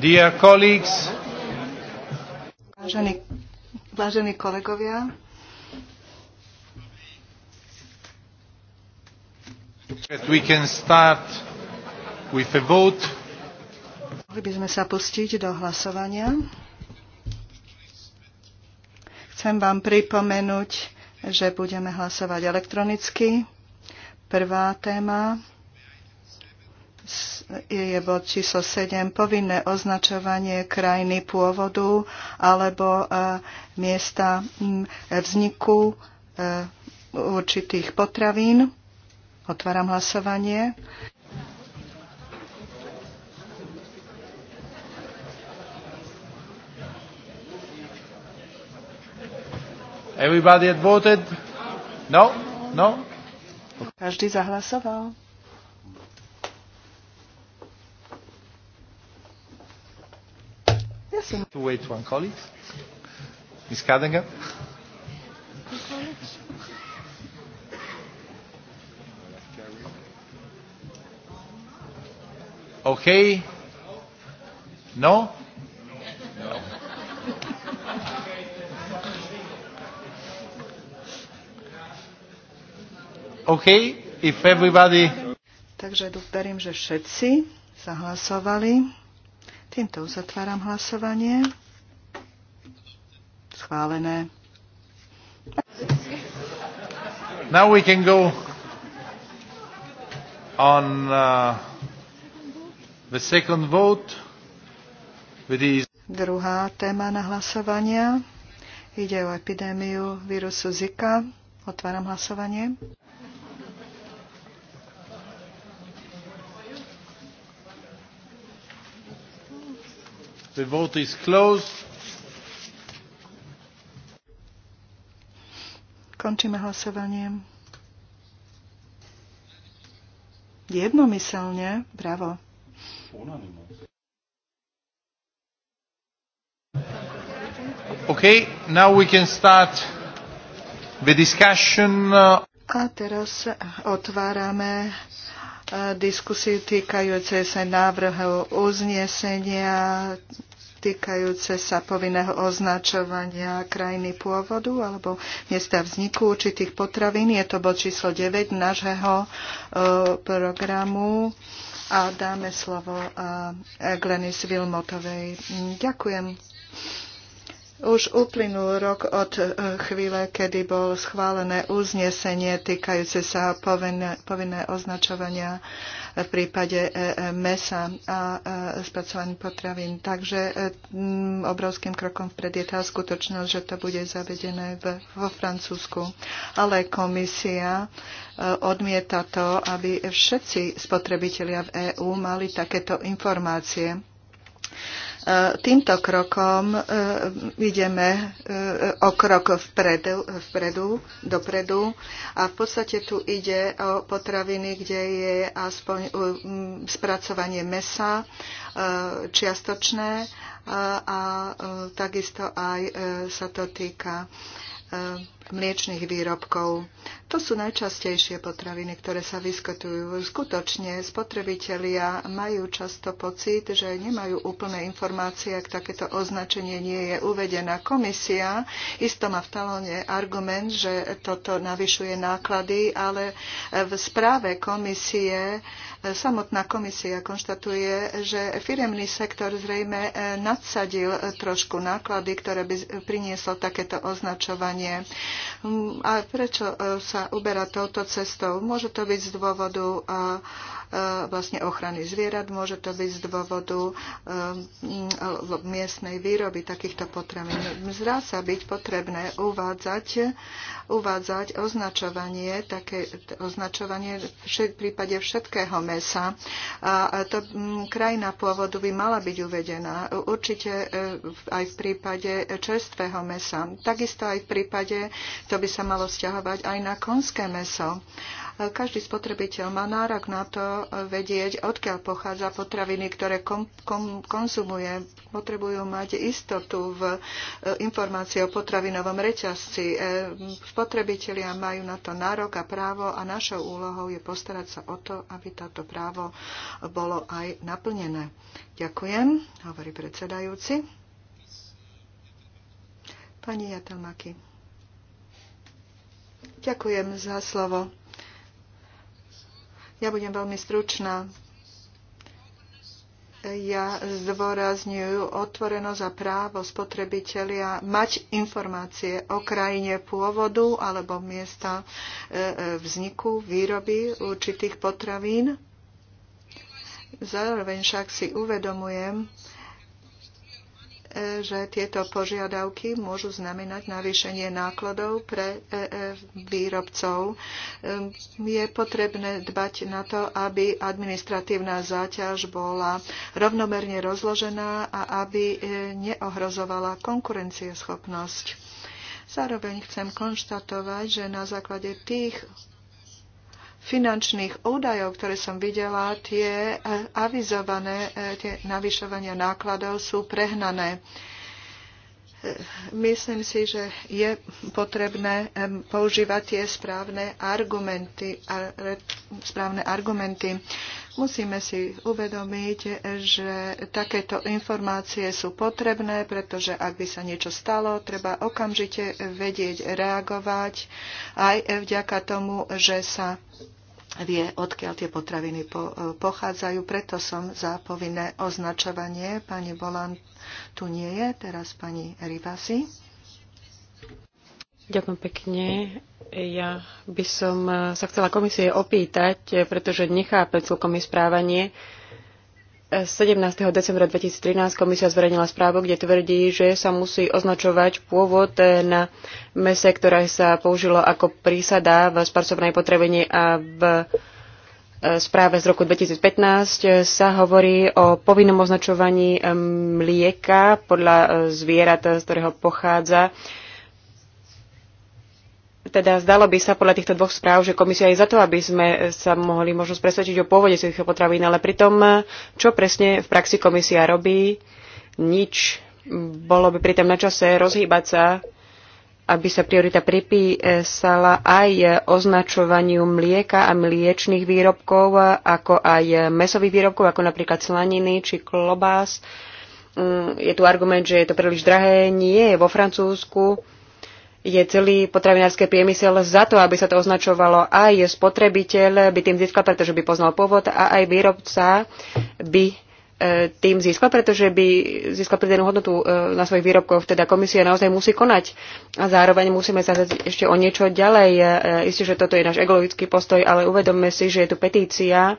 Dear colleagues, vážení, vážení kolegovia, we can start with a vote. Mohli by sme sa pustiť do hlasovania. Chcem vám pripomenúť, že budeme hlasovať elektronicky. Prvá téma je bod číslo 7 povinné označovanie krajiny pôvodu alebo e, miesta vzniku e, určitých potravín. Otváram hlasovanie. Everybody had voted? No? No? Každý zahlasoval. Ms. Kadinger. Okay. No? No. Okay, if everybody... Takže verím, že všetci zahlasovali. Týmto uzatváram hlasovanie. Schválené. Now we can go on uh, the second vote. With these... Druhá téma na hlasovania. Ide o epidémiu vírusu Zika. Otváram hlasovanie. The vote is closed. Končíme hlasovanie. Jednomyselne. Bravo. Okay, now we can start the discussion. A teraz otvárame diskusiu týkajúce sa návrhov uznesenia, týkajúce sa povinného označovania krajiny pôvodu alebo miesta vzniku určitých potravín. Je to bod číslo 9 nášho e, programu a dáme slovo e, Glenis Vilmotovej. Ďakujem. Už uplynul rok od eh, chvíle, kedy bol schválené uznesenie týkajúce sa povinné, povinné označovania v prípade eh, eh, mesa a spracovaní potravín. Takže obrovským krokom vpred je tá skutočnosť, že to bude zavedené v, vo Francúzsku. Ale komisia odmieta to, aby všetci spotrebitelia v EÚ mali takéto informácie. Týmto krokom e, ideme e, o krok vpredu, vpredu, dopredu a v podstate tu ide o potraviny, kde je aspoň spracovanie mesa e, čiastočné a takisto aj sa to týka mliečných výrobkov. To sú najčastejšie potraviny, ktoré sa vyskytujú. Skutočne spotrebitelia majú často pocit, že nemajú úplné informácie, ak takéto označenie nie je uvedená. Komisia isto má v talóne argument, že toto navyšuje náklady, ale v správe komisie samotná komisia konštatuje, že firemný sektor zrejme nadsadil trošku náklady, ktoré by prinieslo takéto označovanie. Mm, a prečo e, sa uberá touto cestou? Môže to byť z dôvodu e, vlastne ochrany zvierat. Môže to byť z dôvodu ehm, ehm, miestnej výroby takýchto potravín. Zdá sa byť potrebné uvádzať, uvádzať označovanie, také označovanie v prípade všetkého mesa. A to krajina pôvodu by mala byť uvedená. Určite e, aj v prípade čerstvého mesa. Takisto aj v prípade, to by sa malo vzťahovať aj na konské meso. Každý spotrebiteľ má nárok na to vedieť, odkiaľ pochádza potraviny, ktoré kom, kom, konzumuje. Potrebujú mať istotu v e, informácii o potravinovom reťazci. E, spotrebitelia majú na to nárok a právo a našou úlohou je postarať sa o to, aby táto právo bolo aj naplnené. Ďakujem, hovorí predsedajúci. Pani Jatelmaki. Ďakujem za slovo. Ja budem veľmi stručná. Ja zdôrazňujú otvorenosť a právo spotrebitelia mať informácie o krajine pôvodu alebo miesta e, e, vzniku výroby určitých potravín. Zároveň však si uvedomujem, že tieto požiadavky môžu znamenať navýšenie nákladov pre e, e, výrobcov. Ehm, je potrebné dbať na to, aby administratívna záťaž bola rovnomerne rozložená a aby e, neohrozovala konkurencieschopnosť. Zároveň chcem konštatovať, že na základe tých finančných údajov, ktoré som videla, tie eh, avizované, eh, tie navyšovania nákladov sú prehnané. Eh, myslím si, že je potrebné používať tie správne argumenty. Správne argumenty. Musíme si uvedomiť, že takéto informácie sú potrebné, pretože ak by sa niečo stalo, treba okamžite vedieť reagovať aj vďaka tomu, že sa vie, odkiaľ tie potraviny po, e, pochádzajú. Preto som za povinné označovanie. Pani Bolan tu nie je, teraz pani Rivasi. Ďakujem pekne. Ja by som sa chcela komisie opýtať, pretože nechápem celkom správanie 17. decembra 2013 komisia zverejnila správu, kde tvrdí, že sa musí označovať pôvod na mese, ktoré sa použilo ako prísada v spracovnej potrebení a v e, správe z roku 2015 sa hovorí o povinnom označovaní e, mlieka podľa e, zvierat, z ktorého pochádza teda zdalo by sa podľa týchto dvoch správ, že komisia je za to, aby sme sa mohli možno presvedčiť o pôvode týchto potravín, ale pritom, čo presne v praxi komisia robí, nič. Bolo by pritom na čase rozhýbať sa, aby sa priorita pripísala aj označovaniu mlieka a mliečných výrobkov, ako aj mesových výrobkov, ako napríklad slaniny či klobás. Mm, je tu argument, že je to príliš drahé. Nie, vo Francúzsku je celý potravinársky priemysel za to, aby sa to označovalo. Aj spotrebiteľ by tým získal, pretože by poznal pôvod a aj výrobca by e, tým získal, pretože by získal pridanú hodnotu e, na svojich výrobkoch. Teda komisia naozaj musí konať a zároveň musíme sa ešte o niečo ďalej. E, isté, že toto je náš ekologický postoj, ale uvedomme si, že je tu petícia,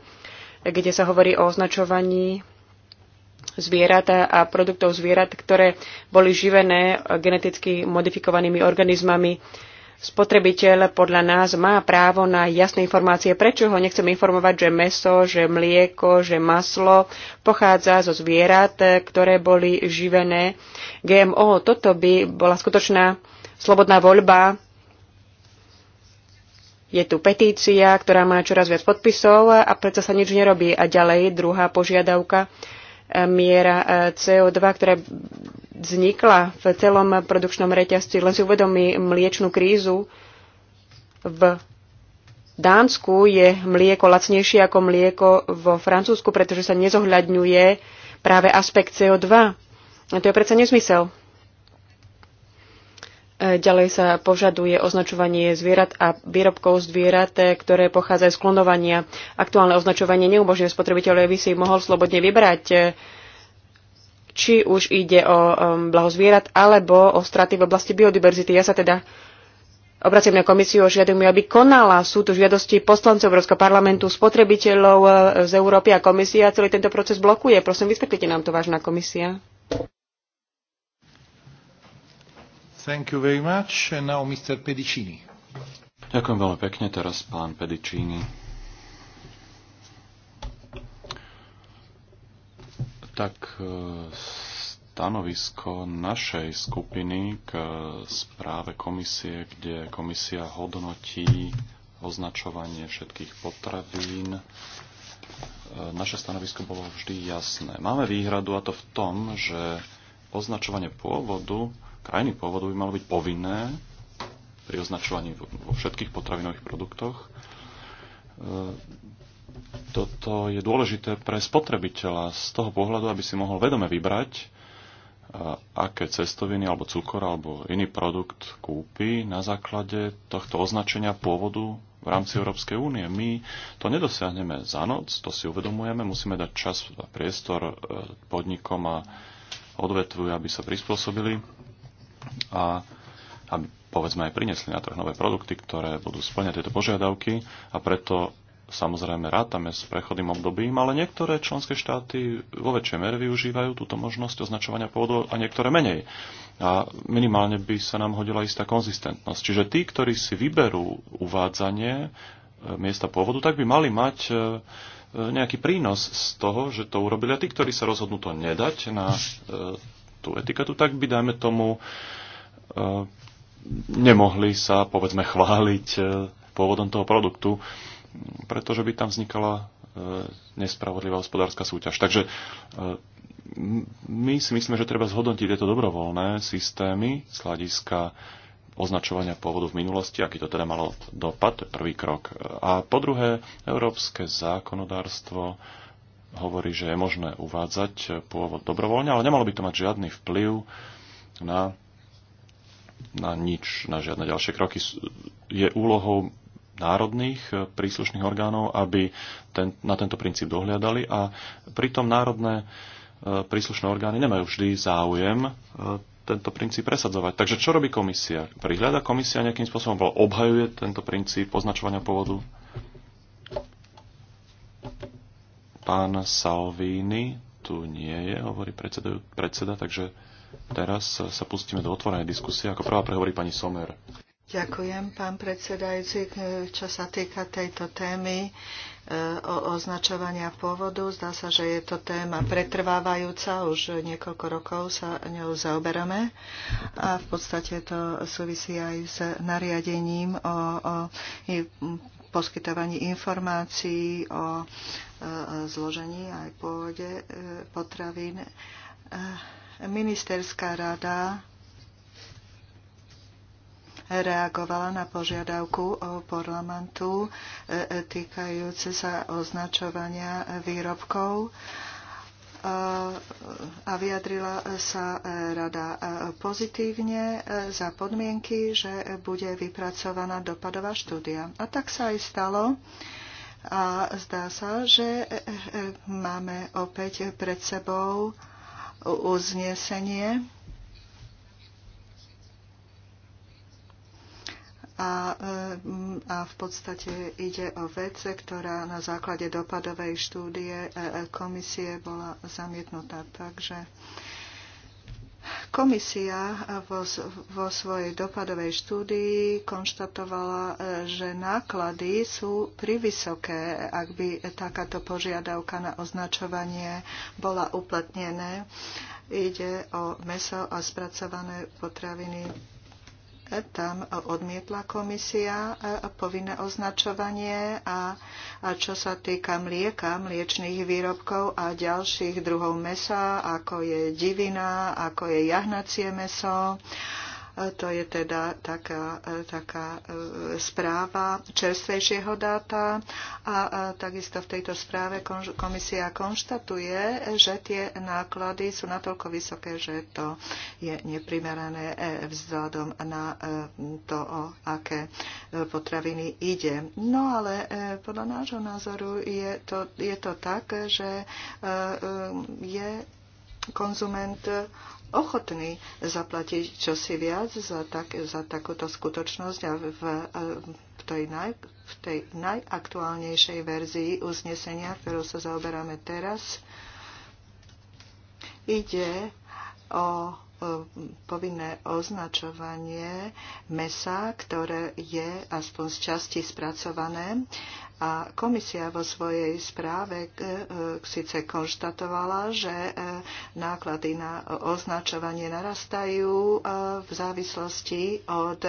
kde sa hovorí o označovaní zvierat a produktov zvierat, ktoré boli živené geneticky modifikovanými organizmami. Spotrebiteľ podľa nás má právo na jasné informácie, prečo ho nechceme informovať, že meso, že mlieko, že maslo pochádza zo zvierat, ktoré boli živené GMO. Toto by bola skutočná slobodná voľba. Je tu petícia, ktorá má čoraz viac podpisov a predsa sa nič nerobí. A ďalej druhá požiadavka miera e, CO2, ktorá vznikla v celom produkčnom reťazci. Len si uvedomí mliečnú krízu. V Dánsku je mlieko lacnejšie ako mlieko vo Francúzsku, pretože sa nezohľadňuje práve aspekt CO2. A to je predsa nesmysel. Ďalej sa požaduje označovanie zvierat a výrobkov zvierat, e, ktoré pochádzajú z klonovania. Aktuálne označovanie neumožňuje spotrebiteľovi, aby si mohol slobodne vybrať, e, či už ide o blaho zvierat alebo o straty v oblasti biodiverzity. Ja sa teda obraciam na komisiu a žiadam ju, aby konala. Sú tu žiadosti poslancov Európskeho parlamentu, spotrebiteľov e, z Európy a komisia. Celý tento proces blokuje. Prosím, vysvetlite nám to, vážna komisia. Thank you very much. And now Mr. Pedicini. Ďakujem veľmi pekne. Teraz pán Pedicini. Tak e, stanovisko našej skupiny k správe komisie, kde komisia hodnotí označovanie všetkých potravín. E, naše stanovisko bolo vždy jasné. Máme výhradu a to v tom, že označovanie pôvodu krajiny pôvodu by malo byť povinné pri označovaní vo všetkých potravinových produktoch. E, toto je dôležité pre spotrebiteľa z toho pohľadu, aby si mohol vedome vybrať, e, aké cestoviny alebo cukor alebo iný produkt kúpi na základe tohto označenia pôvodu v rámci Európskej únie. My to nedosiahneme za noc, to si uvedomujeme, musíme dať čas a priestor e, podnikom a odvetvujú, aby sa prispôsobili a aby povedzme aj priniesli na trh nové produkty, ktoré budú splňať tieto požiadavky a preto samozrejme rátame s prechodným obdobím, ale niektoré členské štáty vo väčšej mere využívajú túto možnosť označovania pôdu a niektoré menej. A minimálne by sa nám hodila istá konzistentnosť. Čiže tí, ktorí si vyberú uvádzanie e, miesta pôvodu, tak by mali mať e, e, nejaký prínos z toho, že to urobili. A tí, ktorí sa rozhodnú to nedať na tú etiketu, tak by, dajme tomu, e, nemohli sa, povedzme, chváliť e, pôvodom toho produktu, pretože by tam vznikala e, nespravodlivá hospodárska súťaž. Takže my si myslíme, že treba zhodnotiť tieto dobrovoľné systémy z hľadiska označovania pôvodu v minulosti, aký to teda malo dopad, to je prvý krok. A po druhé, európske zákonodárstvo hovorí, že je možné uvádzať pôvod dobrovoľne, ale nemalo by to mať žiadny vplyv na, na nič, na žiadne ďalšie kroky. Je úlohou národných príslušných orgánov, aby ten, na tento princíp dohliadali a pritom národné e, príslušné orgány nemajú vždy záujem e, tento princíp presadzovať. Takže čo robí komisia? Prihľada komisia nejakým spôsobom, obhajuje tento princíp označovania pôvodu Pán Salvini tu nie je, hovorí predseda, predseda takže teraz sa pustíme do otvorenej diskusie. Ako prvá prehovorí pani Somer. Ďakujem, pán predsedajúci. Čo sa týka tejto témy e, o označovania pôvodu, zdá sa, že je to téma pretrvávajúca, už niekoľko rokov sa ňou zaoberáme a v podstate to súvisí aj s nariadením o, o poskytovaní informácií o e, zložení aj pôvode e, potravín. E, ministerská rada reagovala na požiadavku parlamentu týkajúce sa označovania výrobkov a vyjadrila sa e, rada e, pozitívne e, za podmienky, že bude vypracovaná dopadová štúdia. A tak sa aj stalo. A zdá sa, že máme opäť pred sebou uznesenie a, e, a v podstate ide o vec, ktorá na základe dopadovej štúdie e, e, komisie bola zamietnutá. Takže Komisia vo, vo svojej dopadovej štúdii konštatovala, že náklady sú privysoké, ak by takáto požiadavka na označovanie bola uplatnené. Ide o meso a spracované potraviny tam odmietla komisia e, povinné označovanie a, čo sa týka mlieka, mliečných výrobkov a ďalších druhov mesa, ako je divina, ako je jahnacie meso, to je teda taká, taká e, správa čerstvejšieho dáta a e, takisto v tejto správe komisia konštatuje, že tie náklady sú natoľko vysoké, že to je neprimerané e, vzhľadom na to, o aké potraviny ide. No ale podľa nášho názoru je to, je to tak, že je konzument ochotní zaplatiť čosi viac za, tak, za takúto skutočnosť a v, v, tej naj, v tej najaktuálnejšej verzii uznesenia, ktorou sa zaoberáme teraz, ide o povinné označovanie mesa, ktoré je aspoň z časti spracované a komisia vo svojej správe e, e, síce konštatovala, že e, náklady na označovanie narastajú v závislosti od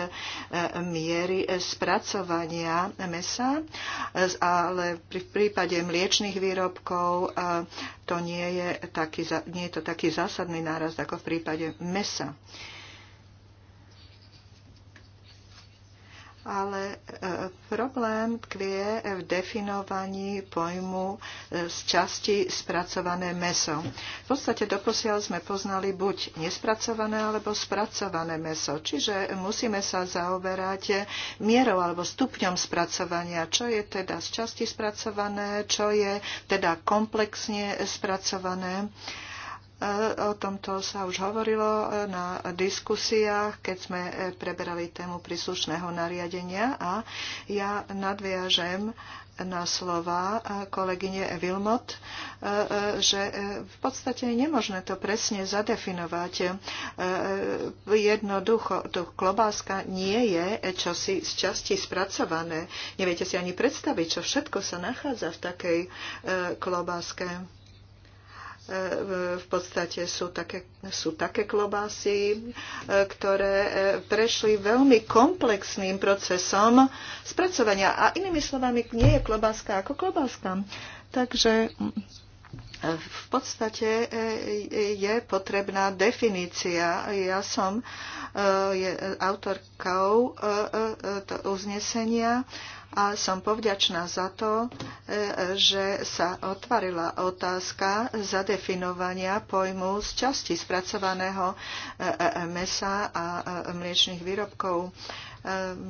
miery spracovania mesa, ale v prípade mliečných výrobkov to nie je, taký, nie je to taký zásadný nárast ako v prípade mesa. ale e, problém tkvie v definovaní pojmu e, z časti spracované meso. V podstate doposiaľ sme poznali buď nespracované alebo spracované meso, čiže musíme sa zaoberať mierou alebo stupňom spracovania, čo je teda z časti spracované, čo je teda komplexne spracované. E, o tomto sa už hovorilo e, na diskusiách, keď sme e, preberali tému príslušného nariadenia a ja nadviažem na slova kolegyne Vilmot, že v podstate je nemožné to presne zadefinovať. Jednoducho, to klobáska nie je čosi z časti spracované. Neviete si ani predstaviť, čo všetko sa nachádza v takej klobáske v podstate sú také, sú také klobásy, e, ktoré e, prešli veľmi komplexným procesom spracovania. A inými slovami, nie je klobáska ako klobáska. Takže e, v podstate je potrebná definícia. Ja som autorkou uznesenia a som povďačná za to, e, že sa otvorila otázka zadefinovania pojmu z časti spracovaného e, e, mesa a mliečných výrobkov.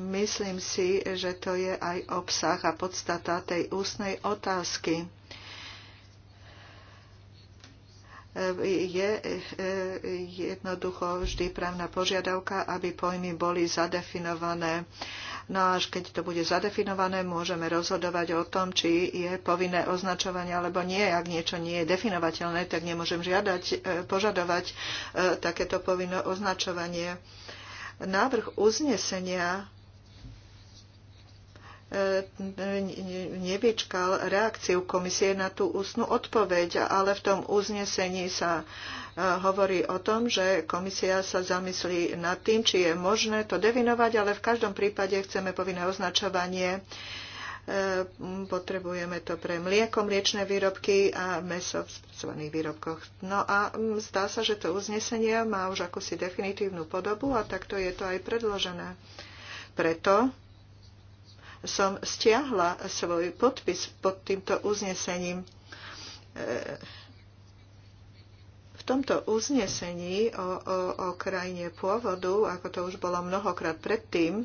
Myslím si, že to je aj obsah a podstata tej ústnej otázky. Je jednoducho vždy právna požiadavka, aby pojmy boli zadefinované No až keď to bude zadefinované, môžeme rozhodovať o tom, či je povinné označovanie alebo nie. Ak niečo nie je definovateľné, tak nemôžem žiadať, e, požadovať e, takéto povinné označovanie. Návrh uznesenia nevyčkal reakciu komisie na tú ústnu odpoveď, ale v tom uznesení sa e, hovorí o tom, že komisia sa zamyslí nad tým, či je možné to devinovať, ale v každom prípade chceme povinné označovanie e, potrebujeme to pre mlieko, mliečne výrobky a meso v spracovaných výrobkoch. No a zdá sa, že to uznesenie má už akúsi definitívnu podobu a takto je to aj predložené. Preto som stiahla svoj podpis pod týmto uznesením. E, v tomto uznesení o, o, o krajine pôvodu, ako to už bolo mnohokrát predtým,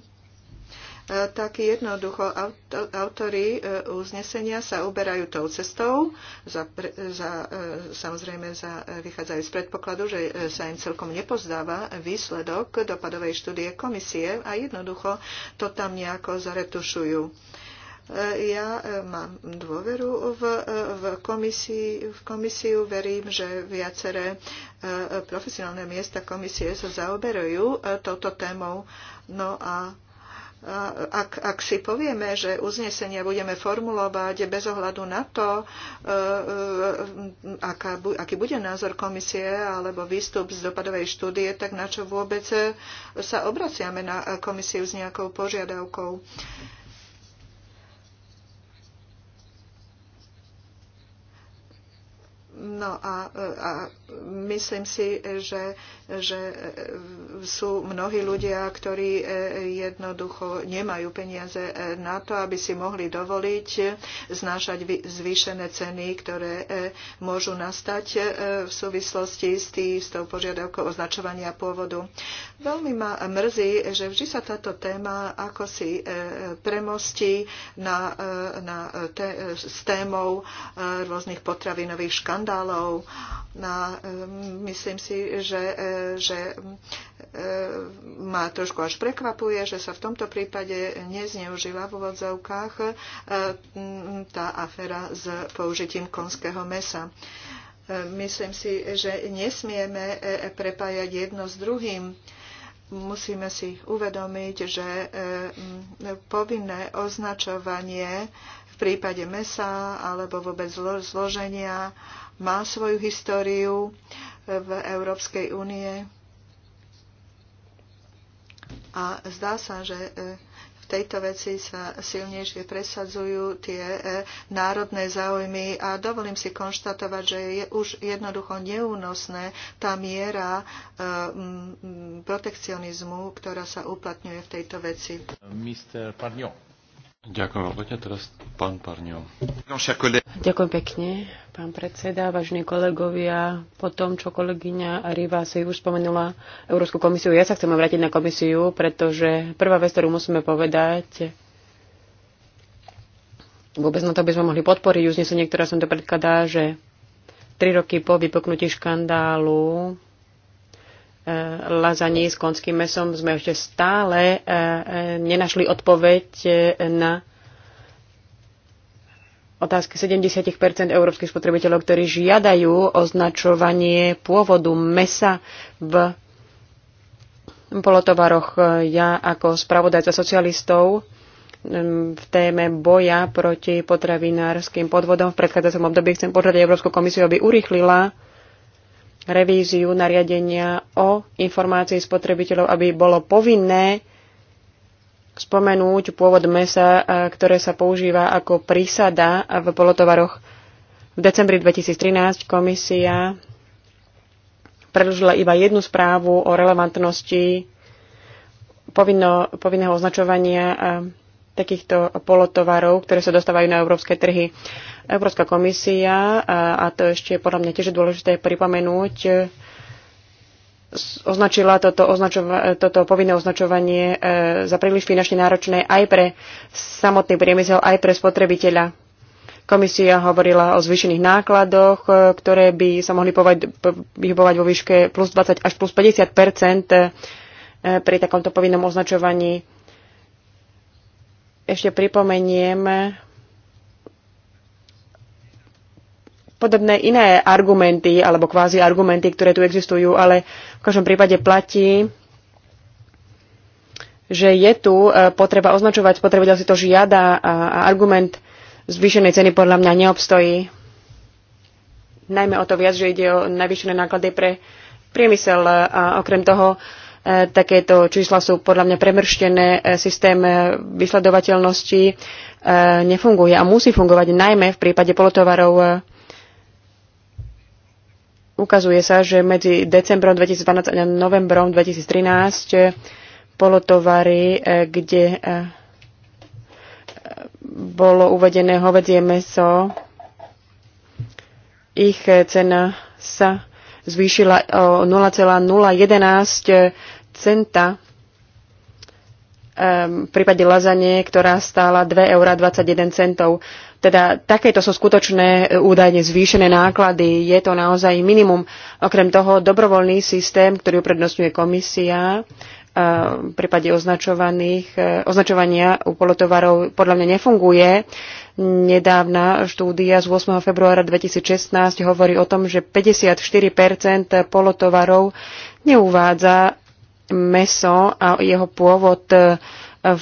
tak jednoducho autory e, uznesenia sa uberajú tou cestou, za, za, e, samozrejme za, e, vychádzajú z predpokladu, že sa im celkom nepozdáva výsledok dopadovej štúdie komisie a jednoducho to tam nejako zaretušujú ja mám dôveru v, v, komisii, v komisiu, verím, že viaceré profesionálne miesta komisie sa zaoberajú touto témou. No a ak, ak si povieme, že uznesenia budeme formulovať bez ohľadu na to, e, e, aká, aký bude názor komisie alebo výstup z dopadovej štúdie, tak na čo vôbec sa obraciame na komisiu s nejakou požiadavkou. No a, a myslím si, že že e, e, sú mnohí ľudia, ktorí e, jednoducho nemajú peniaze na to, aby si mohli dovoliť znášať zvýšené ceny, ktoré môžu nastať v súvislosti s, tý, s tou požiadavkou označovania pôvodu. Veľmi ma mrzí, že vždy sa táto téma ako si premostí na, na te, s témou rôznych potravinových škandálov. Na, myslím si, že že mm, e, ma trošku až prekvapuje, že sa v tomto prípade nezneužila v úvodzovkách e, mm, tá aféra s použitím konského mesa. E, myslím si, že nesmieme prepájať jedno s druhým musíme si uvedomiť, že mm, povinné označovanie v prípade mesa alebo vôbec zloženia má svoju históriu v Európskej únie. A zdá sa, že e, v tejto veci sa silnejšie presadzujú tie e, národné záujmy a dovolím si konštatovať, že je už jednoducho neúnosné tá miera e, protekcionizmu, ktorá sa uplatňuje v tejto veci. Mr. Parnion. Ďakujem veľmi pekne. Teraz pán Parňo. Ďakujem pekne, pán predseda, vážení kolegovia. Po tom, čo kolegyňa Riva si už spomenula Európsku komisiu, ja sa chcem vrátiť na komisiu, pretože prvá vec, ktorú musíme povedať, vôbec na to by sme mohli podporiť uznesenie, ktoré som to predkladá, že tri roky po vypuknutí škandálu E, lazaní s konským mesom sme ešte stále e, e, nenašli odpoveď na otázky 70 európskych spotrebiteľov, ktorí žiadajú označovanie pôvodu mesa v polotovaroch. Ja ako spravodajca socialistov v téme boja proti potravinárskym podvodom v predchádzajúcom období chcem požiadať Európsku komisiu, aby urýchlila revíziu nariadenia o informácii spotrebiteľov, aby bolo povinné spomenúť pôvod mesa, ktoré sa používa ako prísada v polotovaroch. V decembri 2013 komisia predložila iba jednu správu o relevantnosti povinno, povinného označovania takýchto polotovarov, ktoré sa dostávajú na európske trhy. Európska komisia, a to ešte podľa mňa tiež je dôležité pripomenúť, označila toto, označova- toto povinné označovanie e, za príliš finančne náročné aj pre samotný priemysel, aj pre spotrebiteľa. Komisia hovorila o zvýšených nákladoch, e, ktoré by sa mohli vyhybovať vo výške plus 20 až plus 50 e, pri takomto povinnom označovaní. Ešte pripomeniem podobné iné argumenty alebo kvázi argumenty, ktoré tu existujú, ale v každom prípade platí, že je tu e, potreba označovať, spotrebiteľ si to žiada a argument zvýšenej ceny podľa mňa neobstojí. Najmä o to viac, že ide o navýšené náklady pre priemysel a okrem toho e, takéto čísla sú podľa mňa premrštené, e, systém vysledovateľnosti nefunguje a musí fungovať najmä v prípade polotovarov ukazuje sa, že medzi decembrom 2012 a novembrom 2013 polotovary, e, kde e, bolo uvedené hovedzie meso, ich cena sa zvýšila o 0,011 centa v prípade lazanie, ktorá stála 2,21 eur. Teda takéto sú skutočné e, údajne zvýšené náklady. Je to naozaj minimum. Okrem toho dobrovoľný systém, ktorý uprednostňuje komisia, e, v prípade označovaných, e, označovania u polotovarov podľa mňa nefunguje. Nedávna štúdia z 8. februára 2016 hovorí o tom, že 54 polotovarov neuvádza meso a jeho pôvod e, v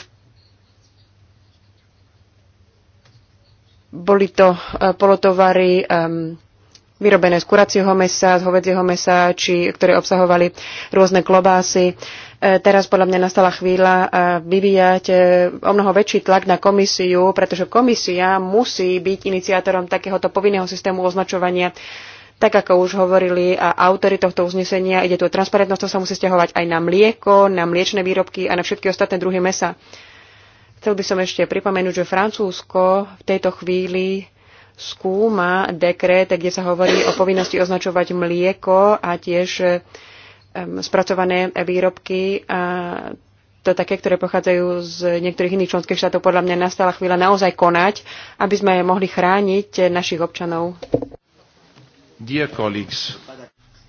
boli to e, polotovary um, vyrobené z kuracieho mesa, z hovedzieho mesa, či, ktoré obsahovali rôzne klobásy. E, teraz podľa mňa nastala chvíľa e, vyvíjať e, o mnoho väčší tlak na komisiu, pretože komisia musí byť iniciátorom takéhoto povinného systému označovania tak ako už hovorili a autory tohto uznesenia, ide tu o transparentnosť, to sa musí stiahovať aj na mlieko, na mliečne výrobky a na všetky ostatné druhy mesa. Chcel by som ešte pripomenúť, že Francúzsko v tejto chvíli skúma dekret, kde sa hovorí o povinnosti označovať mlieko a tiež spracované výrobky, a to také, ktoré pochádzajú z niektorých iných členských štátov, podľa mňa nastala chvíľa naozaj konať, aby sme mohli chrániť našich občanov. Dear colleagues.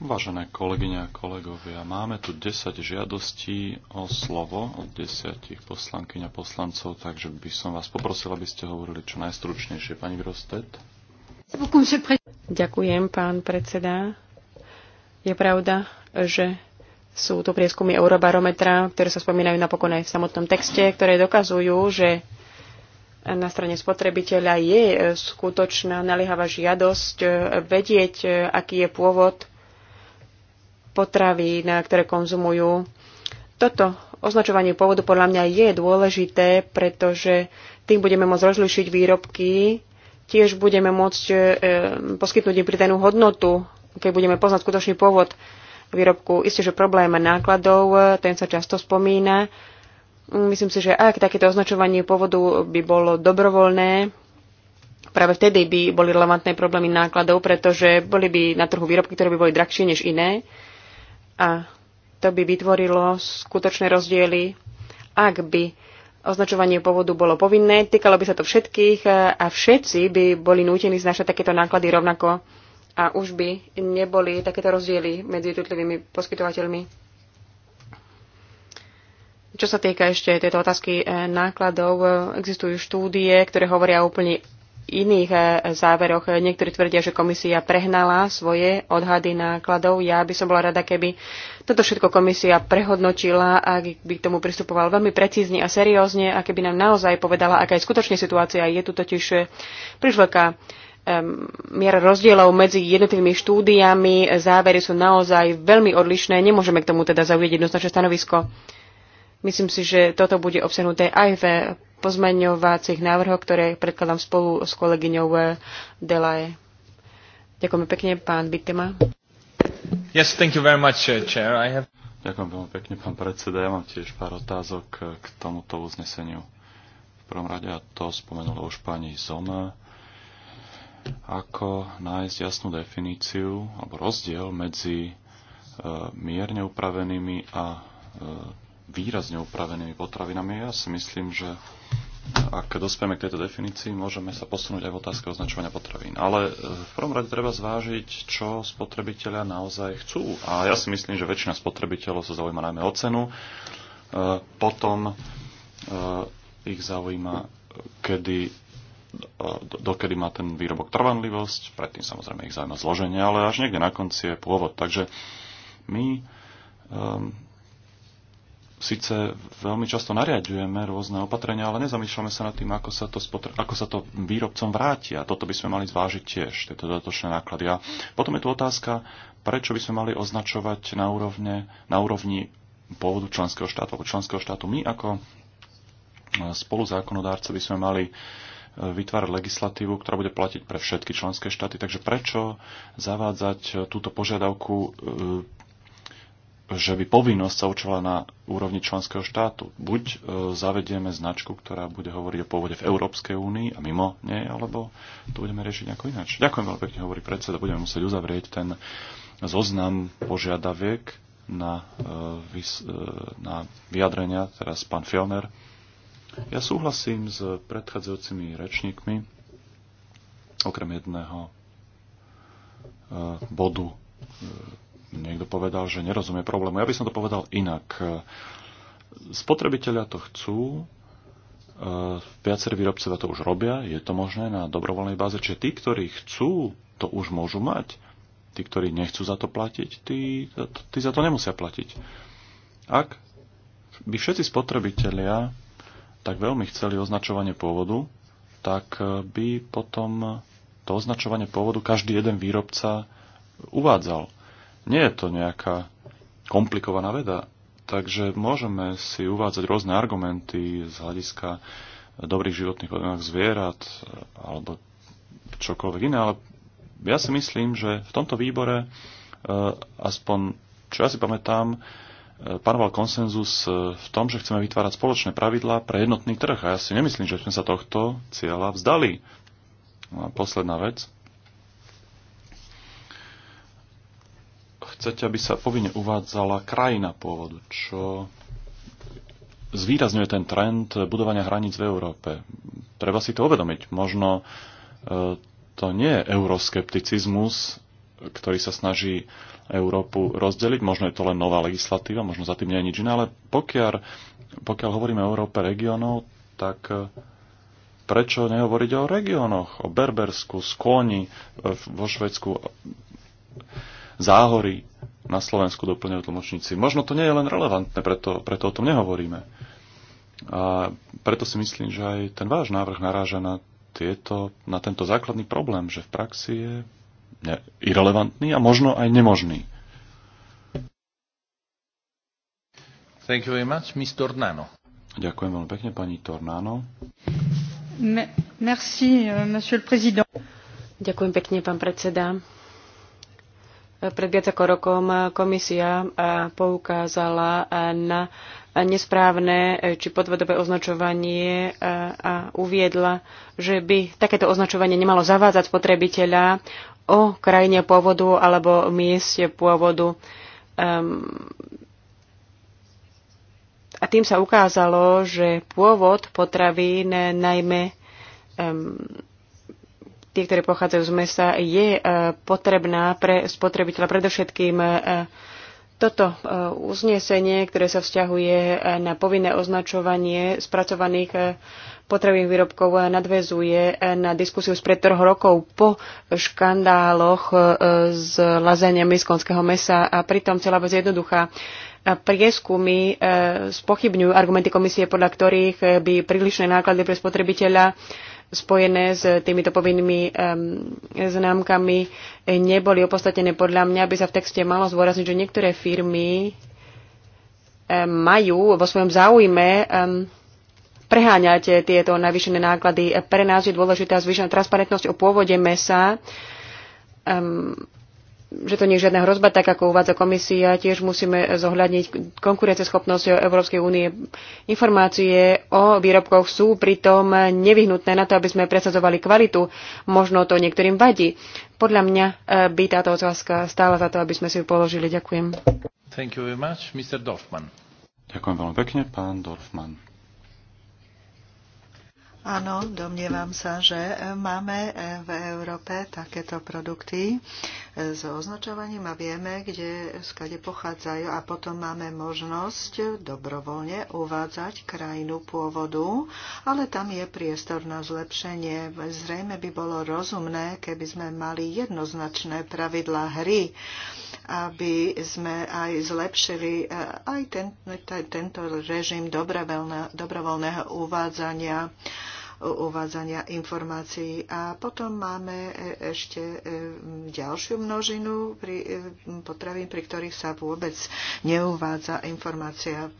Vážené kolegyne a kolegovia, máme tu 10 žiadostí o slovo od 10 poslankyň a poslancov, takže by som vás poprosil, aby ste hovorili čo najstručnejšie. Pani Grostet. Ďakujem, pán predseda. Je pravda, že sú to prieskumy Eurobarometra, ktoré sa spomínajú napokon aj v samotnom texte, ktoré dokazujú, že na strane spotrebiteľa je e, skutočná naliehavá žiadosť e, vedieť, e, aký je pôvod potravy, na ktoré konzumujú. Toto označovanie pôvodu podľa mňa je dôležité, pretože tým budeme môcť rozlišiť výrobky, tiež budeme môcť poskytnúť im pridanú hodnotu, keď budeme poznať skutočný pôvod výrobku. Isté, že problém nákladov, ten sa často spomína, Myslím si, že ak takéto označovanie pôvodu by bolo dobrovoľné, práve vtedy by boli relevantné problémy nákladov, pretože boli by na trhu výrobky, ktoré by boli drahšie než iné a to by vytvorilo skutočné rozdiely, ak by označovanie pôvodu bolo povinné, týkalo by sa to všetkých e, a všetci by boli nútení znašať takéto náklady rovnako a už by neboli takéto rozdiely medzi jednotlivými poskytovateľmi. Čo sa týka ešte tejto otázky e, nákladov, e, existujú štúdie, ktoré hovoria o úplne iných e, záveroch. Niektorí tvrdia, že komisia prehnala svoje odhady nákladov. Ja by som bola rada, keby toto všetko komisia prehodnotila a by k tomu pristupovala veľmi precízne a seriózne a keby nám naozaj povedala, aká je skutočne situácia. Je tu totiž príliš veľká miera rozdielov medzi jednotlivými štúdiami. Závery sú naozaj veľmi odlišné. Nemôžeme k tomu teda zaujať jednoznačné stanovisko. Myslím si, že toto bude obsahnuté aj v pozmeňovacích návrhoch, ktoré predkladám spolu s kolegyňou Delaje. Ďakujem pekne, pán Bittema. Yes, thank you very much, uh, Chair. I have... Ďakujem veľmi pekne, pán predseda. Ja mám tiež pár otázok uh, k tomuto uzneseniu. V prvom rade, a to spomenula už pani Zona, ako nájsť jasnú definíciu alebo rozdiel medzi uh, mierne upravenými a výrazne upravenými potravinami. Ja si myslím, že ak dospieme k tejto definícii, môžeme sa posunúť aj v otázke označovania potravín. Ale e, v prvom rade treba zvážiť, čo spotrebitelia naozaj chcú. A ja si myslím, že väčšina spotrebiteľov sa zaujíma najmä o cenu. E, potom e, ich zaujíma, kedy, dokedy má ten výrobok trvanlivosť. Predtým samozrejme ich zaujíma zloženie, ale až niekde na konci je pôvod. Takže my um, síce veľmi často nariadujeme rôzne opatrenia, ale nezamýšľame sa nad tým, ako sa to, spotr- ako sa to výrobcom vráti. A toto by sme mali zvážiť tiež, tieto dodatočné náklady. A potom je tu otázka, prečo by sme mali označovať na, úrovne, na úrovni pôvodu členského štátu, alebo členského štátu. My ako e, spoluzákonodárce by sme mali e, vytvárať legislatívu, ktorá bude platiť pre všetky členské štáty. Takže prečo zavádzať e, túto požiadavku že by povinnosť sa určovala na úrovni členského štátu. Buď e, zavedieme značku, ktorá bude hovoriť o pôvode v Európskej únii a mimo nej, alebo to budeme riešiť nejako ináč. Ďakujem veľmi pekne, hovorí predseda. Budeme musieť uzavrieť ten zoznam požiadaviek na, e, e, na vyjadrenia, teraz pán Fielner. Ja súhlasím s predchádzajúcimi rečníkmi, okrem jedného bodu Niekto povedal, že nerozumie problému. Ja by som to povedal inak. Spotrebitelia to chcú, eh, viacerí výrobcovia to už robia, je to možné na dobrovoľnej báze, čiže tí, ktorí chcú, to už môžu mať. Tí, ktorí nechcú za to platiť, tí, tí za to nemusia platiť. Ak by všetci spotrebitelia tak veľmi chceli označovanie pôvodu, tak eh, by potom to označovanie pôvodu každý jeden výrobca uvádzal. Nie je to nejaká komplikovaná veda, takže môžeme si uvádzať rôzne argumenty z hľadiska dobrých životných podmienok zvierat eh, alebo čokoľvek iné, ale ja si myslím, že v tomto výbore, eh, aspoň čo ja si pamätám, eh, panoval konsenzus v tom, že chceme vytvárať spoločné pravidlá pre jednotný trh. A ja si nemyslím, že sme sa tohto cieľa vzdali. No a posledná vec. chcete, aby sa povinne uvádzala krajina pôvodu, čo zvýrazňuje ten trend budovania hraníc v Európe. Treba si to uvedomiť. Možno e, to nie je euroskepticizmus, ktorý sa snaží Európu rozdeliť. Možno je to len nová legislatíva, možno za tým nie je nič iné, ale pokiaľ, pokiaľ hovoríme o Európe regiónov, tak e, prečo nehovoriť o regiónoch, o Berbersku, Skóni, e, vo Švedsku? záhory na Slovensku doplňujú tlmočníci. Možno to nie je len relevantné, preto, preto o tom nehovoríme. A preto si myslím, že aj ten váš návrh naráža na, tieto, na tento základný problém, že v praxi je irrelevantný a možno aj nemožný. Thank you very much, Miss Tornano. Ďakujem veľmi pekne, pani Tornano. merci, euh, monsieur le président. Ďakujem pekne, pán predseda. Pred viac ako rokom komisia eh, poukázala eh, na nesprávne eh, či podvodové označovanie a uviedla, že by takéto označovanie nemalo zavádzať spotrebiteľa o krajine pôvodu alebo mieste pôvodu. Ehm, a tým sa ukázalo, že pôvod potravín, najmä ehm, tie, ktoré pochádzajú z mesa, je e, potrebná pre spotrebiteľa. Predovšetkým e, toto e, uznesenie, ktoré sa vzťahuje na povinné označovanie spracovaných potrebných výrobkov, nadvezuje na diskusiu z pred troch rokov po škandáloch s lazaniami Miskonského mesa a pritom celá vec jednoduchá. Prieskumy spochybňujú argumenty komisie, podľa ktorých by prílišné náklady pre spotrebiteľa spojené s týmito povinnými um, známkami neboli opodstatnené. Podľa mňa by sa v texte malo zvorazniť, že niektoré firmy um, majú vo svojom záujme um, preháňať tieto navýšené náklady. Pre nás je dôležitá zvýšená transparentnosť o pôvode mesa um, že to nie je žiadna hrozba, tak ako uvádza komisia, tiež musíme zohľadniť konkurenceschopnosť Európskej únie. Informácie o výrobkoch sú pritom nevyhnutné na to, aby sme presadzovali kvalitu. Možno to niektorým vadí. Podľa mňa e, by táto otázka stála za to, aby sme si ju položili. Ďakujem. Thank you very much, Mr. Dorfman. Ďakujem veľmi pekne, pán Dorfman. Áno, domnievam sa, že máme v Európe takéto produkty s označovaním a vieme, kde skade pochádzajú a potom máme možnosť dobrovoľne uvádzať krajinu pôvodu, ale tam je priestor na zlepšenie. Zrejme by bolo rozumné, keby sme mali jednoznačné pravidlá hry, aby sme aj zlepšili eh, aj ten, tento režim dobrovoľného uvádzania uvádzania informácií. A potom máme e, ešte e, ďalšiu množinu pri e, potravín, pri ktorých sa vôbec neuvádza informácia.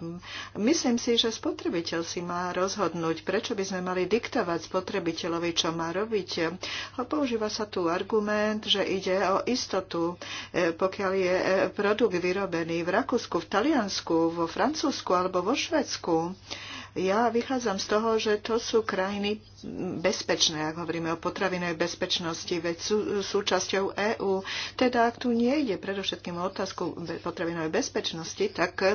Myslím si, že spotrebiteľ si má rozhodnúť, prečo by sme mali diktovať spotrebiteľovi, čo má robiť. Používa sa tu argument, že ide o istotu, pokiaľ je produkt vyrobený v Rakúsku, v Taliansku, vo Francúzsku alebo vo Švedsku ja vychádzam z toho, že to sú krajiny bezpečné, ak hovoríme o potravinovej bezpečnosti, veď sú súčasťou EÚ. Teda ak tu nie ide predovšetkým o otázku potravinovej bezpečnosti, tak e,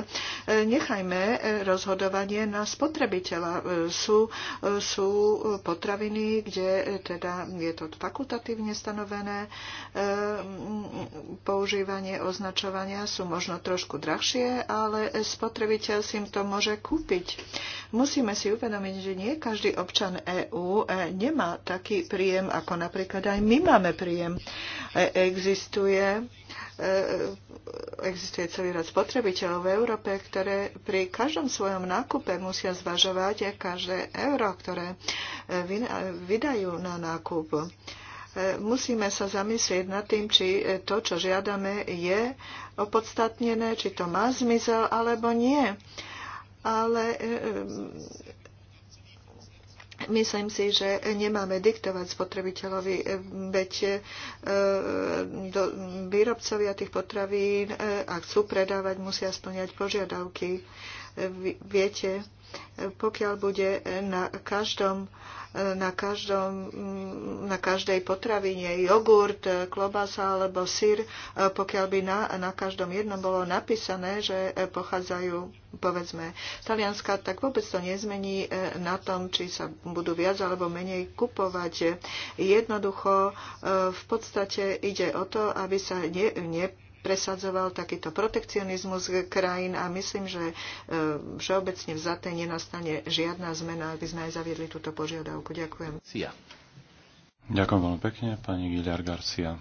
nechajme rozhodovanie na spotrebiteľa. E, sú, e, sú potraviny, kde teda je to fakultatívne stanovené používanie označovania sú možno trošku drahšie, ale spotrebiteľ si to môže kúpiť. Musíme si uvedomiť, že nie každý občan EÚ E, nemá taký príjem, ako napríklad aj my máme príjem. E, existuje e, existuje celý rad spotrebiteľov v Európe, ktoré pri každom svojom nákupe musia zvažovať každé euro, ktoré vydajú na nákup. Musíme sa zamyslieť nad tým, či to, čo žiadame, je opodstatnené, či to má zmysel alebo nie. Ale Myslím si, že nemáme diktovať spotrebiteľovi, e, veď e, do, výrobcovia tých potravín, e, ak chcú predávať, musia splňať požiadavky. Viete, pokiaľ bude na každom na, každom, na každej potravine jogurt, klobasa alebo syr, pokiaľ by na, na každom jednom bolo napísané, že pochádzajú povedzme Talianska, tak vôbec to nezmení e, na tom, či sa budú viac alebo menej kupovať. Jednoducho e, v podstate ide o to, aby sa ne, ne, presadzoval takýto protekcionizmus krajín a myslím, že e, všeobecne vzaté nenastane žiadna zmena, aby sme aj zaviedli túto požiadavku. Ďakujem. Sia. Ďakujem veľmi pekne, pani Giliar Garcia.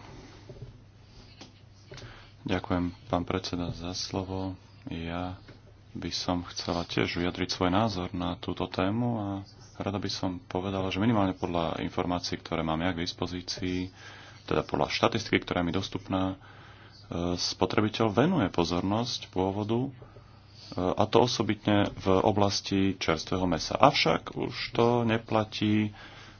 Ďakujem, pán predseda, za slovo. Ja by som chcela tiež vyjadriť svoj názor na túto tému a rada by som povedala, že minimálne podľa informácií, ktoré mám ja k dispozícii, teda podľa štatistiky, ktorá mi dostupná, spotrebiteľ venuje pozornosť pôvodu e, a to osobitne v oblasti čerstvého mesa. Avšak už to neplatí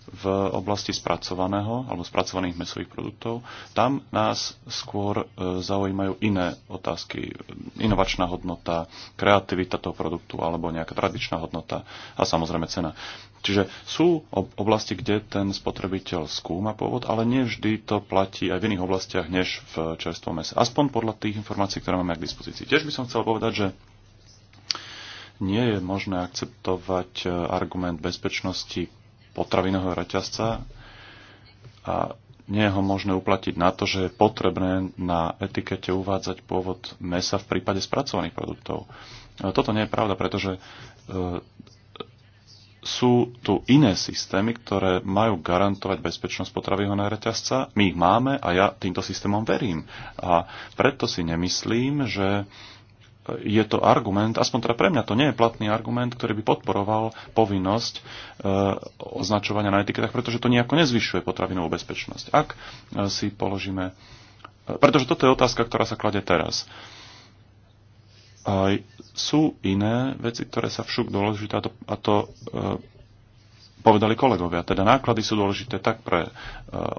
v oblasti spracovaného alebo spracovaných mesových produktov. Tam nás skôr e, zaujímajú iné otázky. Inovačná hodnota, kreativita toho produktu alebo nejaká tradičná hodnota a samozrejme cena. Čiže sú oblasti, kde ten spotrebiteľ skúma pôvod, ale nie vždy to platí aj v iných oblastiach než v čerstvom mese. Aspoň podľa tých informácií, ktoré máme k dispozícii. Tiež by som chcel povedať, že nie je možné akceptovať e, argument bezpečnosti potravinového reťazca a nie je ho možné uplatiť na to, že je potrebné na etikete uvádzať pôvod mesa v prípade spracovaných produktov. No, toto nie je pravda, pretože e, sú tu iné systémy, ktoré majú garantovať bezpečnosť potravinového reťazca. My ich máme a ja týmto systémom verím. A preto si nemyslím, že je to argument, aspoň teda pre mňa to nie je platný argument, ktorý by podporoval povinnosť e, označovania na etiketách, pretože to nejako nezvyšuje potravinovú bezpečnosť. Ak e, si položíme... E, pretože toto je otázka, ktorá sa klade teraz. E, sú iné veci, ktoré sa však dôležité, a to, a to e, povedali kolegovia. Teda náklady sú dôležité tak pre e,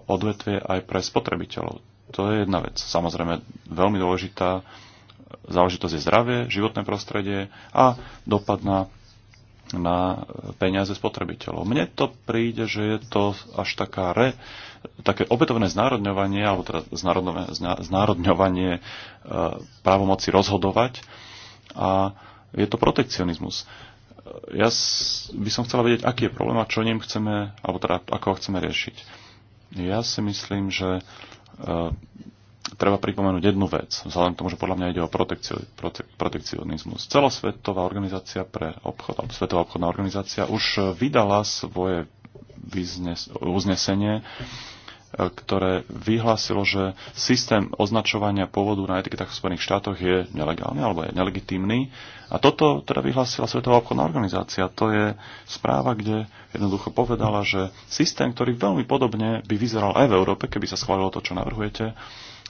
odvetvie aj pre spotrebiteľov. To je jedna vec. Samozrejme, veľmi dôležitá záležitosť je zdravie, životné prostredie a dopad na, na peniaze spotrebiteľov. Mne to príde, že je to až taká re, také opätovné znárodňovanie, alebo teda znárodňovanie e, právomoci rozhodovať a je to protekcionizmus. Ja by som chcela vedieť, aký je problém a čo ním chceme, alebo teda ako ho chceme riešiť. Ja si myslím, že e, treba pripomenúť jednu vec, vzhľadom k tomu, že podľa mňa ide o protekcio, prote, protekcionizmus. Celosvetová organizácia pre obchod, alebo Svetová obchodná organizácia už vydala svoje vyznes, uznesenie, e, ktoré vyhlásilo, že systém označovania pôvodu na etiketách v Spojených štátoch je nelegálny alebo je nelegitímny. A toto teda vyhlásila Svetová obchodná organizácia. To je správa, kde jednoducho povedala, že systém, ktorý veľmi podobne by vyzeral aj v Európe, keby sa schválilo to, čo navrhujete,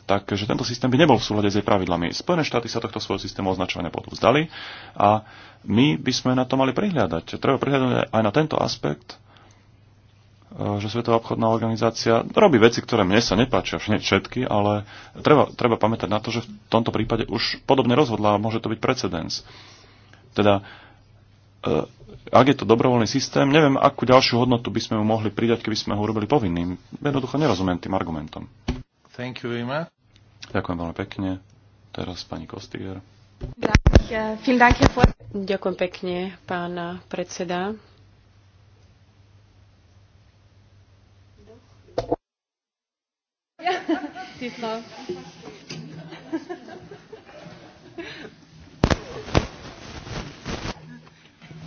tak že tento systém by nebol v súlade s jej pravidlami. Spojené štáty sa tohto svojho systému označovania potom vzdali a my by sme na to mali prihľadať. Treba prihľadať aj na tento aspekt, e, že Svetová obchodná organizácia robí veci, ktoré mne sa nepáčia, všetky, ale treba, treba pamätať na to, že v tomto prípade už podobne rozhodla a môže to byť precedens. Teda, e, ak je to dobrovoľný systém, neviem, akú ďalšiu hodnotu by sme mu mohli pridať, keby sme ho urobili povinným. Jednoducho nerozumiem tým argumentom. Thank you very Ďakujem veľmi pekne. Teraz pani Kostiger. Ďakujem pekne, pán predseda.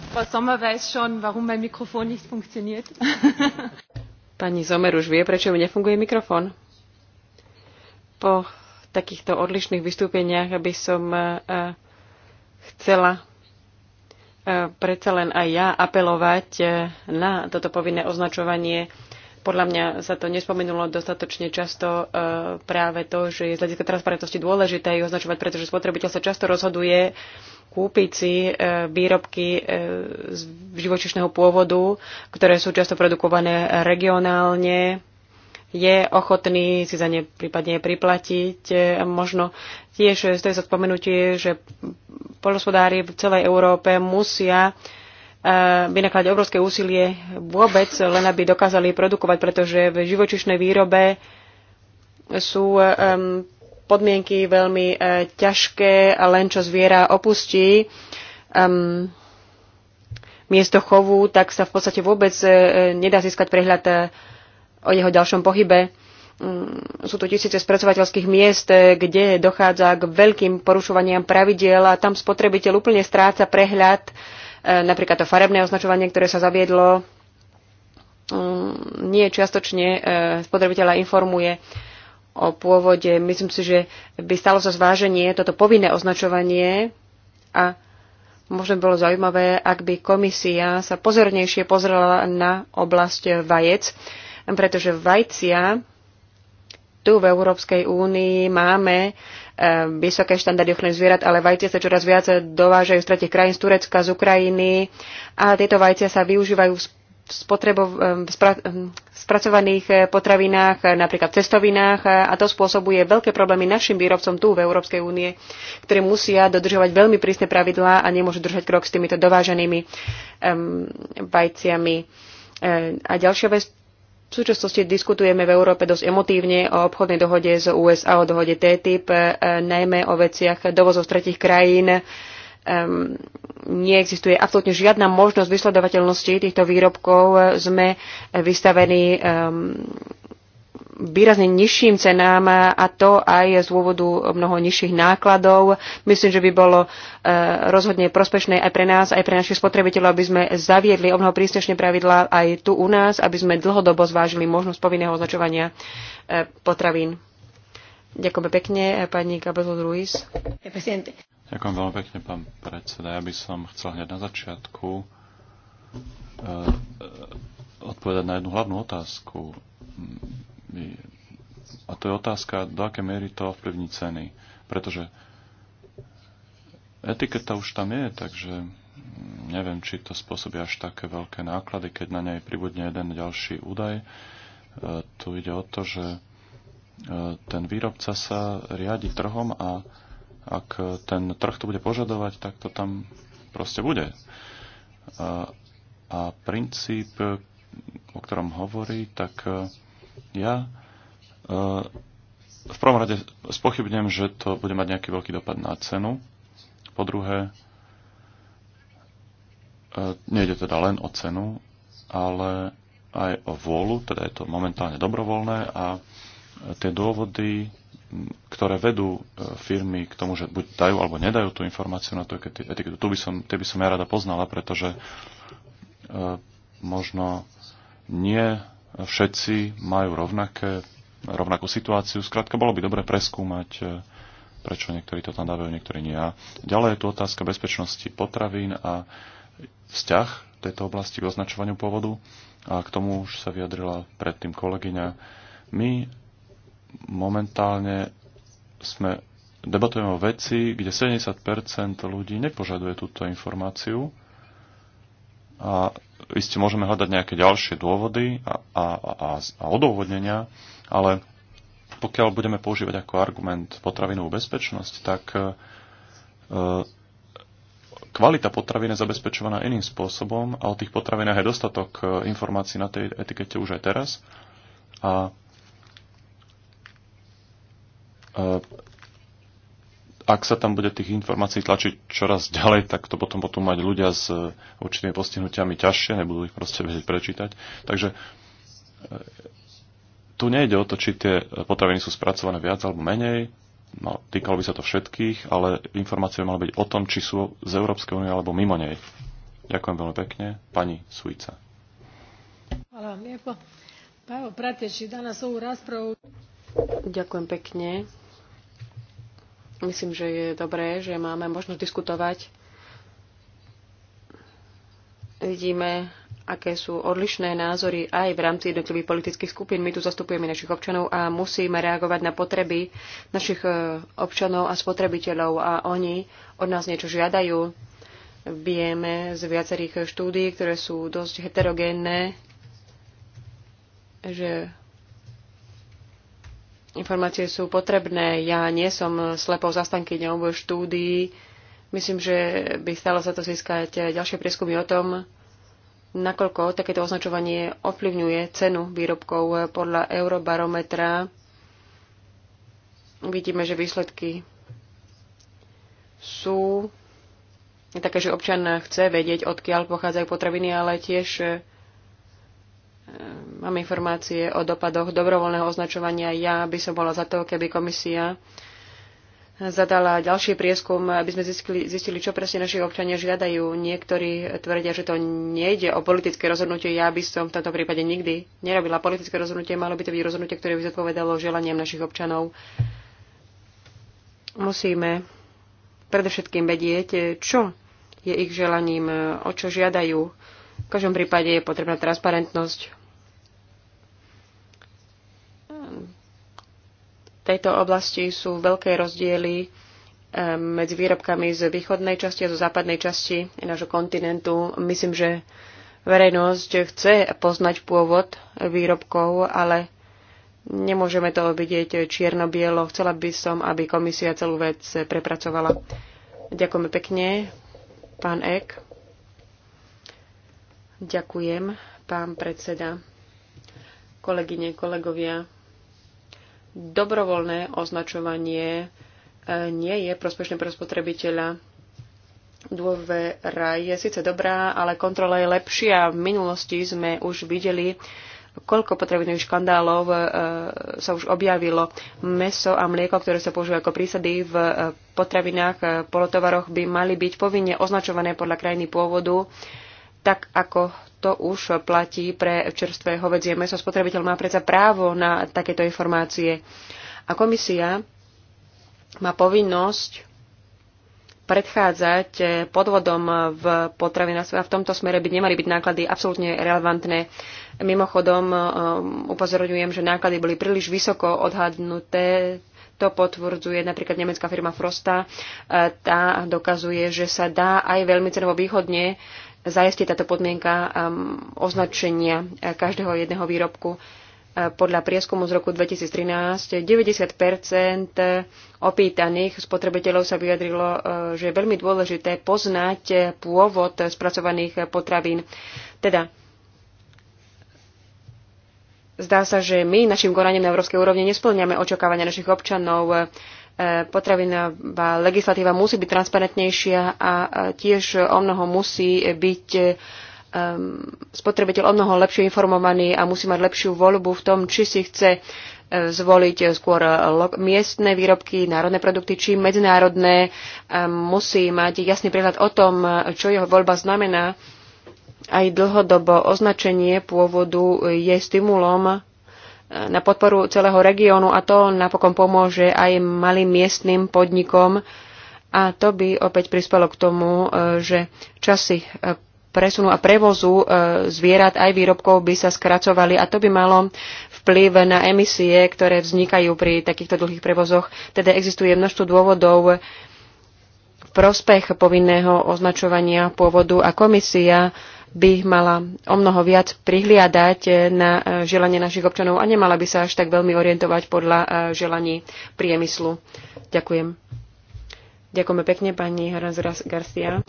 Frau Sommer weiß schon, warum mein Mikrofon nicht funktioniert. Pani Sommer už vie, prečo mi nefunguje mikrofón. Po takýchto odlišných vystúpeniach by som e, e, chcela e, predsa len aj ja apelovať na toto povinné označovanie. Podľa mňa sa to nespomenulo dostatočne často práve to, že je z hľadiska transparentnosti dôležité ju označovať, pretože spotrebiteľ sa často rozhoduje kúpiť si výrobky z živočišného pôvodu, ktoré sú často produkované regionálne je ochotný si za ne prípadne priplatiť. Možno tiež stojí sa spomenutie, že poľnospodári v celej Európe musia eh, vynakladať obrovské úsilie vôbec, len aby dokázali produkovať, pretože v živočišnej výrobe sú podmienky veľmi eh, ťažké a len čo zviera opustí miesto chovu, tak sa v podstate vôbec eh, nedá získať prehľad o jeho ďalšom pohybe. Mm, sú tu tisíce spracovateľských miest, eh, kde dochádza k veľkým porušovaniam pravidiel a tam spotrebiteľ úplne stráca prehľad, eh, napríklad to farebné označovanie, ktoré sa zaviedlo, mm, nie čiastočne eh, spotrebiteľa informuje o pôvode. Myslím si, že by stalo sa zváženie toto povinné označovanie a možno by bolo zaujímavé, ak by komisia sa pozornejšie pozrela na oblasť vajec, pretože vajcia tu v Európskej únii máme eh, vysoké štandardy ochrany zvierat, ale vajcia sa čoraz viac dovážajú z tretich krajín, z Turecka, z Ukrajiny a tieto vajcia sa využívajú v eh, eh, v spracovaných potravinách, napríklad v cestovinách a to spôsobuje veľké problémy našim výrobcom tu v Európskej únie, ktorí musia dodržovať veľmi prísne pravidlá a nemôžu držať krok s týmito dováženými ehm, vajciami. A ďalšia vec, v súčasnosti diskutujeme v Európe dosť emotívne o obchodnej dohode z USA, o dohode TTIP, eh, najmä o veciach dovozov z tretich krajín. Um, neexistuje absolútne žiadna možnosť vysledovateľnosti týchto výrobkov. Sme vystavení um, výrazne nižším cenám a to aj z dôvodu mnoho nižších nákladov. Myslím, že by bolo e, rozhodne prospešné aj pre nás, aj pre našich spotrebiteľov, aby sme zaviedli o mnoho prísnešné pravidlá aj tu u nás, aby sme dlhodobo zvážili možnosť povinného označovania e, potravín. Ďakujem pekne, pani Gabezol Ruiz. Ďakujem veľmi pekne, pán predseda. Ja by som chcel hneď na začiatku e, odpovedať na jednu hlavnú otázku a to je otázka, do aké miery to ovplyvní ceny. Pretože etiketa už tam je, takže neviem, či to spôsobí až také veľké náklady, keď na nej pribudne jeden ďalší údaj. E, tu ide o to, že e, ten výrobca sa riadi trhom a ak ten trh to bude požadovať, tak to tam proste bude. E, a princíp, o ktorom hovorí, tak e, ja Eh, v prvom rade spochybnem, že to bude mať nejaký veľký dopad na cenu. Po druhé, eh, nejde teda len o cenu, ale aj o vôľu, teda je to momentálne dobrovoľné a eh, tie dôvody, ktoré vedú firmy k tomu, že buď dajú alebo nedajú tú informáciu na tú etiketu, tu by som, tie by som ja rada poznala, pretože možno nie všetci majú rovnaké rovnakú situáciu. Skrátka, bolo by dobre preskúmať, e, prečo niektorí to tam dávajú, niektorí nie. A ďalej je tu otázka bezpečnosti potravín a vzťah tejto oblasti k označovaniu pôvodu. A k tomu už sa vyjadrila predtým kolegyňa. My momentálne sme debatujeme o veci, kde 70% ľudí nepožaduje túto informáciu a iste môžeme hľadať nejaké ďalšie dôvody a, a, a, a odôvodnenia, ale pokiaľ budeme používať ako argument potravinovú bezpečnosť, tak e, e, kvalita potravín je zabezpečovaná iným spôsobom a o tých potravinách je dostatok e, informácií na tej etikete už aj teraz. A ak sa tam bude tých informácií tlačiť čoraz ďalej, tak to potom potom mať ľudia s určitými postihnutiami ťažšie, nebudú ich proste vedieť prečítať. Takže tu nejde o to, či tie potraviny sú spracované viac alebo menej, no, týkalo by sa to všetkých, ale informácie by mali byť o tom, či sú z Európskej únie alebo mimo nej. Ďakujem veľmi pekne. Pani Suica. Hvala vám lijepo. Pa evo, prateći danas ovu raspravu... Ďakujem pekne. Myslím, že je dobré, že máme možnosť diskutovať. Vidíme, aké sú odlišné názory aj v rámci jednotlivých politických skupín. My tu zastupujeme našich občanov a musíme reagovať na potreby našich e, občanov a spotrebiteľov a oni od nás niečo žiadajú. Vieme z viacerých štúdií, ktoré sú dosť heterogénne, že informácie sú potrebné. Ja nie som slepou zastankyňou štúdii. Myslím, že by stalo sa to získať ďalšie prieskumy o tom, nakoľko takéto označovanie ovplyvňuje cenu výrobkov podľa eurobarometra. Vidíme, že výsledky sú také, že občan chce vedieť, odkiaľ pochádzajú potraviny, ale tiež e, mám informácie o dopadoch dobrovoľného označovania. Ja by som bola za to, keby komisia zadala ďalší prieskum, aby sme zistili, zistili čo presne naši občania žiadajú. Niektorí tvrdia, že to nejde o politické rozhodnutie. Ja by som v tomto prípade nikdy nerobila politické rozhodnutie. Malo by to byť rozhodnutie, ktoré by zodpovedalo želaniem našich občanov. Musíme predovšetkým vedieť, čo je ich želaním, o čo žiadajú. V každom prípade je potrebná transparentnosť. tejto oblasti sú veľké rozdiely eh, medzi výrobkami z východnej časti a zo západnej časti nášho kontinentu. Myslím, že verejnosť chce poznať pôvod výrobkov, ale nemôžeme to vidieť čierno-bielo. Chcela by som, aby komisia celú vec prepracovala. Ďakujeme pekne, pán Ek. Ďakujem, pán predseda, kolegyne, kolegovia dobrovoľné označovanie e, nie je prospešné pre spotrebiteľa. Dôvera je síce dobrá, ale kontrola je lepšia. V minulosti sme už videli, koľko potravinových škandálov e, sa už objavilo. Meso a mlieko, ktoré sa používajú ako prísady v e, potravinách, polotovaroch, by mali byť povinne označované podľa krajiny pôvodu, tak ako to už platí pre čerstvé hovedzie meso. Spotrebiteľ má predsa právo na takéto informácie. A komisia má povinnosť predchádzať eh, podvodom v potravinách a v tomto smere by nemali byť náklady absolútne relevantné. Mimochodom eh, upozorňujem, že náklady boli príliš vysoko odhadnuté. To potvrdzuje napríklad nemecká firma Frosta. Eh, tá dokazuje, že sa dá aj veľmi cenovo výhodne zajistí táto podmienka um, označenia uh, každého jedného výrobku. Uh, podľa prieskumu z roku 2013 90 opýtaných spotrebiteľov sa vyjadrilo, uh, že je veľmi dôležité poznať pôvod spracovaných potravín. Teda zdá sa, že my našim konaním na európskej úrovni nesplňame očakávania našich občanov potravinová legislatíva musí byť transparentnejšia a e, tiež o mnoho musí byť e, spotrebiteľ o mnoho lepšie informovaný a musí mať lepšiu voľbu v tom, či si chce e, zvoliť skôr miestne výrobky, národné produkty či medzinárodné. Musí mať jasný prehľad o tom, čo jeho voľba znamená. Aj dlhodobo označenie pôvodu je stimulom na podporu celého regiónu a to napokon pomôže aj malým miestnym podnikom a to by opäť prispelo k tomu, e, že časy e, presunu a prevozu e, zvierat aj výrobkov by sa skracovali a to by malo vplyv na emisie, ktoré vznikajú pri takýchto dlhých prevozoch. Teda existuje množstvo dôvodov v prospech povinného označovania pôvodu a komisia by mala o mnoho viac prihliadať eh, na eh, želanie našich občanov a nemala by sa až tak veľmi orientovať podľa eh, želaní priemyslu. Ďakujem. Ďakujeme pekne, pani Haranz Garcia.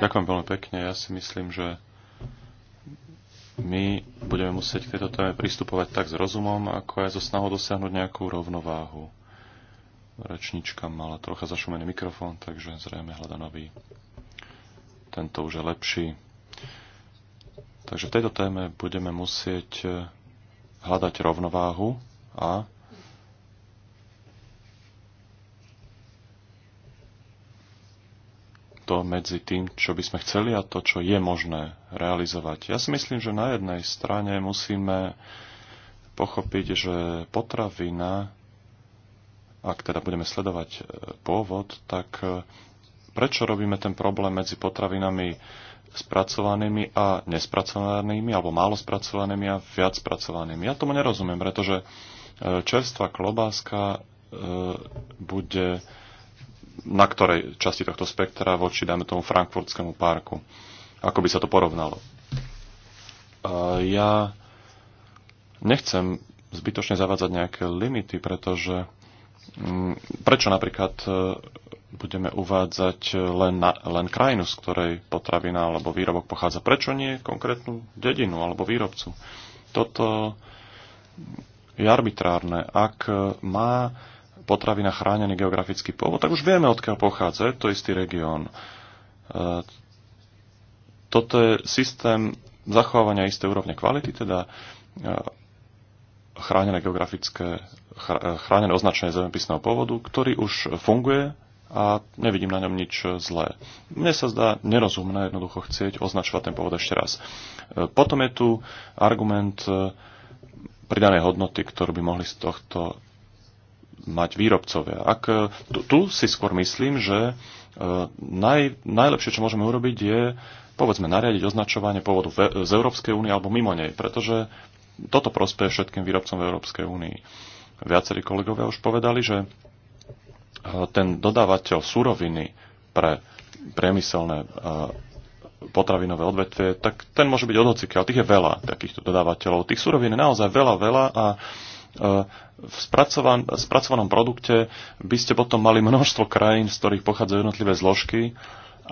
Ďakujem veľmi pekne. Ja si myslím, že my budeme musieť k tejto téme pristupovať tak s rozumom, ako aj so snahou dosiahnuť nejakú rovnováhu Rečnička mala trocha zašumený mikrofón, takže zrejme hľada nový. Tento už je lepší. Takže v tejto téme budeme musieť eh, hľadať rovnováhu a to medzi tým, čo by sme chceli a to, čo je možné realizovať. Ja si myslím, že na jednej strane musíme pochopiť, že potravina ak teda budeme sledovať e, pôvod, tak e, prečo robíme ten problém medzi potravinami spracovanými a nespracovanými, alebo málo spracovanými a viac spracovanými? Ja tomu nerozumiem, pretože e, čerstvá klobáska bude na ktorej časti tohto spektra voči, dajme tomu, frankfurtskému parku. Ako by sa to porovnalo? Ja nechcem zbytočne zavádzať nejaké limity, pretože Mm, prečo napríklad e, budeme uvádzať len, na, len krajinu, z ktorej potravina alebo výrobok pochádza. Prečo nie konkrétnu dedinu alebo výrobcu? Toto je arbitrárne. Ak e, má potravina chránený geografický pôvod, tak už vieme, odkiaľ pochádza. Je to istý región. E, toto je systém zachovávania istej úrovne kvality, teda chránené geografické, eh, chránené označenie zemepisného pôvodu, ktorý už funguje a nevidím na ňom nič zlé. Mne sa zdá nerozumné jednoducho chcieť označovať ten pôvod ešte raz. Eh, potom je tu argument eh, pridanej hodnoty, ktorú by mohli z tohto mať výrobcovia. Ak, tu, tu si skôr myslím, že naj, najlepšie, čo môžeme urobiť, je povedzme nariadiť označovanie pôvodu z Európskej únie alebo mimo nej, pretože toto prospeje všetkým výrobcom v Európskej únii. Viacerí kolegovia už povedali, že e, ten dodávateľ suroviny pre priemyselné e, potravinové odvetvie, tak ten môže byť odhocikel, Tých je veľa takýchto dodávateľov. Tých surovín je naozaj veľa, veľa a e, v spracovan- spracovanom produkte by ste potom mali množstvo krajín, z ktorých pochádzajú jednotlivé zložky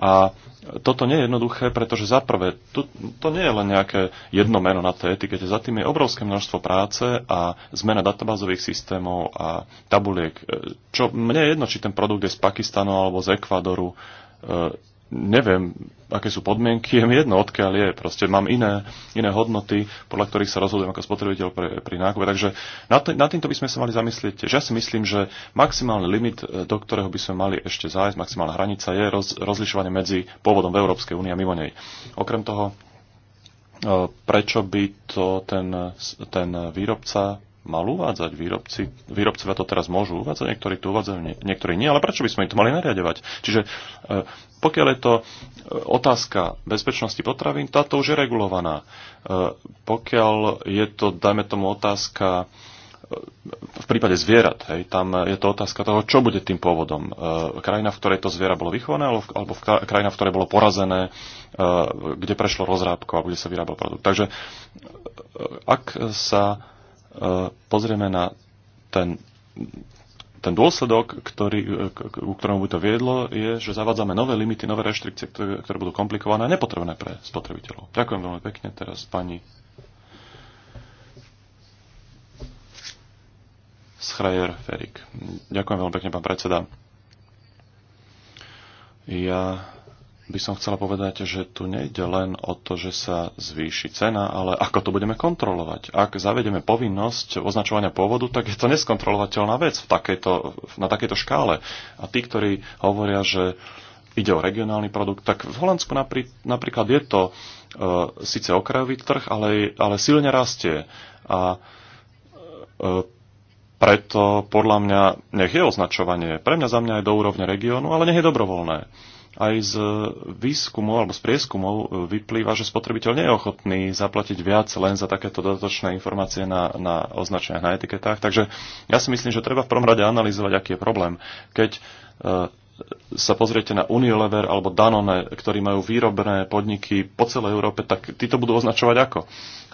a toto nie je jednoduché, pretože za prvé, to, to nie je len nejaké jedno meno na tej etikete, za tým je obrovské množstvo práce a zmena databázových systémov a tabuliek. E, čo mne je jedno, či ten produkt je z Pakistanu alebo z Ekvadoru, e, neviem, aké sú podmienky, je mi jedno, odkiaľ je. Proste mám iné, iné hodnoty, podľa ktorých sa rozhodujem ako spotrebiteľ pre, pri nákupe. Takže nad, nad týmto by sme sa mali zamyslieť. Že ja si myslím, že maximálny limit, e, do ktorého by sme mali ešte zájsť, maximálna hranica, je roz, rozlišovanie medzi pôvodom v Európskej únii a mimo nej. Okrem toho, e, prečo by to ten, ten výrobca mal uvádzať výrobci, výrobcovia to teraz môžu uvádzať, niektorí to uvádzajú, nie, niektorí nie, ale prečo by sme im to mali nariadovať? Čiže e, pokiaľ je to e, otázka bezpečnosti potravín, táto už je regulovaná. E, pokiaľ je to, dajme tomu, otázka v prípade zvierat, hej, tam je to otázka toho, čo bude tým pôvodom. E, krajina, v ktorej to zviera bolo vychované, alebo v, krajina, v ktorej bolo porazené, e, kde prešlo rozrábko alebo kde sa vyrábal produkt. Takže ak sa E, pozrieme na ten, ten dôsledok, ktorý, ku ktorému by to viedlo, je, že zavádzame nové limity, nové reštrikcie, ktoré, ktoré budú komplikované a nepotrebné pre spotrebiteľov. Ďakujem veľmi pekne. Teraz pani Schreier Ferik. Ďakujem veľmi pekne, pán predseda. Ja by som chcela povedať, že tu nejde len o to, že sa zvýši cena, ale ako to budeme kontrolovať. Ak zavedeme povinnosť označovania pôvodu, tak je to neskontrolovateľná vec v takejto, na takejto škále. A tí, ktorí hovoria, že ide o regionálny produkt, tak v Holandsku naprí, napríklad je to e, síce okrajový trh, ale, ale silne rastie. A e, preto podľa mňa nech je označovanie pre mňa za mňa aj do úrovne regiónu, ale nech je dobrovoľné aj z výskumov alebo z prieskumov e, vyplýva, že spotrebiteľ nie je ochotný zaplatiť viac len za takéto dodatočné informácie na, na označeniach, na etiketách. Takže ja si myslím, že treba v prvom rade analyzovať, aký je problém. Keď e, sa pozriete na Unilever alebo Danone, ktorí majú výrobné podniky po celej Európe, tak tí to budú označovať ako.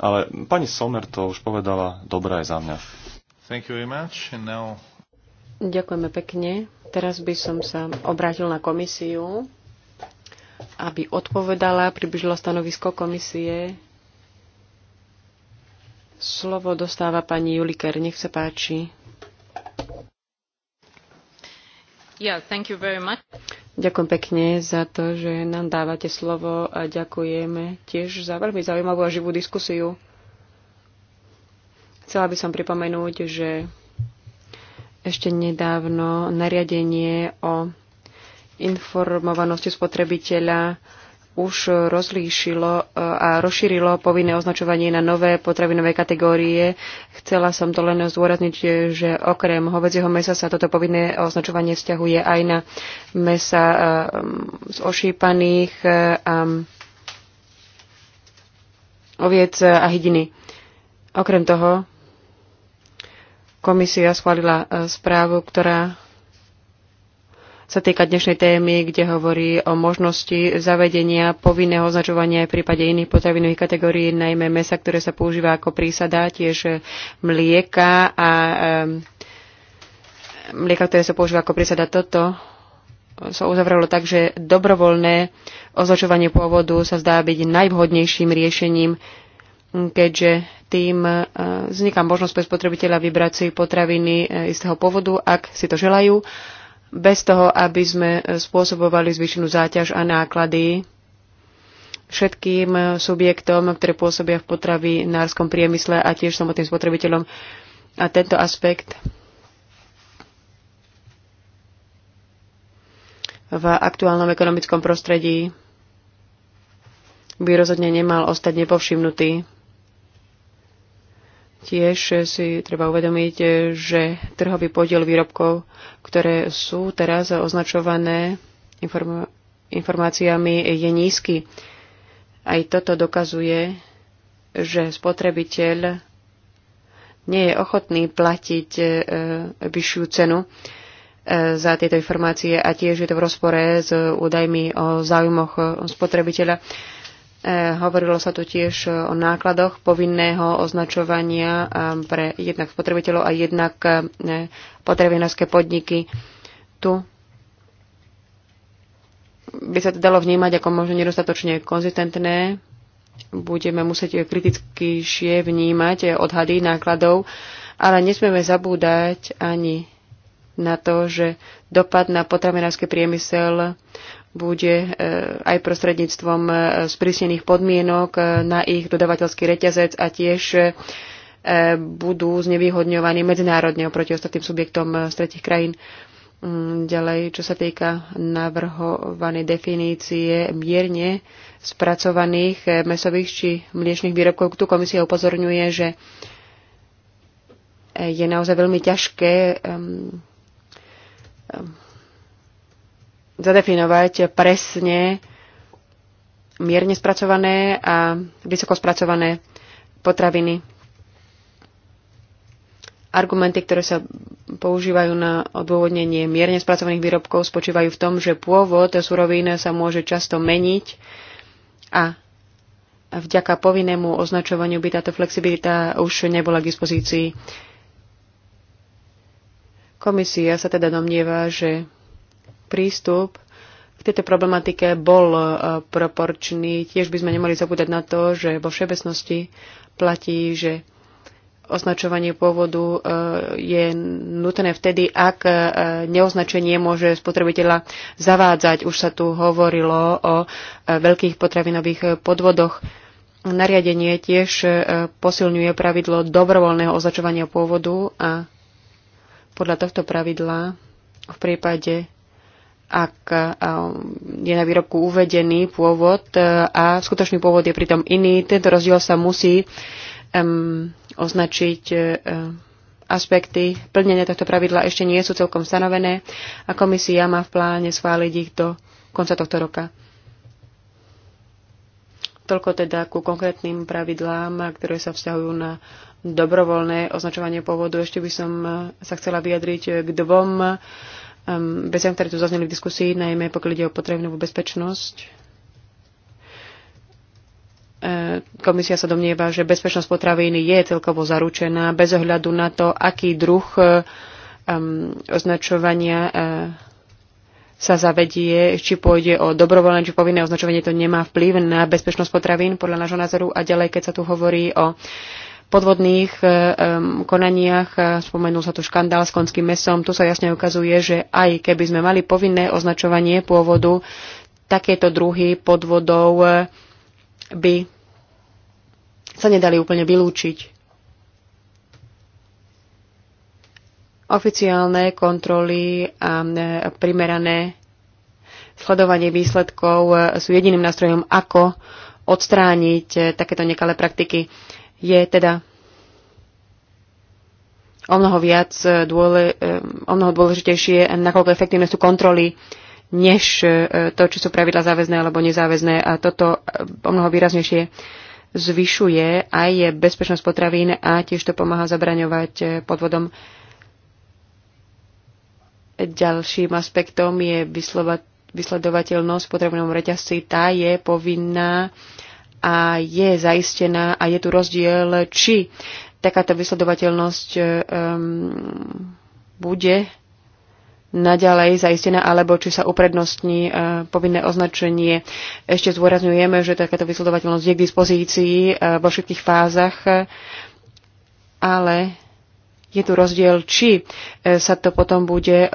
Ale pani Somer to už povedala, dobrá je za mňa. Thank you very much. And now... Ďakujeme pekne. Teraz by som sa obrátil na komisiu, aby odpovedala, približila stanovisko komisie. Slovo dostáva pani Juliker, nech sa páči. Yeah, thank you very much. Ďakujem pekne za to, že nám dávate slovo a ďakujeme tiež za veľmi zaujímavú a živú diskusiu. Chcela by som pripomenúť, že ešte nedávno nariadenie o informovanosti spotrebiteľa už rozlíšilo e, a rozšírilo povinné označovanie na nové potravinové kategórie. Chcela som to len zdôrazniť, že okrem hovedzieho mesa sa toto povinné označovanie vzťahuje aj na mesa e, z ošípaných e, oviec a hydiny. Okrem toho, Komisia schválila e, správu, ktorá sa týka dnešnej témy, kde hovorí o možnosti zavedenia povinného označovania aj v prípade iných potravinových kategórií, najmä mesa, ktoré sa používa ako prísada, tiež e, mlieka a e, mlieka, ktoré sa používa ako prísada toto sa uzavralo tak, že dobrovoľné označovanie pôvodu sa zdá byť najvhodnejším riešením keďže tým e, vzniká možnosť pre spotrebiteľa vybrať si potraviny e, istého povodu, ak si to želajú, bez toho, aby sme e, spôsobovali zvyšenú záťaž a náklady všetkým subjektom, ktoré pôsobia v potravinárskom priemysle a tiež samotným spotrebiteľom. A tento aspekt v aktuálnom ekonomickom prostredí by rozhodne nemal ostať nepovšimnutý. Tiež si treba uvedomiť, že trhový podiel výrobkov, ktoré sú teraz označované informáciami, je nízky. Aj toto dokazuje, že spotrebiteľ nie je ochotný platiť e, vyššiu cenu e, za tieto informácie a tiež je to v rozpore s údajmi o záujmoch spotrebiteľa. E, hovorilo sa tu tiež o nákladoch povinného označovania e, pre jednak spotrebiteľov a jednak e, potravinárske podniky. Tu by sa to dalo vnímať ako možno nedostatočne konzistentné. Budeme musieť kritickejšie vnímať odhady nákladov, ale nesmieme zabúdať ani na to, že dopad na potravinárske priemysel bude e, aj prostredníctvom e, sprísnených podmienok e, na ich dodavateľský reťazec a tiež budú znevýhodňovaní medzinárodne oproti ostatným subjektom z tretich krajín. Mm, ďalej, čo sa týka navrhovanej definície mierne spracovaných mesových či mliečných výrobkov, tu komisia upozorňuje, že je naozaj veľmi ťažké zadefinovať presne mierne spracované a vysoko spracované potraviny. Argumenty, ktoré sa používajú na odôvodnenie mierne spracovaných výrobkov, spočívajú v tom, že pôvod surovín sa môže často meniť a vďaka povinnému označovaniu by táto flexibilita už nebola k dispozícii. Komisia sa teda domnieva, že prístup k tejto problematike bol e, proporčný. Tiež by sme nemali zabúdať na to, že vo všeobecnosti platí, že označovanie pôvodu e, je nutné vtedy, ak e, neoznačenie môže spotrebiteľa zavádzať. Už sa tu hovorilo o veľkých potravinových podvodoch. Nariadenie tiež posilňuje pravidlo dobrovoľného označovania pôvodu a podľa tohto pravidla v prípade ak eh, je na výrobku uvedený pôvod eh, a skutočný pôvod je pritom iný, tento rozdiel sa musí um, označiť um, aspekty plnenia tohto pravidla ešte nie sú celkom stanovené a komisia má v pláne schváliť ich do konca tohto roka. Toľko teda ku konkrétnym pravidlám, ktoré sa vzťahujú na dobrovoľné označovanie pôvodu. Ešte by som sa chcela vyjadriť k dvom um, veciam, ktoré tu zazneli v diskusii, najmä pokiaľ ide o potravinovú bezpečnosť. E, komisia sa domnieva, že bezpečnosť potraviny je celkovo zaručená bez ohľadu na to, aký druh um, označovania uh, sa zavedie, či pôjde o dobrovoľné či povinné označovanie, to nemá vplyv na bezpečnosť potravín podľa nášho názoru. A ďalej, keď sa tu hovorí o podvodných eh, konaniach. Spomenul sa tu škandál s konským mesom. Tu sa jasne ukazuje, že aj keby sme mali povinné označovanie pôvodu, takéto druhy podvodov eh, by sa nedali úplne vylúčiť. Oficiálne kontroly a eh, primerané sledovanie výsledkov sú jediným nástrojom, ako odstrániť takéto nekalé praktiky je teda o mnoho viac e, dôle, e, o mnoho dôležitejšie, e, nakoľko efektívne sú kontroly, než to, či sú pravidla záväzné alebo nezáväzné. A toto o mnoho výraznejšie zvyšuje aj bezpečnosť potravín a tiež to pomáha zabraňovať podvodom. Ďalším aspektom je vysledovateľnosť v potravnom reťazci. Tá je povinná a je zaistená a je tu rozdiel, či takáto vysledovateľnosť um, bude naďalej zaistená, alebo či sa uprednostní uh, povinné označenie. Ešte zdôrazňujeme, že takáto vysledovateľnosť je k dispozícii uh, vo všetkých fázach, ale je tu rozdiel, či uh, sa to potom bude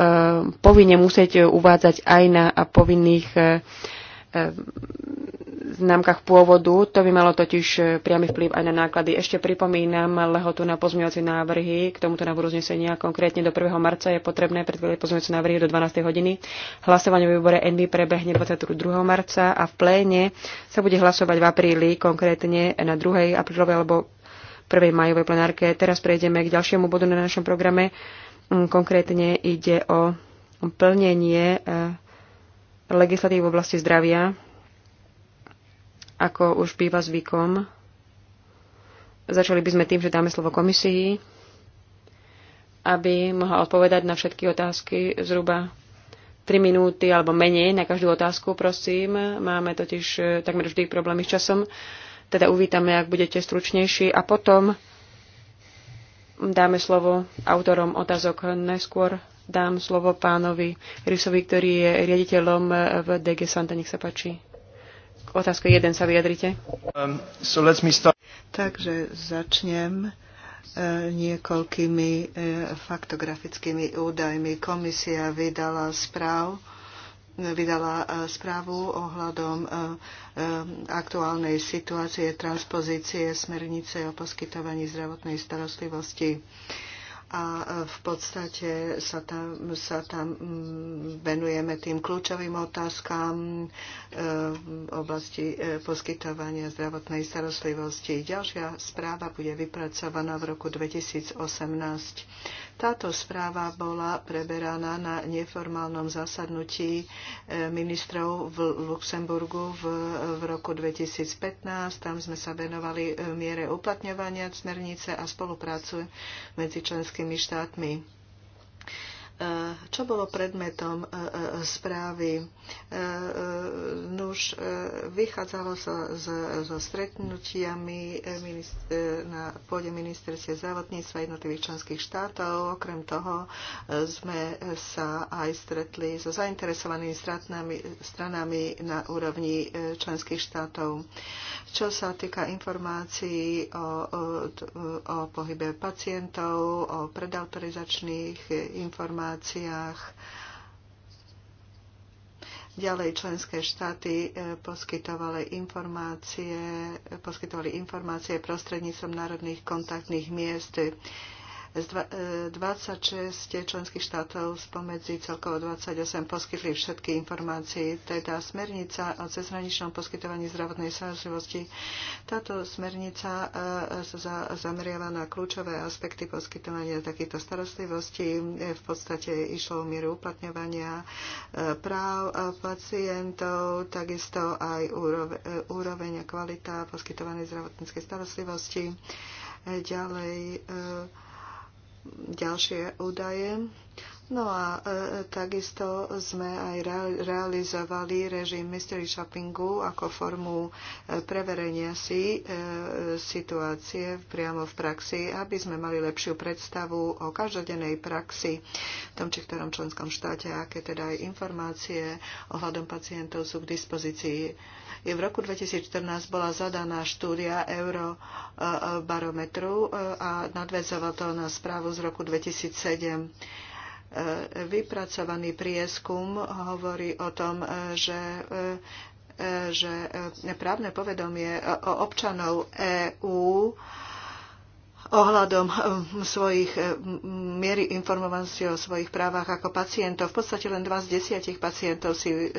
povinne musieť uvádzať aj na povinných um, známkach pôvodu. To by malo totiž e, priamy vplyv aj na náklady. Ešte pripomínam lehotu na pozmeňovacie návrhy k tomuto návrhu uznesenia. Konkrétne do 1. marca je potrebné predvedieť pozmeňovacie návrhy do 12. hodiny. Hlasovanie v výbore NB prebehne 22. marca a v pléne sa bude hlasovať v apríli, konkrétne na 2. aprílovej alebo 1. majovej plenárke. Teraz prejdeme k ďalšiemu bodu na našom programe. Mm, konkrétne ide o plnenie e, legislatívy v oblasti zdravia ako už býva zvykom, začali by sme tým, že dáme slovo komisii, aby mohla odpovedať na všetky otázky zhruba 3 minúty alebo menej na každú otázku, prosím. Máme totiž eh, takmer vždy problémy s časom. Teda uvítame, ak budete stručnejší. A potom dáme slovo autorom otázok. Najskôr dám slovo pánovi Rysovi, ktorý je riaditeľom eh, v DG Santa. Nech sa páči otázke 1 sa vyjadrite. Um, so Takže začnem e, niekoľkými e, faktografickými údajmi. Komisia vydala správ vydala e, správu ohľadom aktuálnej situácie transpozície smernice o poskytovaní zdravotnej starostlivosti a e, v podstate sa tam, sa tam mm, venujeme tým kľúčovým otázkam e, v oblasti e, poskytovania zdravotnej starostlivosti. Ďalšia správa bude vypracovaná v roku 2018. Táto správa bola preberaná na neformálnom zasadnutí e, ministrov v Luxemburgu v, v roku 2015. Tam sme sa venovali e, miere uplatňovania smernice a spoluprácu medzi členskými štátmi. E, čo bolo predmetom e, e, správy? Nuž vychádzalo sa so stretnutiami na pôde ministerstve zdravotníctva jednotlivých členských štátov. Okrem toho sme sa aj stretli so zainteresovanými stranami na úrovni členských štátov. Čo sa týka informácií o, o, o pohybe pacientov, o predautorizačných informáciách, situáciách. Ďalej členské štáty e, poskytovali informácie, e, poskytovali informácie prostredníctvom národných kontaktných miest. Z 26 e, členských štátov spomedzi celkovo 28 poskytli všetky informácie, teda smernica o cezhraničnom poskytovaní zdravotnej starostlivosti. Táto smernica e, sa zameriava na kľúčové aspekty poskytovania takýchto starostlivosti. E, v podstate išlo o mieru uplatňovania práv pacientov, takisto aj úroveň a kvalita poskytovanej zdravotníckej starostlivosti ďalej ďalšie údaje. No a e, takisto sme aj realizovali režim mystery shoppingu ako formu e, preverenia si e, situácie priamo v praxi, aby sme mali lepšiu predstavu o každodennej praxi v tom či ktorom členskom štáte, aké teda aj informácie ohľadom pacientov sú k dispozícii. V roku 2014 bola zadaná štúdia Eurobarometru e, a nadväzoval to na správu z roku 2007. E, vypracovaný prieskum hovorí o tom, e, že že právne povedomie občanov EÚ ohľadom mm, svojich e, mm, miery informovanosti o svojich právach ako pacientov. V podstate len 2 z 10 pacientov si e,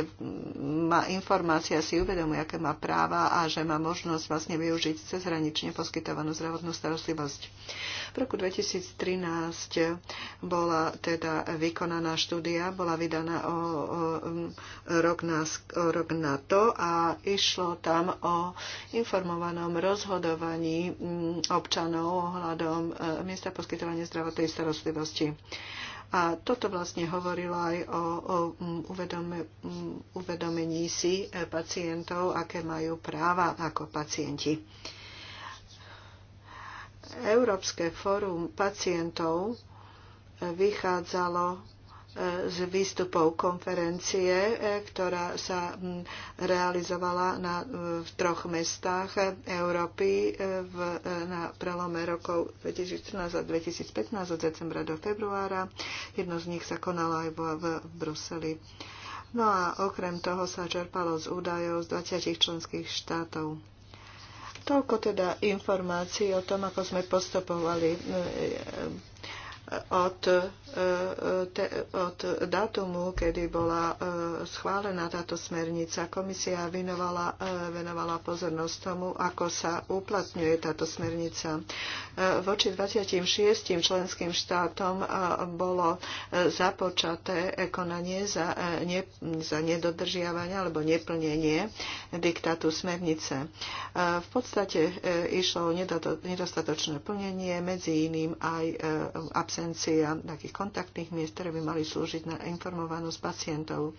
je, mm, má informácia, si uvedomuje, aké má práva a že má možnosť vlastne využiť cezhranične poskytovanú zdravotnú starostlivosť. V roku 2013 bola teda vykonaná štúdia, bola vydaná o, o, rok, na, o rok na to a išlo tam o informovanom rozhodovaní občanov ohľadom e, miesta poskytovania zdravotnej starostlivosti. A toto vlastne hovorilo aj o, o uvedome, uvedomení si e, pacientov, aké majú práva ako pacienti. Európske fórum pacientov eh, vychádzalo eh, z výstupov konferencie, eh, ktorá sa hm, realizovala na, v troch mestách Európy v, na prelome rokov 2014 a 2015 od decembra do februára. Jedno z nich sa konalo aj v, v Bruseli. No a okrem toho sa čerpalo z údajov z 20 členských štátov. Toľko teda informácií o tom, ako sme postupovali e, e, od, eh, te, od datumu, kedy bola eh, schválená táto smernica, komisia venovala, eh, venovala pozornosť tomu, ako sa uplatňuje táto smernica. Voči 26 členským štátom bolo započaté konanie za, ne, za nedodržiavanie alebo neplnenie diktátu smernice. V podstate išlo o nedostatočné plnenie, medzi iným aj absencia existencia takých kontaktných miest, ktoré by mali slúžiť na informovanosť pacientov.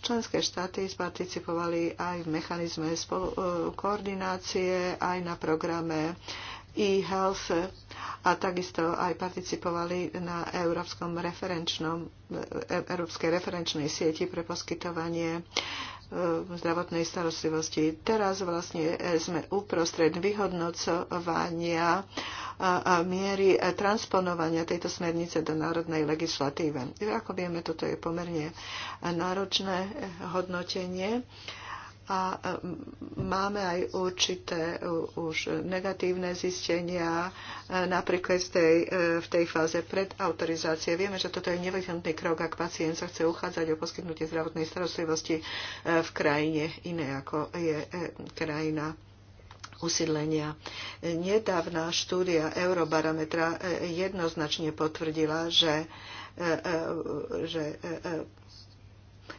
Členské štáty participovali aj v mechanizme spolu, e, koordinácie, aj na programe e-health a takisto aj participovali na Európskom referenčnom, e, Európskej referenčnej sieti pre poskytovanie zdravotnej starostlivosti. Teraz vlastne sme uprostred vyhodnocovania miery transponovania tejto smernice do národnej legislatíve. Ako vieme, toto je pomerne náročné hodnotenie a máme aj určité už negatívne zistenia, e, napríklad v tej, e, v tej fáze predautorizácie. Vieme, že toto je nevyhnutný krok, ak pacient sa chce uchádzať o poskytnutie zdravotnej starostlivosti e, v krajine iné, ako je krajina usídlenia. Nedávna štúdia Eurobarometra jednoznačne potvrdila, že, že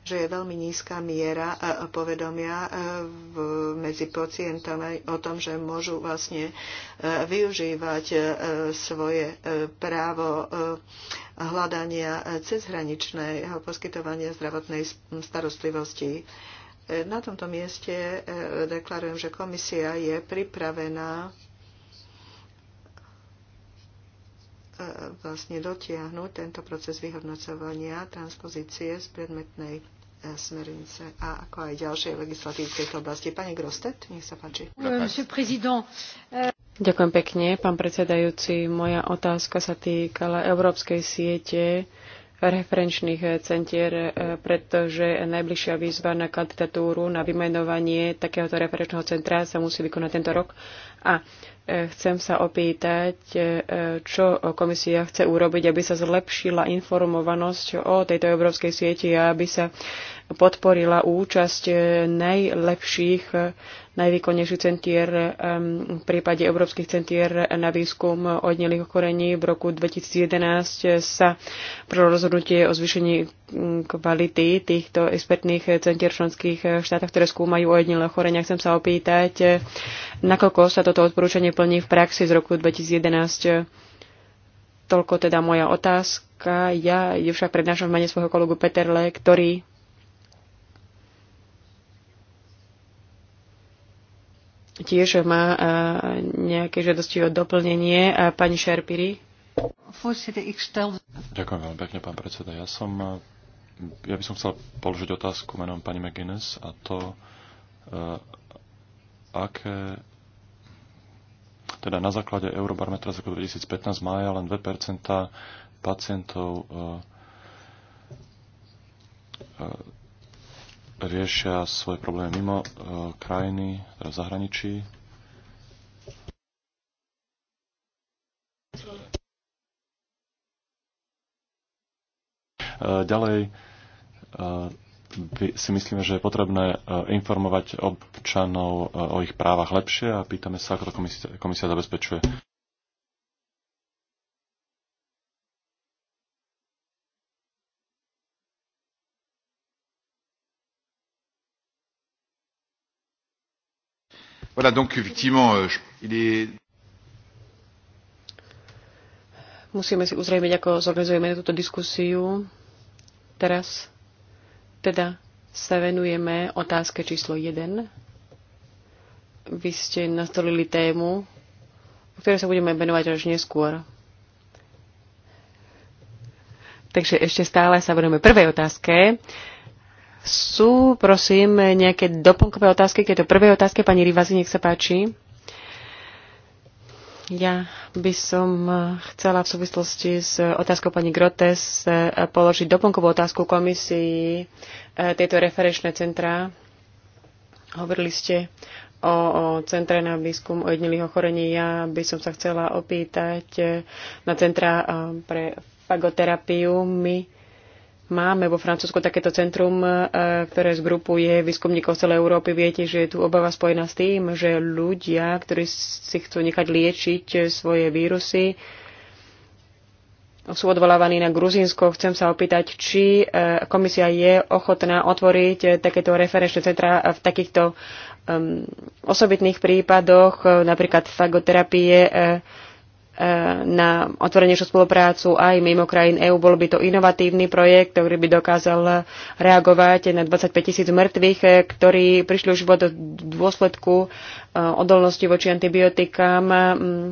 že je veľmi nízka miera e, povedomia e, medzi pacientami o tom, že môžu vlastne e, využívať svoje právo hľadania cezhraničného poskytovania zdravotnej starostlivosti. Na tomto mieste deklarujem, že komisia je pripravená vlastne dotiahnuť tento proces vyhodnocovania transpozície z predmetnej smernice a ako aj ďalšej legislatívy v tejto oblasti. Pani Grostet, nech sa páči. Euh, euh, Ďakujem pekne, pán predsedajúci. Moja otázka sa týkala Európskej siete referenčných centier, eh, pretože najbližšia výzva na kandidatúru na vymenovanie takéhoto referenčného centra sa musí vykonať tento rok. A E, chcem sa opýtať, e, e, čo komisia chce urobiť, aby sa zlepšila informovanosť o tejto európskej sieti a aby sa podporila účasť najlepších, najvýkonnejších centier v prípade európskych centier na výskum odnelých ochorení. V roku 2011 sa pro rozhodnutie o zvýšení kvality týchto expertných centier v členských štátoch, ktoré skúmajú ojedinelé ochorenia. Chcem sa opýtať, nakoľko sa toto odporúčanie plní v praxi z roku 2011. Toľko teda moja otázka. Ja ju však prednášam v mene svojho kolegu Peterle, ktorý tiež má e, nejaké žiadosti o doplnenie. A e, pani Šerpiri. Ďakujem veľmi pekne, pán predseda. Ja, som, e, ja by som chcel položiť otázku menom pani McGuinness a to, uh, aké teda na základe Eurobarometra z roku 2015 mája len 2% pacientov uh, uh, riešia svoje problémy mimo e, krajiny, teda v zahraničí. E, ďalej e, si myslíme, že je potrebné informovať občanov o ich právach lepšie a pýtame sa, ako to komisia, komisia zabezpečuje. Voilà, donc effectivement, euh, je, il est... Musíme si uzrejmiť, ako zorganizujeme túto diskusiu. Teraz teda sa venujeme otázke číslo 1. Vy ste nastolili tému, o ktorej sa budeme venovať až neskôr. Takže ešte stále sa venujeme prvej otázke. Uh, sú, prosím, nejaké doplnkové otázky? Keď to prvej otázke, pani Rivazi, nech sa páči. Ja by som chcela v súvislosti s otázkou pani Grotes položiť doplnkovú otázku komisii eh, tejto referenčné centra. Hovorili ste o, o centre na výskum ojednelých ochorení. Ja by som sa chcela opýtať eh, na centra eh, pre fagoterapiu. My Máme vo Francúzsku takéto centrum, e, ktoré zgrupuje výskumníkov celej Európy. Viete, že je tu obava spojená s tým, že ľudia, ktorí si chcú nechať liečiť svoje vírusy, sú odvolávaní na Gruzínsko. Chcem sa opýtať, či e, komisia je ochotná otvoriť takéto referenčné centra v takýchto um, osobitných prípadoch, e, napríklad fagoterapie, E, na otvorenejšiu spoluprácu aj mimo krajín EÚ. Bol by to inovatívny projekt, ktorý by dokázal reagovať na 25 tisíc mŕtvych, e, ktorí prišli už v dôsledku e, odolnosti voči antibiotikám. Mm.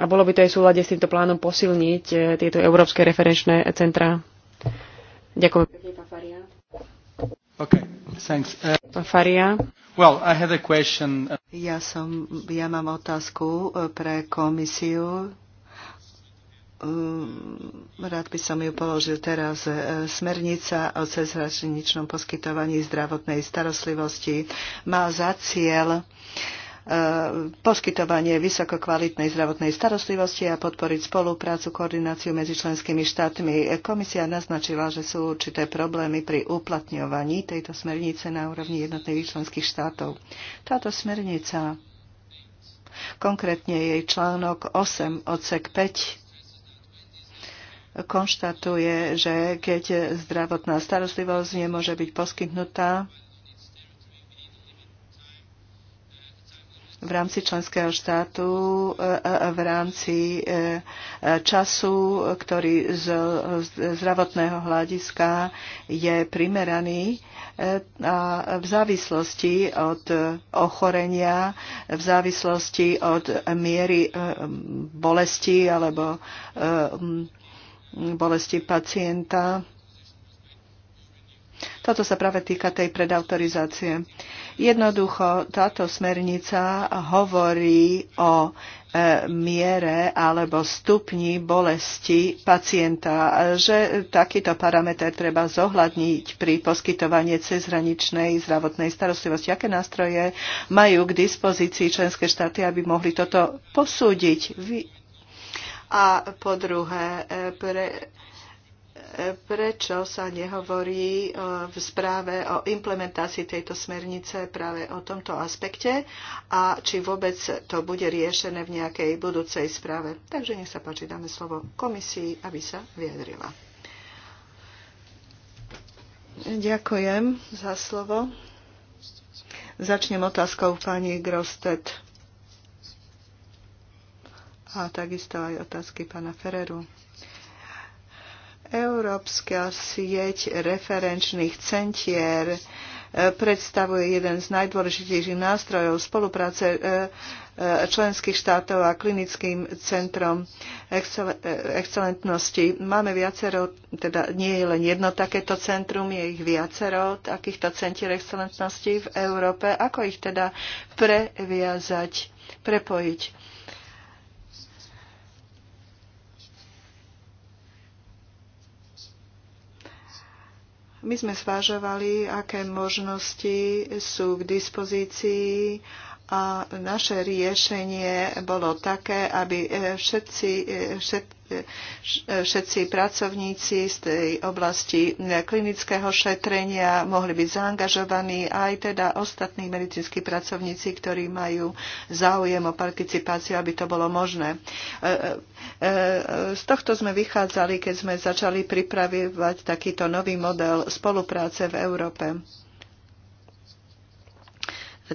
A bolo by to aj v súlade s týmto plánom posilniť tieto európske referenčné centra. Ďakujem. Okay, thanks. Pán Faria. Well, I have a question. Uh, ja, som, ja mám otázku uh, pre komisiu. Um, rád by som ju položil teraz. Uh, smernica o cezhraničnom poskytovaní zdravotnej starostlivosti má za cieľ uh, E, poskytovanie vysokokvalitnej zdravotnej starostlivosti a podporiť spoluprácu, koordináciu medzi členskými štátmi. Komisia naznačila, že sú určité problémy pri uplatňovaní tejto smernice na úrovni jednotlivých členských štátov. Táto smernica, konkrétne jej článok 8 odsek 5, konštatuje, že keď zdravotná starostlivosť nemôže byť poskytnutá v rámci členského štátu, e, e, v rámci e, času, ktorý z zdravotného hľadiska je primeraný a v závislosti od ochorenia, v závislosti od miery bolesti alebo bolesti pacienta toto sa práve týka tej predautorizácie. Jednoducho táto smernica hovorí o e, miere alebo stupni bolesti pacienta, že takýto parameter treba zohľadniť pri poskytovaní cezhraničnej zdravotnej starostlivosti. Aké nástroje majú k dispozícii členské štáty, aby mohli toto posúdiť? A po druhé, e, pre, prečo sa nehovorí e, v správe o implementácii tejto smernice práve o tomto aspekte a či vôbec to bude riešené v nejakej budúcej správe. Takže nech sa páči, dáme slovo komisii, aby sa vyjadrila. Ďakujem za slovo. Začnem otázkou pani Grostet a takisto aj otázky pána Ferreru. Európska sieť referenčných centier e, predstavuje jeden z najdôležitejších nástrojov spolupráce e, e, členských štátov a klinickým centrom excel- excelentnosti. Máme viacero, teda nie je len jedno takéto centrum, je ich viacero takýchto centier excelentnosti v Európe. Ako ich teda previazať, prepojiť? My sme zvažovali, aké možnosti sú k dispozícii a naše riešenie bolo také, aby e, všetci, e, všet, e, všetci pracovníci z tej oblasti klinického šetrenia mohli byť zaangažovaní, aj teda ostatní medicínsky pracovníci, ktorí majú záujem o participáciu, aby to bolo možné. Z tohto sme vychádzali, keď sme začali pripravovať takýto nový model spolupráce v Európe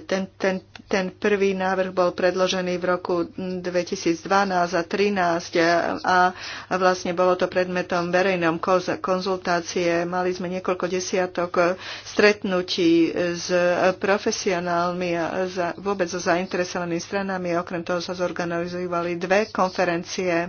ten, ten, ten prvý návrh bol predložený v roku 2012 a 2013 a vlastne bolo to predmetom verejnom konzultácie. Mali sme niekoľko desiatok stretnutí s profesionálmi a za, vôbec so zainteresovanými stranami. Okrem toho sa zorganizovali dve konferencie, e,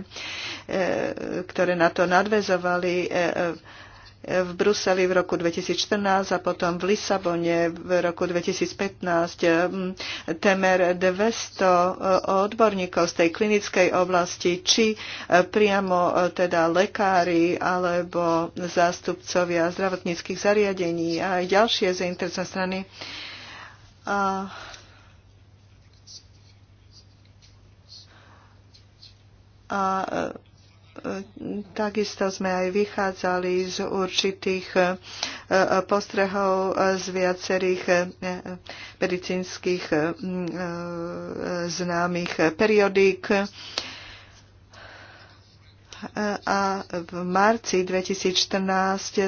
ktoré na to nadvezovali e, e, v Bruseli v roku 2014 a potom v Lisabone v roku 2015 mm, temer 200 e, odborníkov z tej klinickej oblasti, či e, priamo e, teda lekári alebo zástupcovia zdravotníckých zariadení a aj ďalšie zainteresované strany. A a takisto sme aj vychádzali z určitých e, e, postrehov z viacerých e, medicínskych známych periodík. A v marci 2014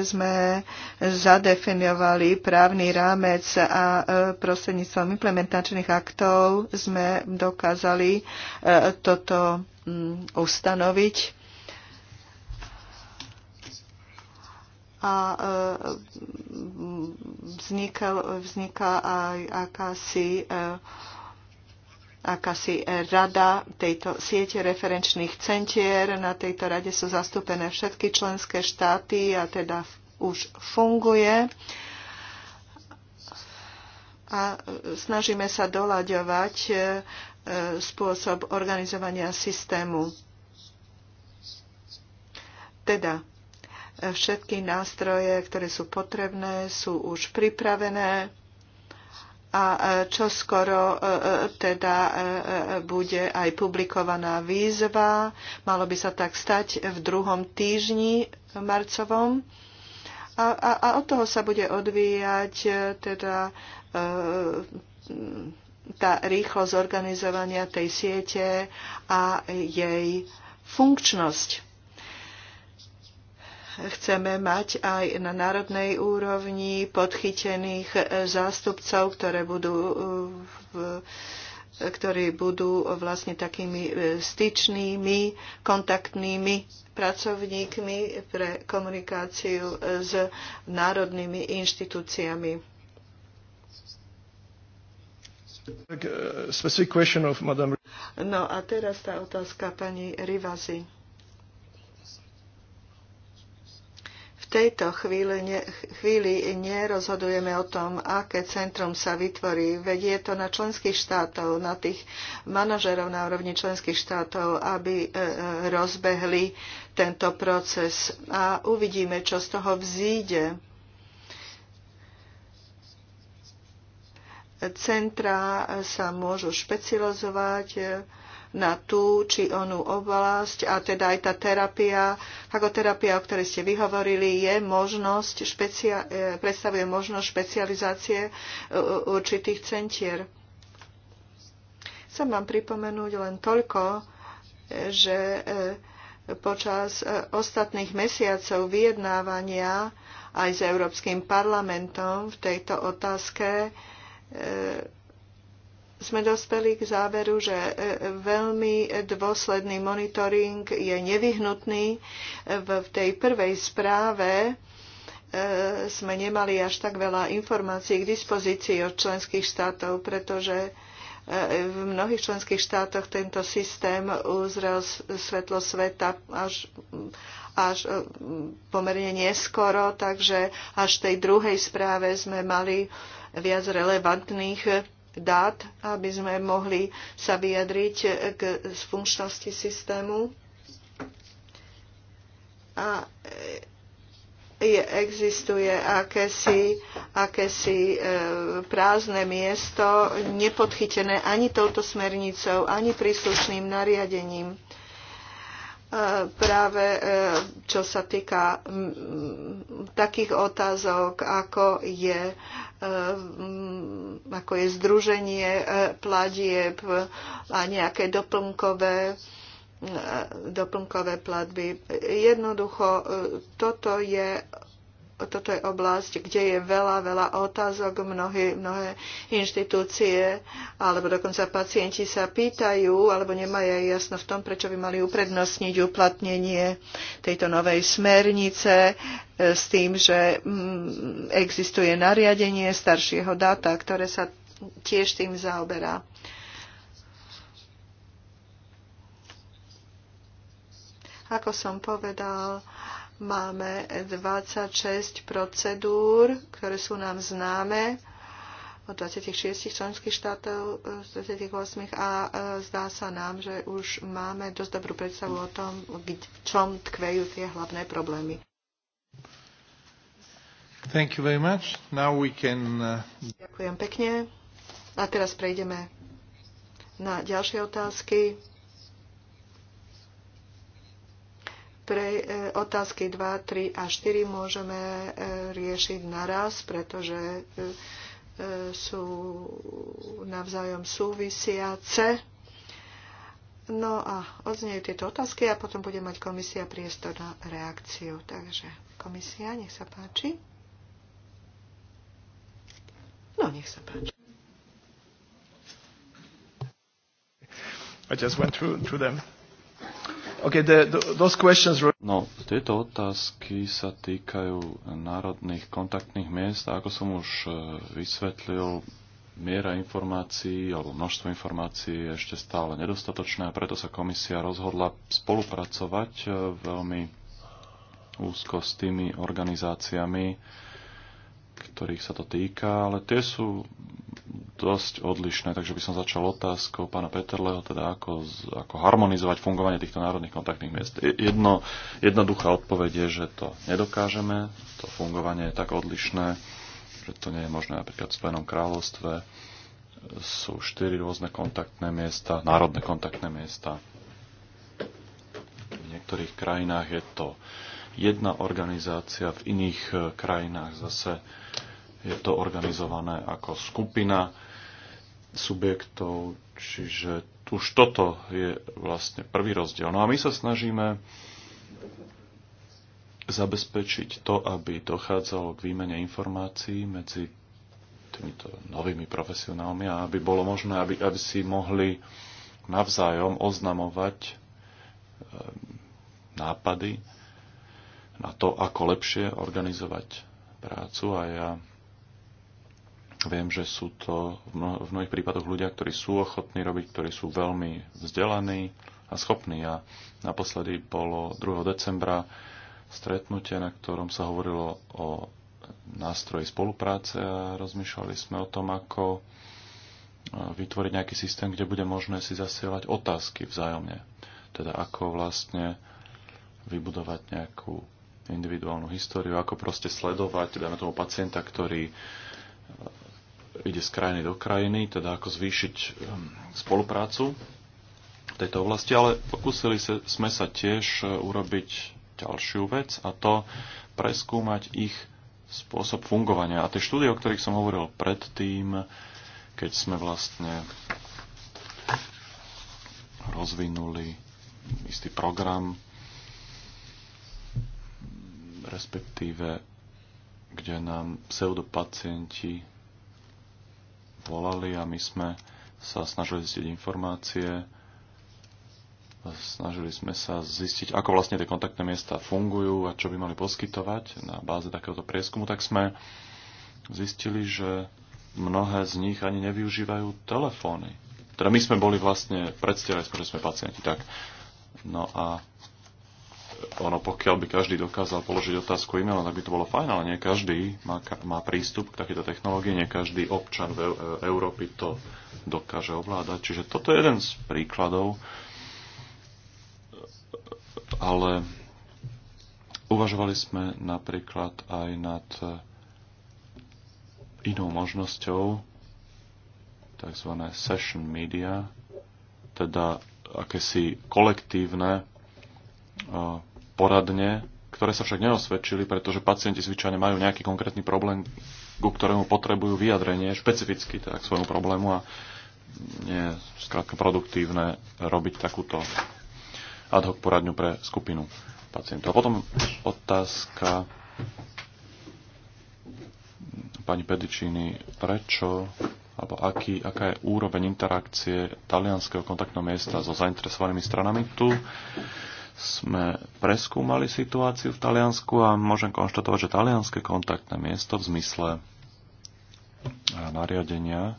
sme zadefinovali právny rámec a prostredníctvom implementačných aktov sme dokázali toto mm, ustanoviť a e, vznikal, vzniká aj akási, e, akási rada tejto siete referenčných centier. Na tejto rade sú zastúpené všetky členské štáty a teda už funguje. A snažíme sa doľaďovať e, spôsob organizovania systému. Teda Všetky nástroje, ktoré sú potrebné, sú už pripravené a e, čo skoro e, e, teda bude aj publikovaná výzva. Malo by sa tak stať v druhom týždni marcovom. A, a, a od toho sa bude odvíjať teda tá rýchlosť organizovania tej siete a jej funkčnosť chceme mať aj na národnej úrovni podchytených zástupcov, ktoré budú v, ktorí budú vlastne takými e, styčnými, kontaktnými pracovníkmi pre komunikáciu s národnými inštitúciami. Uh, no a teraz tá otázka pani Rivazy. tejto chvíli, ne, chvíli nerozhodujeme o tom, aké centrum sa vytvorí. Veď je to na členských štátov, na tých manažerov na úrovni členských štátov, aby e, e, rozbehli tento proces a uvidíme, čo z toho vzíde. Centra sa môžu špecializovať na tú či onú oblasť a teda aj tá terapia, fagoterapia, o ktorej ste vyhovorili, je možnosť, špecia, e, predstavuje možnosť špecializácie e, určitých centier. Chcem vám pripomenúť len toľko, e, že počas ostatných mesiacov vyjednávania aj s Európskym parlamentom v tejto otázke sme dospeli k záveru, že e, e, veľmi dôsledný monitoring je nevyhnutný. V tej prvej správe e, sme nemali až tak veľa informácií k dispozícii od členských štátov, pretože v mnohých členských štátoch tento systém uzrel svetlo sveta až, až pomerne neskoro, takže až v tej druhej správe sme mali viac relevantných dát, aby sme mohli sa vyjadriť k funkčnosti systému. A je, existuje akési, akési e, prázdne miesto, nepodchytené ani touto smernicou, ani príslušným nariadením. E, E, práve e, čo sa týka takých otázok, ako je, e, ako je združenie pladieb a nejaké doplnkové doplnkové platby. Jednoducho, toto je toto je oblasť, kde je veľa, veľa otázok, mnohé, mnohé inštitúcie alebo dokonca pacienti sa pýtajú alebo nemajú jasno v tom, prečo by mali uprednostniť uplatnenie tejto novej smernice e, s tým, že mm, existuje nariadenie staršieho dáta, ktoré sa tiež tým zaoberá. Ako som povedal, Máme 26 procedúr, ktoré sú nám známe od 26 členských štátov, z 28 a e, zdá sa nám, že už máme dosť dobrú predstavu o tom, v čom tkvejú tie hlavné problémy. Thank you very much. Now we can... Uh, Ďakujem pekne. A teraz prejdeme na ďalšie otázky. pre e, otázky 2, 3 a 4 môžeme e, riešiť naraz, pretože e, sú navzájom súvisiace. No a odznejú tieto otázky a potom bude mať komisia priestor na reakciu. Takže komisia, nech sa páči. No, nech sa páči. I just went through, through them. Okay, the, the, those questions... No, tieto otázky sa týkajú národných kontaktných miest a ako som už e, vysvetlil, miera informácií alebo množstvo informácií je ešte stále nedostatočné a preto sa komisia rozhodla spolupracovať e, veľmi úzko s tými organizáciami, ktorých sa to týka, ale tie sú dosť odlišné, takže by som začal otázkou pána Peterleho, teda ako, ako harmonizovať fungovanie týchto národných kontaktných miest. Jedno, jednoduchá odpoveď je, že to nedokážeme, to fungovanie je tak odlišné, že to nie je možné napríklad v Spojenom kráľovstve. Sú štyri rôzne kontaktné miesta, národné kontaktné miesta. V niektorých krajinách je to jedna organizácia, v iných e, krajinách zase je to organizované ako skupina subjektov, čiže už toto je vlastne prvý rozdiel. No a my sa snažíme zabezpečiť to, aby dochádzalo k výmene informácií medzi týmito novými profesionálmi a aby bolo možné, aby, aby si mohli navzájom oznamovať e, nápady, na to, ako lepšie organizovať prácu a ja viem, že sú to v mnohých prípadoch ľudia, ktorí sú ochotní robiť, ktorí sú veľmi vzdelaní a schopní. A naposledy bolo 2. decembra stretnutie, na ktorom sa hovorilo o nástroji spolupráce a rozmýšľali sme o tom, ako e, vytvoriť nejaký systém, kde bude možné si zasielať otázky vzájomne. Teda ako vlastne vybudovať nejakú individuálnu históriu, ako proste sledovať, dajme teda tomu pacienta, ktorý e, ide z krajiny do krajiny, teda ako zvýšiť e, spoluprácu v tejto oblasti, ale pokúsili sme sa tiež e, urobiť ďalšiu vec a to preskúmať ich spôsob fungovania. A tie štúdie, o ktorých som hovoril predtým, keď sme vlastne rozvinuli istý program respektíve kde nám pseudopacienti volali a my sme sa snažili zistiť informácie, snažili sme sa zistiť, ako vlastne tie kontaktné miesta fungujú a čo by mali poskytovať na báze takéhoto prieskumu, tak sme zistili, že mnohé z nich ani nevyužívajú telefóny. Teda my sme boli vlastne, predstierali sme, že sme pacienti, tak. No a ono, pokiaľ by každý dokázal položiť otázku e-mailom, tak by to bolo fajn, ale nie každý má, má prístup k takéto technológii, nie každý občan v e, Európy to dokáže ovládať. Čiže toto je jeden z príkladov, ale uvažovali sme napríklad aj nad inou možnosťou tzv. session media, teda akési kolektívne poradne, ktoré sa však neosvedčili, pretože pacienti zvyčajne majú nejaký konkrétny problém, ku ktorému potrebujú vyjadrenie špecificky teda k svojmu problému a nie je skrátka produktívne robiť takúto ad hoc poradňu pre skupinu pacientov. A potom otázka pani Pedičíny, prečo alebo aký, aká je úroveň interakcie talianského kontaktného miesta so zainteresovanými stranami. Tu sme preskúmali situáciu v Taliansku a môžem konštatovať, že talianské kontaktné miesto v zmysle nariadenia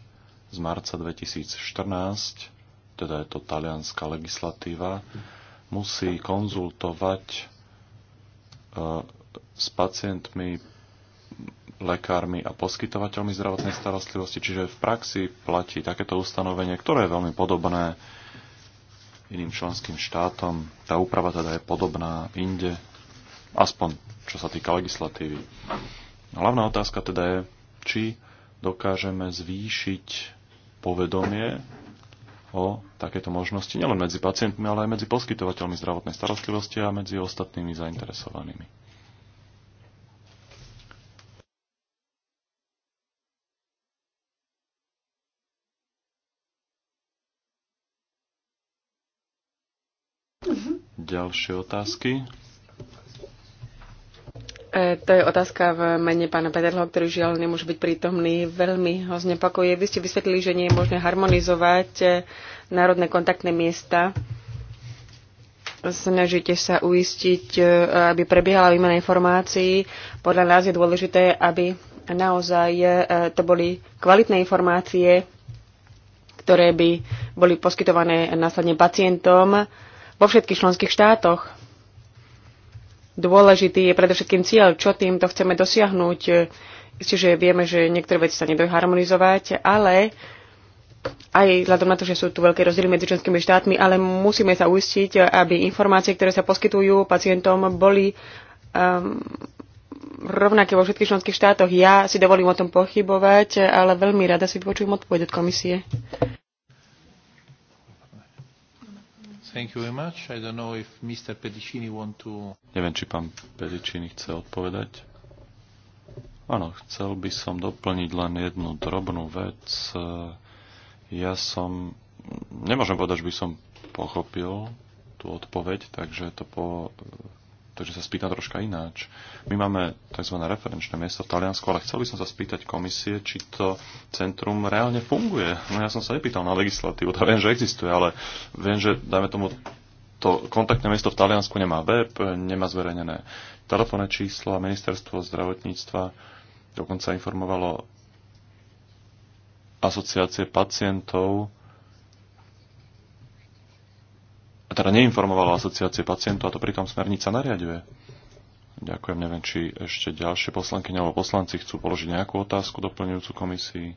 z marca 2014, teda je to talianská legislatíva, musí konzultovať e, s pacientmi, lekármi a poskytovateľmi zdravotnej starostlivosti. Čiže v praxi platí takéto ustanovenie, ktoré je veľmi podobné iným členským štátom. Tá úprava teda je podobná inde, aspoň čo sa týka legislatívy. No, hlavná otázka teda je, či dokážeme zvýšiť povedomie o takéto možnosti nielen medzi pacientmi, ale aj medzi poskytovateľmi zdravotnej starostlivosti a medzi ostatnými zainteresovanými. Ďalšie otázky? E, to je otázka v mene pána Pederho, ktorý žiaľ nemôže byť prítomný. Veľmi ho znepokojuje. Vy ste vysvetlili, že nie je možné harmonizovať e, národné kontaktné miesta. Snažíte sa uistiť, e, aby prebiehala výmena informácií. Podľa nás je dôležité, aby naozaj to boli kvalitné informácie, ktoré by boli poskytované následne pacientom vo všetkých členských štátoch. Dôležitý je predovšetkým cieľ, čo týmto chceme dosiahnuť. Isté, že vieme, že niektoré veci sa nedajú harmonizovať, ale aj vzhľadom na to, že sú tu veľké rozdiely medzi členskými štátmi, ale musíme sa uistiť, aby informácie, ktoré sa poskytujú pacientom, boli um, rovnaké vo všetkých členských štátoch. Ja si dovolím o tom pochybovať, ale veľmi rada si počujem odpoveď od komisie. Neviem, či pán Pedicini chce odpovedať. Áno, chcel by som doplniť len jednu drobnú vec. Ja som... Nemôžem povedať, že by som pochopil tú odpoveď, takže to po, takže sa spýta troška ináč. My máme tzv. referenčné miesto v Taliansku, ale chcel by som sa spýtať komisie, či to centrum reálne funguje. No ja som sa nepýtal na legislatívu, tá viem, že existuje, ale viem, že dajme tomu to kontaktné miesto v Taliansku nemá web, nemá zverejnené telefónne číslo a ministerstvo zdravotníctva dokonca informovalo asociácie pacientov, A teda neinformovala asociácie pacientov a to pritom smernica nariaduje. Ďakujem, neviem, či ešte ďalšie poslankyne alebo poslanci chcú položiť nejakú otázku doplňujúcu komisii.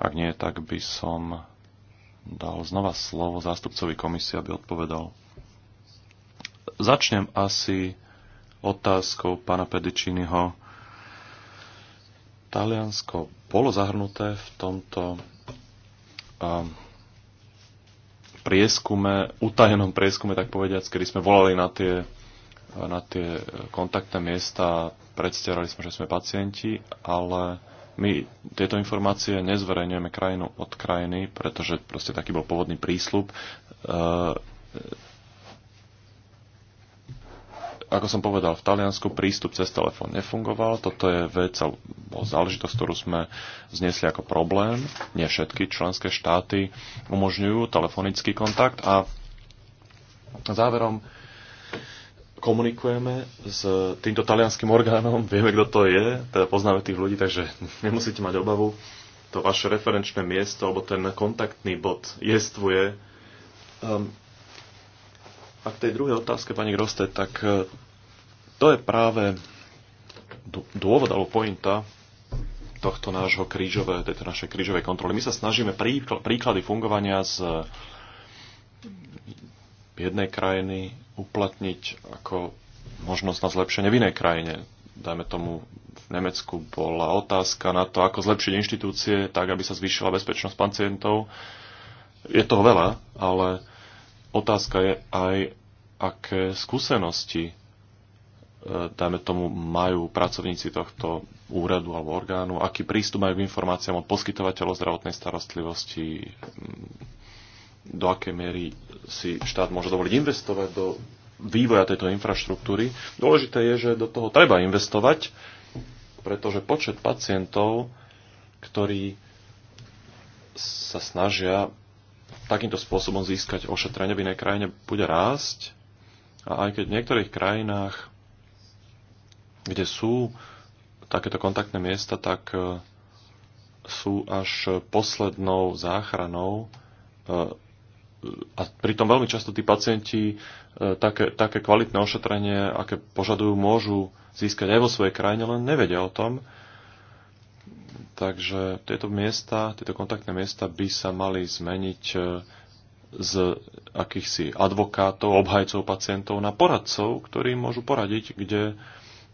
Ak nie, tak by som dal znova slovo zástupcovi komisie, aby odpovedal. Začnem asi otázkou pána Pedičínyho. Taliansko bolo zahrnuté v tomto um, prieskume, utajenom prieskume, tak povediac, kedy sme volali na tie, na tie kontaktné miesta, predstierali sme, že sme pacienti, ale my tieto informácie nezverejňujeme krajinu od krajiny, pretože proste taký bol pôvodný prísľub. E, ako som povedal, v Taliansku prístup cez telefón nefungoval. Toto je vec alebo záležitosť, ktorú sme znesli ako problém. Nie všetky členské štáty umožňujú telefonický kontakt a záverom komunikujeme s týmto talianským orgánom, vieme, kto to je, teda poznáme tých ľudí, takže nemusíte mať obavu. To vaše referenčné miesto alebo ten kontaktný bod jestvuje um, a k tej druhej otázke, pani Groste, tak e, to je práve dôvod alebo pointa tohto nášho krížové, tejto našej krížovej kontroly. My sa snažíme príklady fungovania z jednej krajiny uplatniť ako možnosť na zlepšenie v inej krajine. Dajme tomu, v Nemecku bola otázka na to, ako zlepšiť inštitúcie tak, aby sa zvýšila bezpečnosť pacientov. Je toho veľa, ale Otázka je aj, aké skúsenosti, e, dajme tomu, majú pracovníci tohto úradu alebo orgánu, aký prístup majú k informáciám od poskytovateľov zdravotnej starostlivosti, do akej miery si štát môže dovoliť investovať do vývoja tejto infraštruktúry. Dôležité je, že do toho treba investovať, pretože počet pacientov, ktorí sa snažia takýmto spôsobom získať ošetrenie v inej krajine bude rásť. A aj keď v niektorých krajinách, kde sú takéto kontaktné miesta, tak e, sú až poslednou záchranou e, a pritom veľmi často tí pacienti e, také, také kvalitné ošetrenie, aké požadujú, môžu získať aj vo svojej krajine, len nevedia o tom. Takže tieto miesta, tieto kontaktné miesta by sa mali zmeniť e, z akýchsi advokátov, obhajcov pacientov na poradcov, ktorí môžu poradiť, kde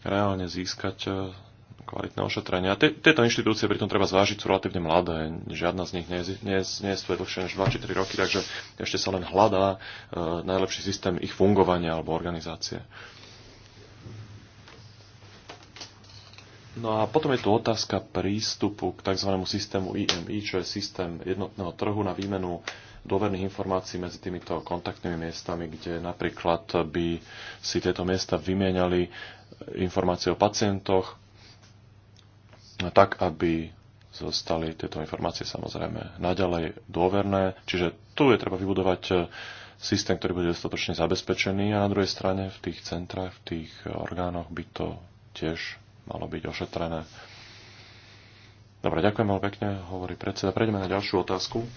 reálne získať e, kvalitné ošetrenie. A tieto inštitúcie pritom treba zvážiť, sú relatívne mladé. Žiadna z nich nie, nie, nie je dlhšie než 2 či 3 roky, takže ešte sa len hľadá e, najlepší systém ich fungovania alebo organizácie. No a potom je tu otázka prístupu k tzv. systému IMI, čo je systém jednotného trhu na výmenu dôverných informácií medzi týmito kontaktnými miestami, kde napríklad by si tieto miesta vymieniali informácie o pacientoch, no tak aby zostali tieto informácie samozrejme naďalej dôverné. Čiže tu je treba vybudovať e, systém, ktorý bude dostatočne zabezpečený a na druhej strane v tých centrách, v tých orgánoch by to tiež malo byť ošetrené. Dobre, ďakujem veľmi pekne, hovorí predseda. Prejdeme na ďalšiu otázku.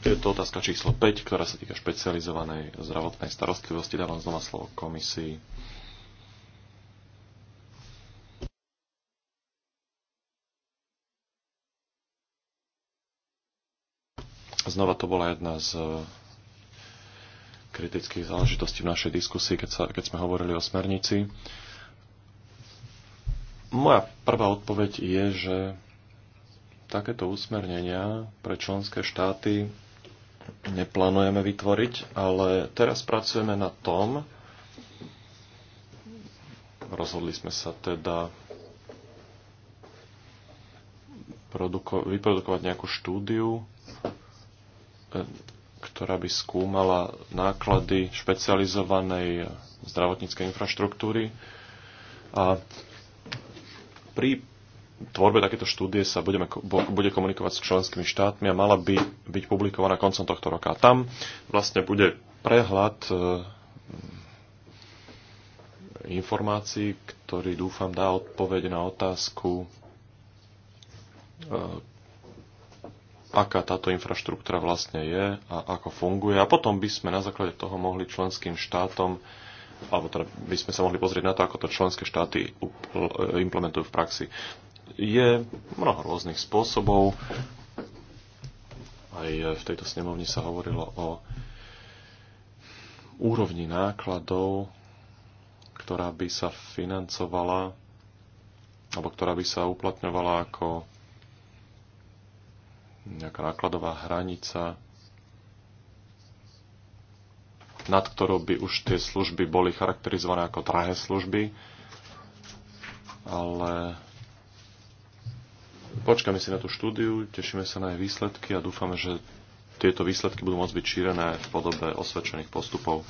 Je to otázka číslo 5, ktorá sa týka špecializovanej zdravotnej starostlivosti. Dávam znova slovo komisii. Znova to bola jedna z kritických záležitostí v našej diskusii, keď, sa, keď sme hovorili o smernici. Moja prvá odpoveď je, že takéto usmernenia pre členské štáty neplánujeme vytvoriť, ale teraz pracujeme na tom, rozhodli sme sa teda vyprodukovať nejakú štúdiu, ktorá by skúmala náklady špecializovanej zdravotníckej infraštruktúry. A pri tvorbe takéto štúdie sa budeme, bude komunikovať s členskými štátmi a mala by byť publikovaná koncom tohto roka. A tam vlastne bude prehľad e, informácií, ktorý dúfam dá odpoveď na otázku, e, aká táto infraštruktúra vlastne je a ako funguje. A potom by sme na základe toho mohli členským štátom, alebo teda by sme sa mohli pozrieť na to, ako to členské štáty implementujú v praxi. Je mnoho rôznych spôsobov. Aj v tejto snemovni sa hovorilo o úrovni nákladov, ktorá by sa financovala alebo ktorá by sa uplatňovala ako nejaká nákladová hranica, nad ktorou by už tie služby boli charakterizované ako drahé služby, ale počkáme si na tú štúdiu, tešíme sa na jej výsledky a dúfame, že tieto výsledky budú môcť byť šírené v podobe osvedčených postupov.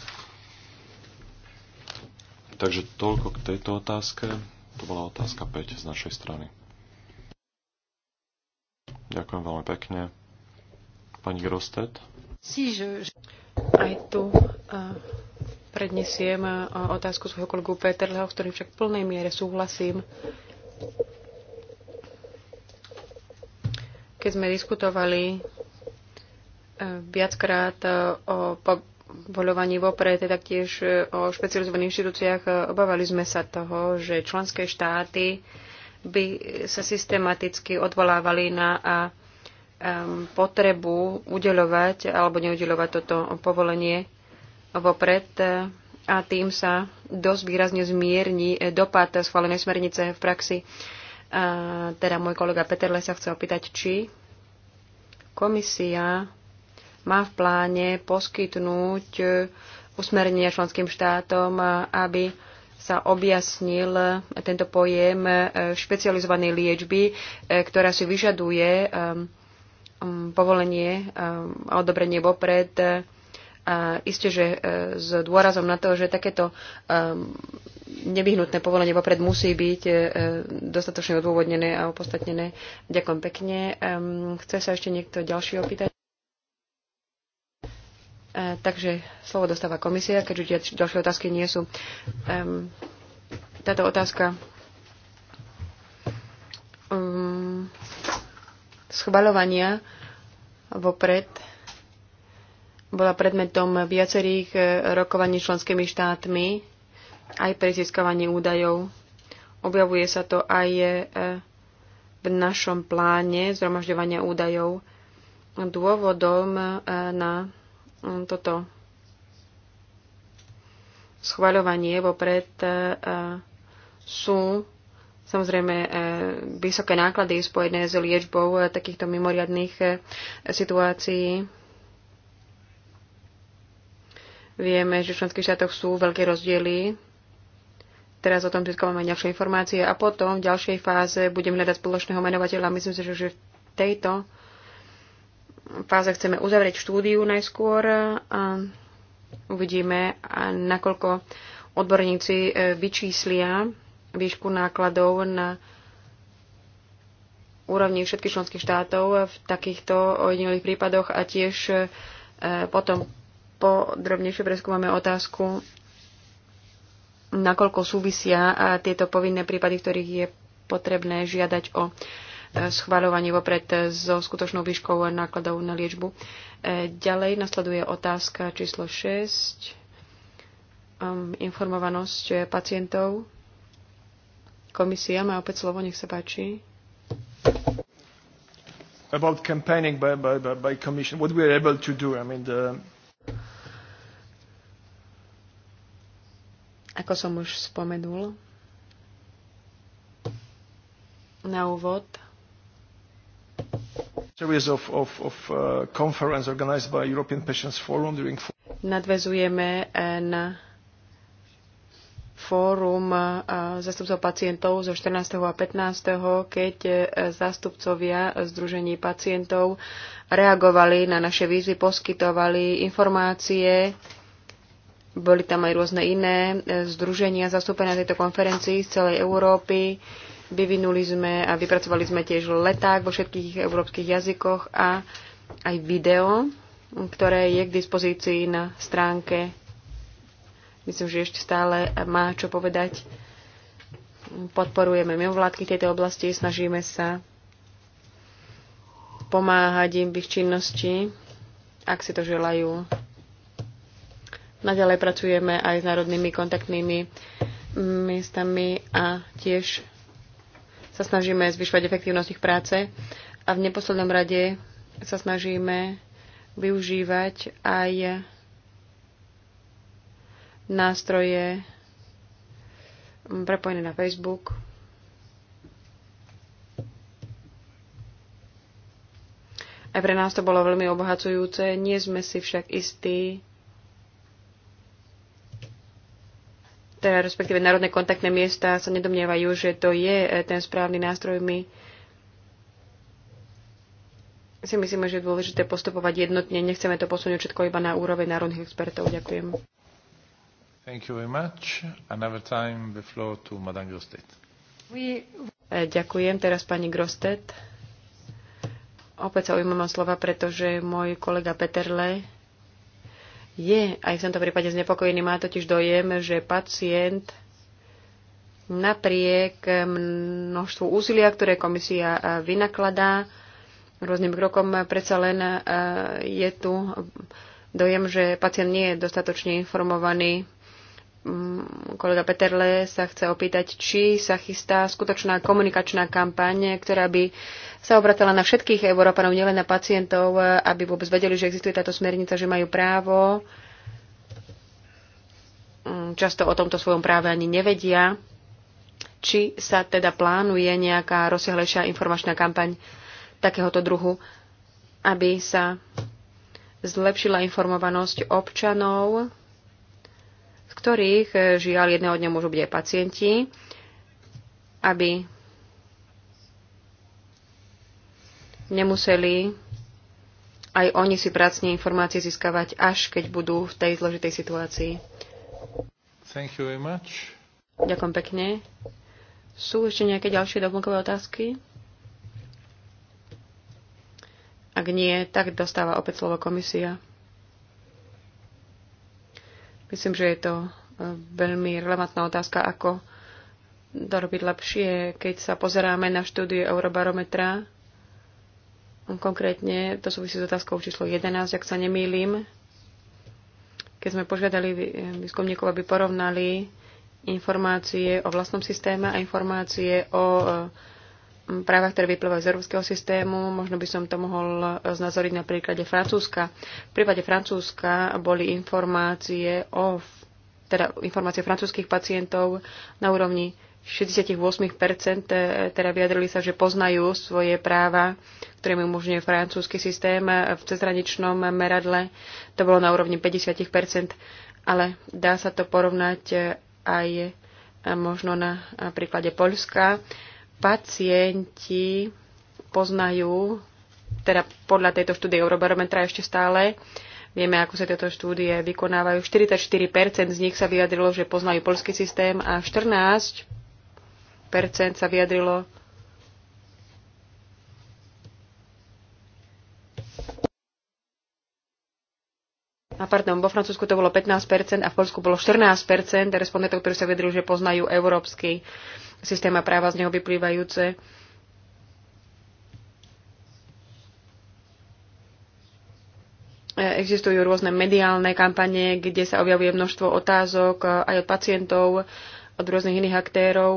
Takže toľko k tejto otázke. To bola otázka 5 z našej strany. Ďakujem veľmi pekne. Pani Grostet? Si, že... Aj tu uh, prednesiem uh, otázku svojho kolegu Peterleho, s ktorým však v plnej miere súhlasím. Keď sme diskutovali uh, viackrát uh, o voľovaní vopred, taktiež uh, o špecializovaných inštitúciách, uh, obávali sme sa toho, že členské štáty uh, by sa systematicky odvolávali na potrebu udeľovať alebo neudeľovať toto povolenie vopred e, a tým sa dosť výrazne zmierni dopad schválenej smernice v praxi. A e, teda môj kolega Peter Lesa chce opýtať, či komisia má v pláne poskytnúť usmernenie členským štátom, aby sa objasnil tento pojem e, špecializovanej liečby, e, ktorá si vyžaduje e, povolenie a odobrenie vopred. A isté, že s dôrazom na to, že takéto nevyhnutné povolenie vopred musí byť dostatočne odôvodnené a opodstatnené. Ďakujem pekne. Chce sa ešte niekto ďalší opýtať? E, takže slovo dostáva komisia, keďže ďalšie otázky nie sú. Um, táto otázka um, schvaľovania vopred bola predmetom viacerých e, rokovaní členskými štátmi aj pri získavanie údajov. Objavuje sa to aj e, v našom pláne zhromažďovania údajov. Dôvodom na Mm, toto schvaľovanie vopred e, sú samozrejme e, vysoké náklady spojené s liečbou e, takýchto mimoriadných situácií. Vieme, že v členských štátoch sú veľké rozdiely. Teraz o tom získavame ďalšie informácie a potom v ďalšej fáze budem hľadať spoločného menovateľa. Myslím si, že v tejto fáze chceme uzavrieť štúdiu najskôr a uvidíme, nakoľko odborníci e, vyčíslia výšku nákladov na úrovni všetkých členských štátov v takýchto ojedinelých prípadoch a tiež e, potom podrobnejšie preskúmame otázku, nakoľko súvisia tieto povinné prípady, v ktorých je potrebné žiadať o E, schváľovaní vopred so skutočnou výškou nákladov na liečbu. E, ďalej nasleduje otázka číslo 6. Ehm, informovanosť pacientov. Komisia má opäť slovo, nech sa páči. About campaigning by, by, by, by commission, what we are able to do, I mean the... Ako som už spomenul, na úvod Nadvezujeme na fórum eh, zastupcov pacientov zo 14. a 15., keď eh, zástupcovia Združení pacientov reagovali na naše výzvy, poskytovali informácie. Boli tam aj rôzne iné eh, združenia zastúpené na tejto konferencii z celej Európy Vyvinuli sme a vypracovali sme tiež leták vo všetkých európskych jazykoch a aj video, ktoré je k dispozícii na stránke. Myslím, že ešte stále má čo povedať. Podporujeme mimovládky tejto oblasti, snažíme sa pomáhať im v ich činnosti, ak si to želajú. Naďalej pracujeme aj s národnými kontaktnými miestami a tiež sa snažíme zvyšovať efektívnosť ich práce a v neposlednom rade sa snažíme využívať aj nástroje mm, prepojené na Facebook. Aj pre nás to bolo veľmi obohacujúce. Nie sme si však istí, teda respektíve národné kontaktné miesta sa nedomnievajú, že to je e, ten správny nástroj. My si myslíme, že je dôležité postupovať jednotne. Nechceme to posunúť všetko iba na úroveň národných expertov. Ďakujem. Thank you very much. Another time the floor to Madame Grostet. We... E, ďakujem. Teraz pani Grostet. Opäť sa ujímam slova, pretože môj kolega Peter Peterle je aj v tomto prípade znepokojený. Má totiž dojem, že pacient napriek množstvu úsilia, ktoré komisia e, vynakladá rôznym krokom, e, predsa len e, je tu dojem, že pacient nie je dostatočne informovaný Mm, kolega Peterle sa chce opýtať, či sa chystá skutočná komunikačná kampaň, ktorá by sa obratila na všetkých Európanov, nielen na pacientov, aby vôbec vedeli, že existuje táto smernica, že majú právo. Mm, často o tomto svojom práve ani nevedia. Či sa teda plánuje nejaká rozsiahlejšia informačná kampaň takéhoto druhu, aby sa zlepšila informovanosť občanov ktorých e, žiaľ jedného dňa môžu byť aj pacienti, aby nemuseli aj oni si pracne informácie získavať, až keď budú v tej zložitej situácii. Thank you very much. Ďakujem pekne. Sú ešte nejaké ďalšie doplnkové otázky? Ak nie, tak dostáva opäť slovo komisia. Myslím, že je to e, veľmi relevantná otázka, ako to robiť lepšie, keď sa pozeráme na štúdie Eurobarometra. No, konkrétne to súvisí s otázkou číslo 11, ak sa nemýlim. Keď sme požiadali výskumníkov, aby porovnali informácie o vlastnom systéme a informácie o e, práva, ktoré vyplývajú z európskeho systému. Možno by som to mohol e, znazoriť na príklade Francúzska. V prípade Francúzska boli informácie o teda informácie francúzských pacientov na úrovni 68%, e, teda vyjadrili sa, že poznajú svoje práva, ktoré im umožňuje francúzsky systém e, v cezhraničnom meradle. To bolo na úrovni 50%, ale dá sa to porovnať aj možno na príklade Poľska pacienti poznajú, teda podľa tejto štúdie Eurobarometra ešte stále, vieme, ako sa tieto štúdie vykonávajú, 44% z nich sa vyjadrilo, že poznajú polský systém a 14% sa vyjadrilo, a pardon, vo Francúzsku to bolo 15% a v Polsku bolo 14% respondentov, ktorí sa vedeli, že poznajú európsky systém a práva z neho vyplývajúce. E, existujú rôzne mediálne kampane, kde sa objavuje množstvo otázok e, aj od pacientov, od rôznych iných aktérov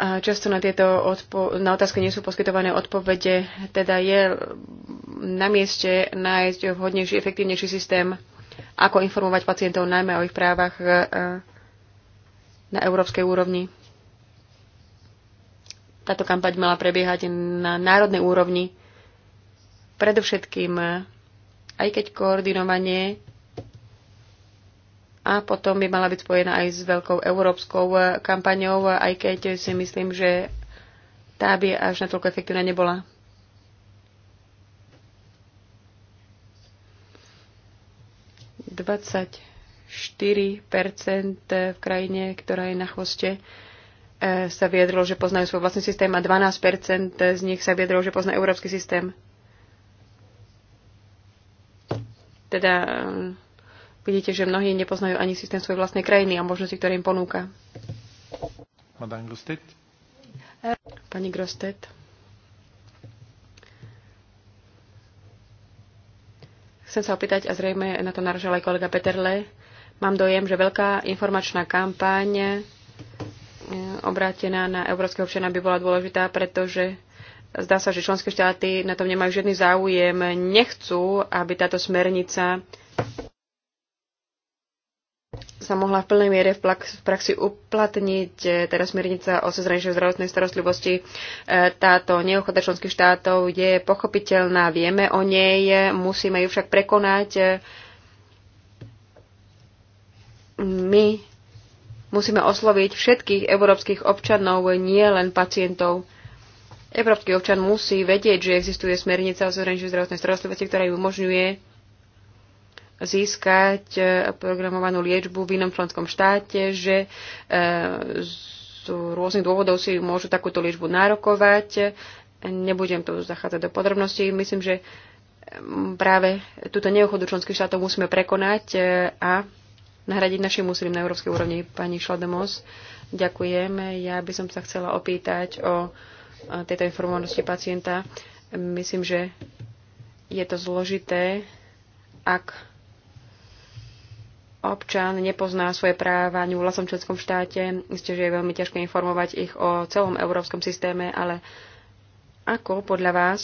A často na tieto odpo- na otázky nie sú poskytované odpovede, teda je na mieste nájsť vhodnejší, efektívnejší systém, ako informovať pacientov najmä o ich právach e, na európskej úrovni. Táto kampaň mala prebiehať na národnej úrovni. Predovšetkým, e, aj keď koordinovanie a potom by mala byť spojená aj s veľkou európskou e, kampaňou, aj keď si myslím, že tá by až natoľko efektívna nebola. Dvadsať 4% v krajine, ktorá je na chvoste, e, sa vyjadrilo, že poznajú svoj vlastný systém a 12% z nich sa vyjadrilo, že pozná európsky systém. Teda Vidíte, že mnohí nepoznajú ani systém svojej vlastnej krajiny a možnosti, ktoré im ponúka. Madame Grostet. Pani Grostet. Chcem sa opýtať, a zrejme na to naražal aj kolega Peterle, mám dojem, že veľká informačná kampaň eh, obrátená na európskeho občana by bola dôležitá, pretože zdá sa, že členské štáty na tom nemajú žiadny záujem, nechcú, aby táto smernica sa mohla v plnej miere v, praxi uplatniť teda smernica o cezhraničnej zdravotnej starostlivosti. E, táto neochota členských štátov je pochopiteľná, vieme o nej, musíme ju však prekonať. My musíme osloviť všetkých európskych občanov, nie len pacientov. Európsky občan musí vedieť, že existuje smernica o cezhraničnej zdravotnej starostlivosti, ktorá ju umožňuje získať e, programovanú liečbu v inom členskom štáte, že e, z rôznych dôvodov si môžu takúto liečbu nárokovať. Nebudem tu zachádzať do podrobností. Myslím, že práve túto neochodu členských štátov musíme prekonať e, a nahradiť našim úsilím na európskej úrovni. Pani Šladomos, ďakujem. Ja by som sa chcela opýtať o tejto informovanosti pacienta. Myslím, že je to zložité, ak občan nepozná svoje práva ani v vlastnom členskom štáte, isté, že je veľmi ťažké informovať ich o celom európskom systéme, ale ako podľa vás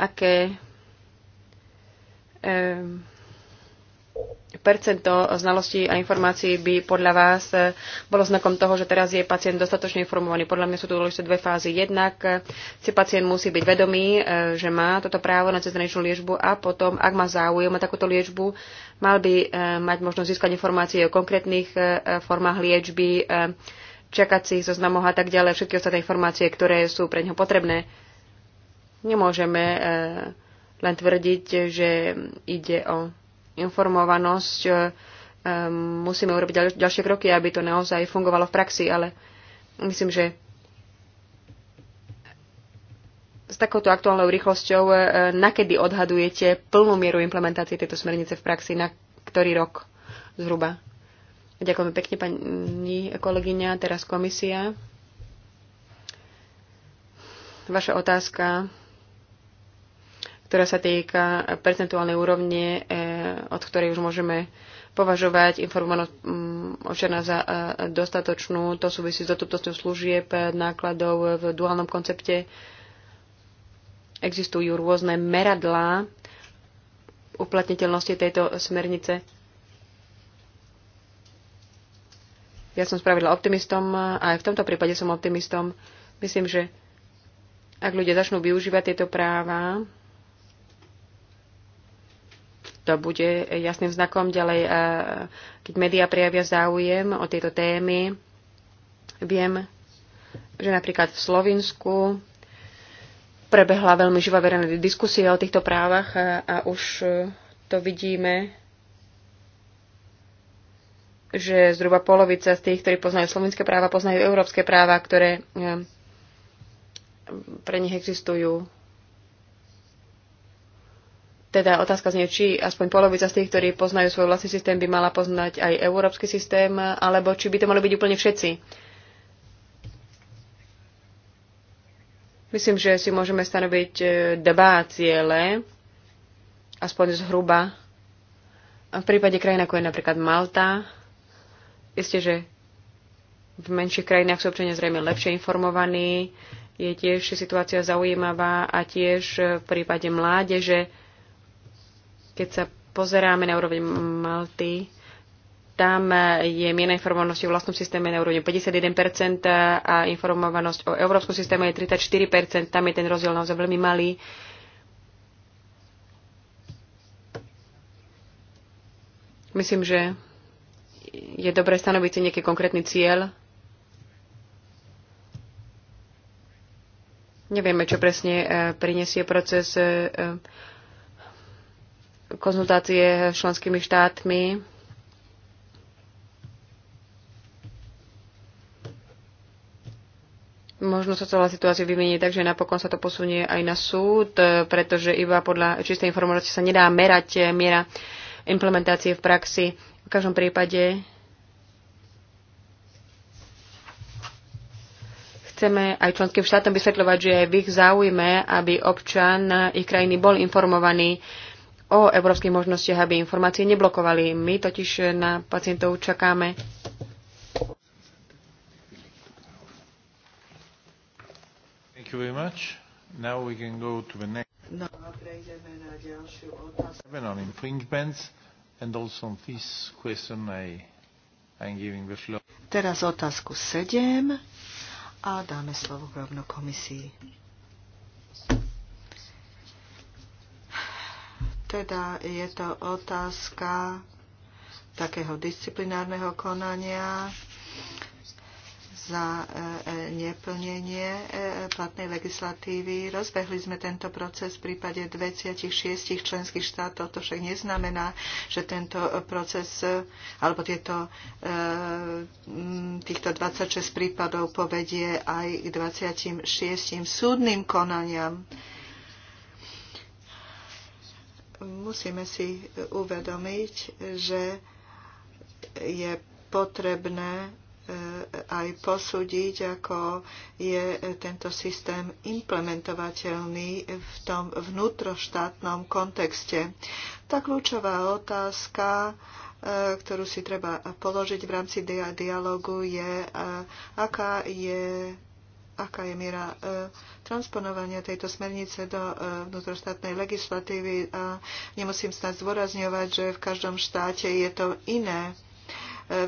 aké um, percento znalostí a informácií by podľa vás eh, bolo znakom toho, že teraz je pacient dostatočne informovaný. Podľa mňa sú tu dôležité dve fázy. Jednak eh, si pacient musí byť vedomý, eh, že má toto právo na cezhraničnú liečbu a potom, ak má záujem na takúto liečbu, mal by mať možnosť získať informácie o konkrétnych formách liečby, čakacích zoznamoch a tak ďalej, všetky ostatné informácie, ktoré sú pre neho potrebné. Nemôžeme len tvrdiť, že ide o informovanosť. Eh, eh, musíme urobiť ďalšie kroky, aby to naozaj fungovalo v praxi, ale myslím, že s takouto aktuálnou rýchlosťou, eh, nakedy odhadujete plnú mieru implementácie tejto smernice v praxi, na ktorý rok zhruba? Ďakujem pekne, pani kolegyňa, teraz komisia. Vaša otázka ktorá sa týka percentuálnej úrovne, e, od ktorej už môžeme považovať informovanosť mm, občana za e, dostatočnú. To súvisí s dostupnosťou služieb, e, nákladov v duálnom koncepte. Existujú rôzne meradlá uplatniteľnosti tejto smernice. Ja som spravila optimistom a aj v tomto prípade som optimistom. Myslím, že ak ľudia začnú využívať tieto práva, to bude jasným znakom ďalej, keď médiá prejavia záujem o tieto témy. Viem, že napríklad v Slovinsku prebehla veľmi živá verejná diskusia o týchto právach a, a už e, to vidíme, že zhruba polovica z tých, ktorí poznajú slovenské práva, poznajú európske práva, ktoré e, pre nich existujú teda otázka znie, či aspoň polovica z tých, ktorí poznajú svoj vlastný systém, by mala poznať aj európsky systém, alebo či by to mali byť úplne všetci. Myslím, že si môžeme stanoviť e, dva ciele, aspoň zhruba. V prípade krajín, ako je napríklad Malta, isté, že v menších krajinách sú občania zrejme lepšie informovaní, je tiež situácia zaujímavá a tiež v prípade mládeže keď sa pozeráme na úroveň Malty, tam je miena informovanosti o vlastnom systéme na úrovni 51% a informovanosť o európskom systéme je 34%. Tam je ten rozdiel naozaj veľmi malý. Myslím, že je dobré stanoviť si nejaký konkrétny cieľ. Nevieme, čo presne eh, prinesie proces eh, konzultácie s členskými štátmi. Možno sa celá situácia vymení tak, že napokon sa to posunie aj na súd, pretože iba podľa čistej informácie sa nedá merať miera implementácie v praxi. V každom prípade chceme aj členským štátom vysvetľovať, že je v ich záujme, aby občan ich krajiny bol informovaný o európskych možnostiach, aby informácie neblokovali. My totiž na pacientov čakáme. Thank you very much. Now we can go to the next. No prejdeme na ďalšiu otázku. On infringements and also on this question I, I'm giving the floor. Teraz otázku 7 a dáme slovo rovno komisii. Teda je to otázka takého disciplinárneho konania za e, neplnenie e, platnej legislatívy. Rozbehli sme tento proces v prípade 26 členských štátov. To však neznamená, že tento proces e, alebo tieto, týchto 26 prípadov povedie aj k 26 súdnym konaniam musíme si uvedomiť, že je potrebné eh, aj posúdiť, ako je tento systém implementovateľný v tom vnútroštátnom kontexte. Tá kľúčová otázka, eh, ktorú si treba položiť v rámci dialogu, je, eh, aká je aká je miera e, transponovania tejto smernice do e, vnútroštátnej legislatívy a nemusím snad zdôrazňovať, že v každom štáte je to iné. E,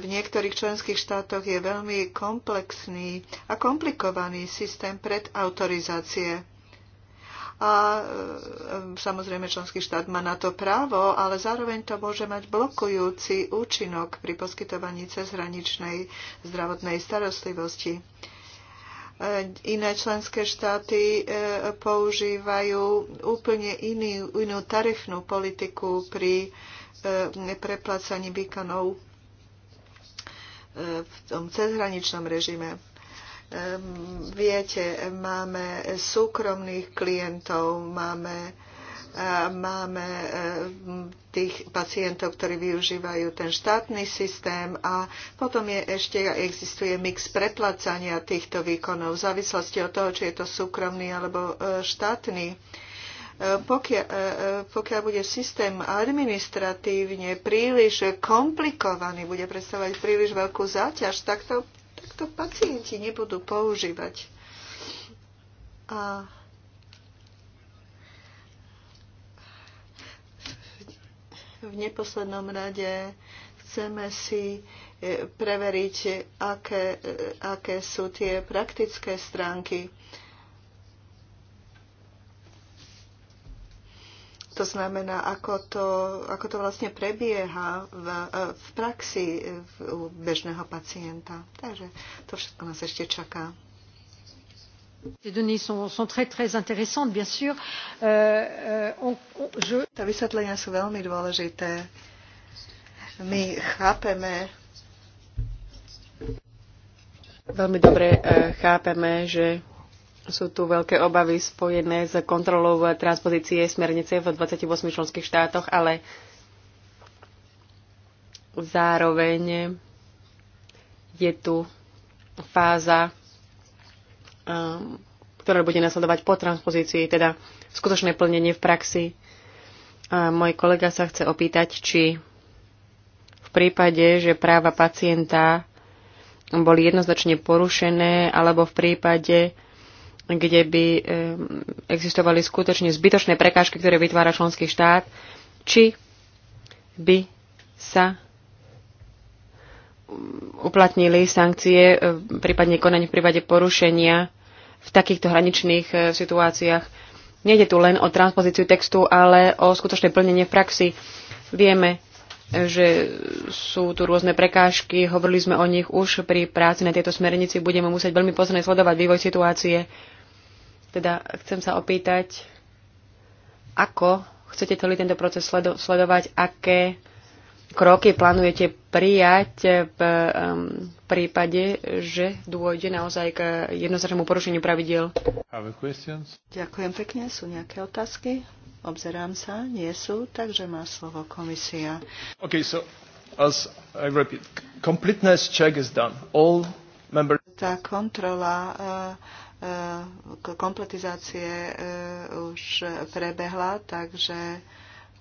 v niektorých členských štátoch je veľmi komplexný a komplikovaný systém predautorizácie a samozrejme členský štát má na to právo, ale zároveň to môže mať blokujúci účinok pri poskytovaní cezhraničnej zdravotnej starostlivosti. Iné členské štáty e, používajú úplne iný, inú tarifnú politiku pri e, preplácaní výkonov e, v tom cezhraničnom režime viete, máme súkromných klientov, máme, máme tých pacientov, ktorí využívajú ten štátny systém a potom je ešte existuje mix preplácania týchto výkonov v závislosti od toho, či je to súkromný alebo e, štátny. E, pokiaľ, e, pokiaľ bude systém administratívne príliš komplikovaný, bude predstavovať príliš veľkú záťaž, tak to, tak to pacienti nebudú používať. A v neposlednom rade chceme si e, preveriť, aké, e, aké sú tie praktické stránky. To znamená, ako to, ako to vlastne prebieha v, e, v praxi u bežného pacienta. Takže to všetko nás ešte čaká. Tie données sont, sont très très intéressantes, euh, euh, Tá vysvetlenia sú veľmi dôležité. My chápeme Veľmi dobre eh, chápeme, že sú tu veľké obavy spojené s kontrolou transpozície smernice v 28 členských štátoch, ale zároveň je tu fáza Um, ktoré bude nasledovať po transpozícii, teda skutočné plnenie v praxi. A môj kolega sa chce opýtať, či v prípade, že práva pacienta boli jednoznačne porušené, alebo v prípade, kde by um, existovali skutočne zbytočné prekážky, ktoré vytvára členský štát, či by sa uplatnili sankcie, e, prípadne konanie v prípade porušenia v takýchto hraničných e, situáciách. Nejde tu len o transpozíciu textu, ale o skutočné plnenie v praxi. Vieme, že sú tu rôzne prekážky, hovorili sme o nich už pri práci na tejto smernici, budeme musieť veľmi pozorne sledovať vývoj situácie. Teda chcem sa opýtať, ako chcete celý tento proces sledo- sledovať, aké kroky plánujete prijať v prípade, že dôjde naozaj k jednoznačnému porušeniu pravidiel? Ďakujem pekne. Sú nejaké otázky? Obzerám sa, nie sú, takže má slovo komisia. Okay, so as I repeat, completeness check is done. All member... Tá kontrola uh, kompletizácie eh, už prebehla, takže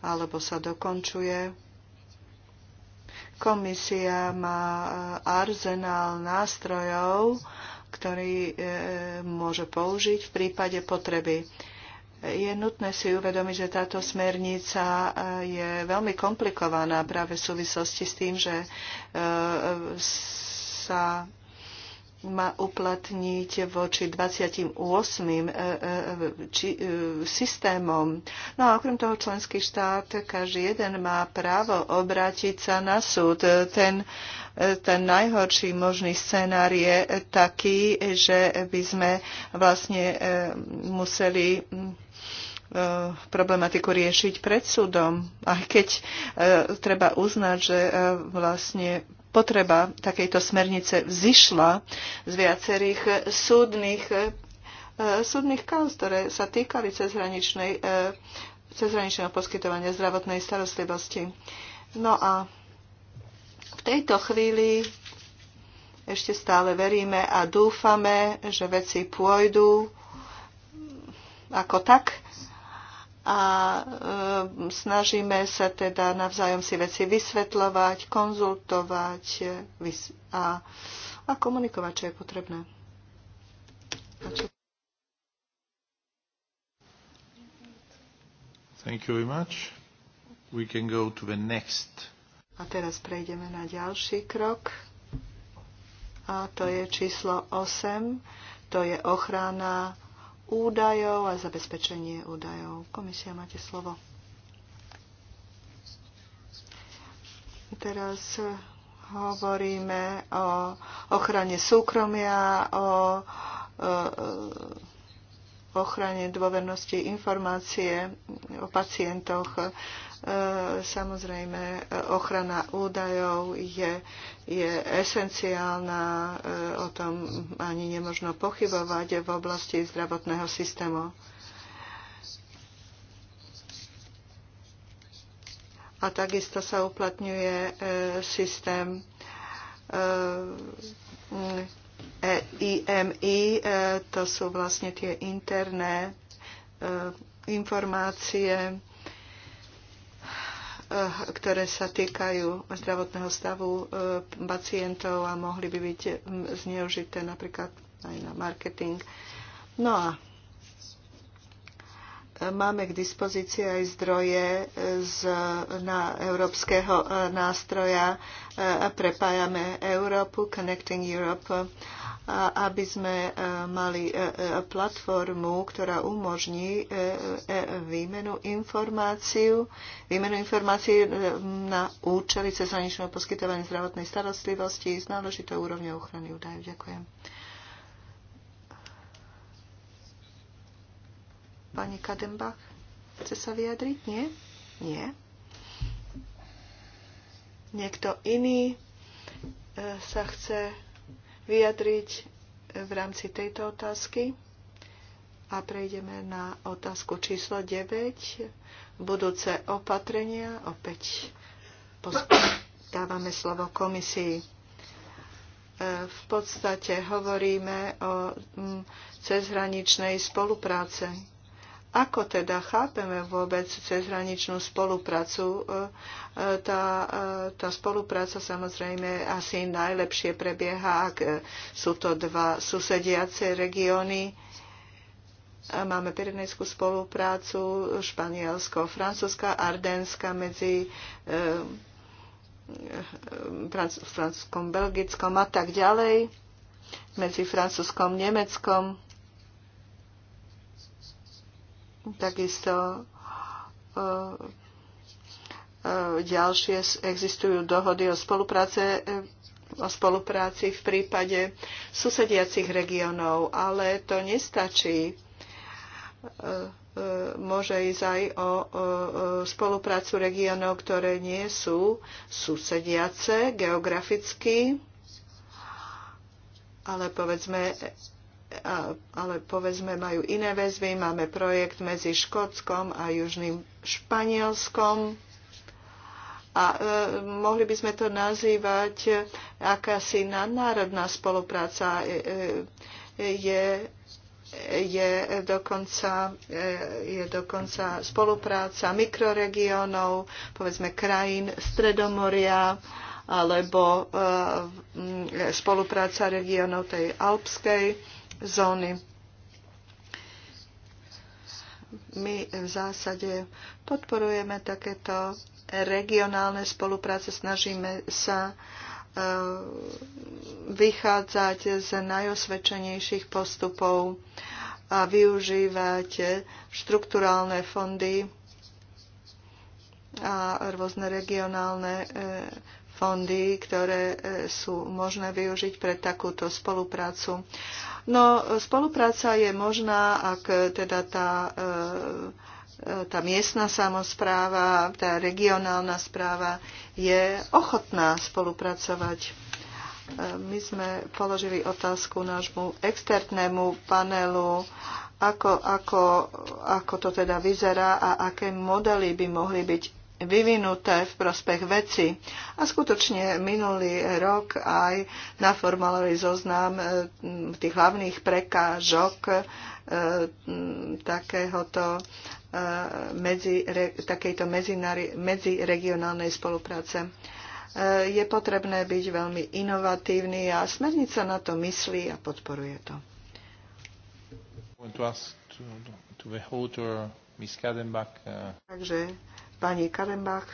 alebo sa dokončuje. Komisia má eh, arzenál nástrojov, ktorý eh, môže použiť v prípade potreby. Je nutné si uvedomiť, že táto smernica eh, je veľmi komplikovaná práve v súvislosti s tým, že sa má uplatniť voči 28 e, e, či, e, systémom. No a okrem toho členský štát, každý jeden má právo obrátiť sa na súd. Ten, ten najhorší možný scenár je taký, že by sme vlastne museli problematiku riešiť pred súdom. Aj keď treba uznať, že vlastne potreba takejto smernice vzýšla z viacerých eh, súdnych, eh, eh, súdnych kauz, ktoré sa týkali cezhraničnej, cezhraničného poskytovania zdravotnej starostlivosti. No a v tejto chvíli ešte stále veríme a dúfame, že veci pôjdu ako tak a e, snažíme sa teda navzájom si veci vysvetľovať, konzultovať e, vys- a, a komunikovať, čo je potrebné. A čo... Thank you very much. We can go to the next. A teraz prejdeme na ďalší krok. A to je číslo 8. To je ochrana údajov a zabezpečenie údajov. Komisia, máte slovo. Teraz hovoríme o ochrane súkromia, o, e, e, ochrane dôvernosti informácie o pacientoch. E, samozrejme, e, ochrana údajov je, je esenciálna, e, o tom ani nemožno pochybovať v oblasti zdravotného systému. A takisto sa uplatňuje systém IMI, to sú vlastne tie interné informácie, Eh, ktoré sa týkajú zdravotného stavu eh, pacientov a mohli by byť mm, zneužité napríklad aj na marketing. No a eh, máme k dispozícii aj zdroje z, na európskeho nástroja Prepájame Európu, Connecting Europe aby sme e, mali e, e, platformu, ktorá umožní výmenu informáciu, výmenu informácií na účely cezhraničného poskytovania zdravotnej starostlivosti s náležitou úrovňou ochrany údajov. Ďakujem. Pani Kadembach, chce sa vyjadriť? Nie? Nie. Niekto iný sa chce vyjadriť v rámci tejto otázky. A prejdeme na otázku číslo 9. Budúce opatrenia. Opäť dávame slovo komisii. E, v podstate hovoríme o mm, cezhraničnej spolupráce ako teda chápeme vôbec cezhraničnú spoluprácu? E, e, tá, e, tá spolupráca samozrejme asi najlepšie prebieha, ak sú to dva susediace regióny. Máme pirinejskú spoluprácu španielsko-francúzska, Ardenska medzi francúzskom, belgickom a tak ďalej, medzi francúzskom, nemeckom Takisto e, e, ďalšie existujú dohody o spolupráce e, o spolupráci v prípade susediacich regiónov, ale to nestačí. Môže ísť aj o spoluprácu regiónov, ktoré nie sú susediace geograficky, ale povedzme ale povedzme majú iné väzby. Máme projekt medzi Škótskom a Južným Španielskom. A e, mohli by sme to nazývať e, akási nadnárodná spolupráca. E, e, je je dokonca, e, je dokonca spolupráca mikroregiónov, povedzme krajín Stredomoria, alebo e, spolupráca regiónov tej alpskej zóny. My v zásade podporujeme takéto regionálne spolupráce, snažíme sa e, vychádzať z najosvedčenejších postupov a využívať štrukturálne fondy a rôzne regionálne e, fondy, ktoré e, sú možné využiť pre takúto spoluprácu. No, spolupráca je možná, ak teda tá, e, e, tá miestna samozpráva, tá regionálna správa je ochotná spolupracovať my sme položili otázku nášmu externému panelu, ako, ako, ako to teda vyzerá a aké modely by mohli byť vyvinuté v prospech veci. A skutočne minulý rok aj naformalový zoznam e, tých hlavných prekážok e, takéhoto e, medzi, takejto medziregionálnej spolupráce je potrebné byť veľmi inovatívny a smernica na to myslí a podporuje to. Uh, Takže Pani Karembach,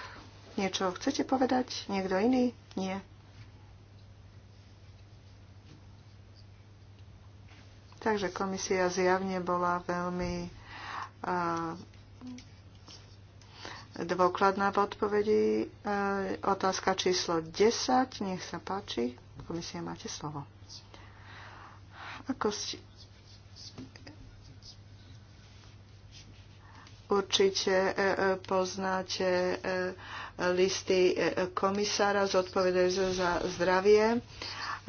niečo chcete povedať? Niekto iný? Nie. Takže komisia zjavne bola veľmi uh, dôkladná v odpovedi. Uh, otázka číslo 10, nech sa páči. Komisia, máte slovo. Ako ste, Určite e, e, poznáte e, listy komisára zodpovedajúceho za zdravie.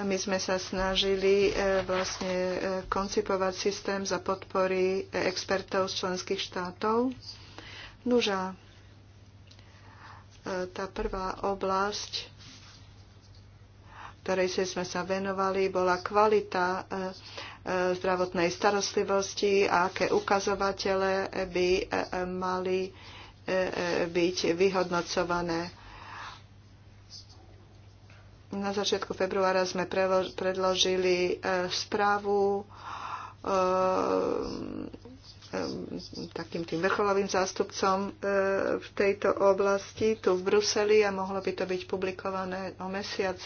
My sme sa snažili vlastne koncipovať systém za podpory expertov z členských štátov. Nuža, tá prvá oblasť, ktorej sme sa venovali, bola kvalita zdravotnej starostlivosti a aké ukazovatele by e, e, mali e, byť vyhodnocované. Na začiatku februára sme predložili správu takým tým vrcholovým zástupcom v tejto oblasti tu v Bruseli a mohlo by to byť publikované o mesiac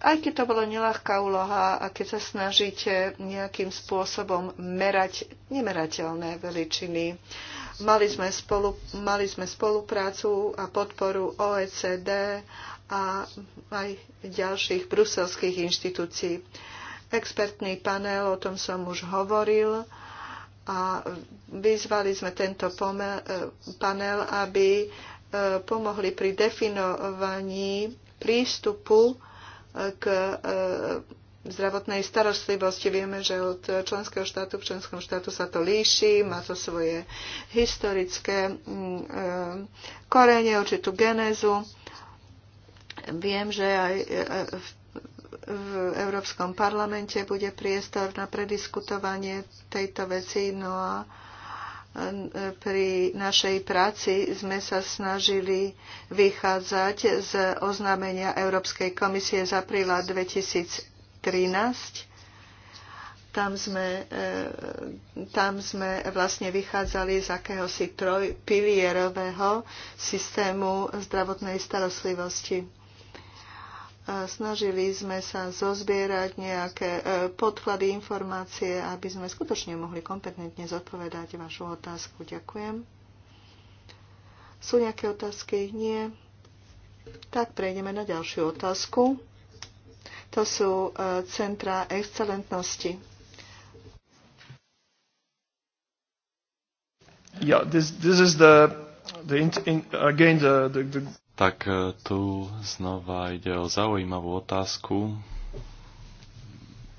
aj keď to bolo nelahká úloha a keď sa snažíte nejakým spôsobom merať nemerateľné veličiny. Mali sme, spolu, mali sme spoluprácu a podporu OECD a aj ďalších bruselských inštitúcií. Expertný panel, o tom som už hovoril a vyzvali sme tento e, panel, aby e, pomohli pri definovaní prístupu k e, zdravotnej starostlivosti. Vieme, že od členského štátu v členskom štátu sa to líši, má to svoje historické e, korene, určitú genézu. Viem, že aj e, v v Európskom parlamente bude priestor na prediskutovanie tejto veci. No a E, pri našej práci sme sa snažili vychádzať z oznámenia Európskej komisie z apríla 2013. Tam sme, e, tam sme vlastne vychádzali z akéhosi trojpilierového systému zdravotnej starostlivosti a snažili sme sa zozbierať nejaké e, podklady, informácie, aby sme skutočne mohli kompetentne zodpovedať vašu otázku. Ďakujem. Sú nejaké otázky? Nie. Tak prejdeme na ďalšiu otázku. To sú e, centra excelentnosti. Yeah, this, this is the, the in, in, again the, the, the tak e, tu znova ide o zaujímavú otázku,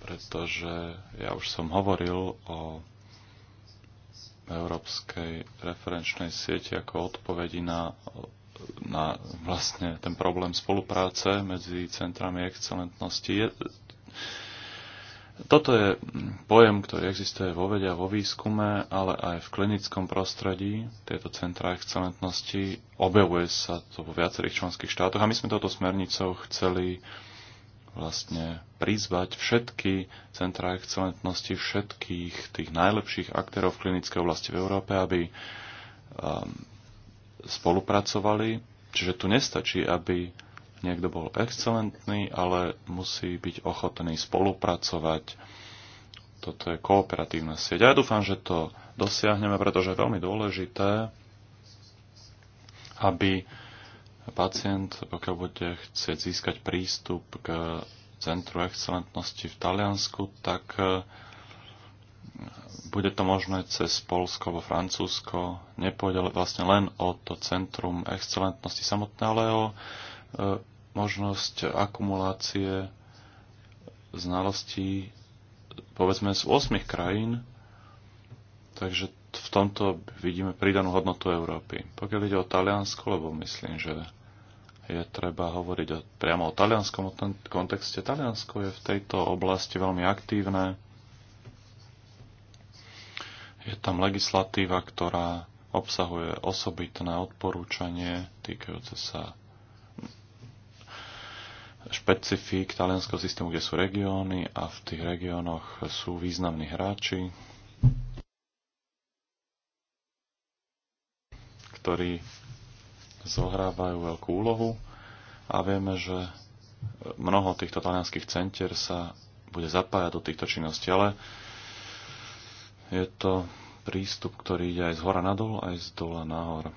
pretože ja už som hovoril o európskej referenčnej siete ako odpovedi na, na vlastne ten problém spolupráce medzi centrami excelentnosti. Je, toto je pojem, ktorý existuje vo vede a vo výskume, ale aj v klinickom prostredí. Tieto centra excelentnosti objavuje sa to vo viacerých členských štátoch a my sme touto smernicou chceli vlastne prizvať všetky centra excelentnosti všetkých tých najlepších aktérov v klinickej oblasti v Európe, aby um, spolupracovali. Čiže tu nestačí, aby niekto bol excelentný, ale musí byť ochotný spolupracovať. Toto je kooperatívna sieť. A ja dúfam, že to dosiahneme, pretože je veľmi dôležité, aby pacient, pokiaľ bude chcieť získať prístup k Centru excelentnosti v Taliansku, tak e, bude to možné cez Polsko alebo Francúzsko. Nepôjde vlastne len o to Centrum excelentnosti samotné, ale o e, možnosť akumulácie znalostí povedzme z 8 krajín, takže v tomto vidíme pridanú hodnotu Európy. Pokiaľ ide o Taliansko, lebo myslím, že je treba hovoriť o, priamo o talianskom kontexte. Taliansko je v tejto oblasti veľmi aktívne. Je tam legislatíva, ktorá obsahuje osobitné odporúčanie týkajúce sa Špecifik talianského systému, kde sú regióny a v tých regiónoch sú významní hráči, ktorí zohrávajú veľkú úlohu a vieme, že mnoho týchto talianských centier sa bude zapájať do týchto činností, ale je to prístup, ktorý ide aj z hora nadol, aj z dola nahor.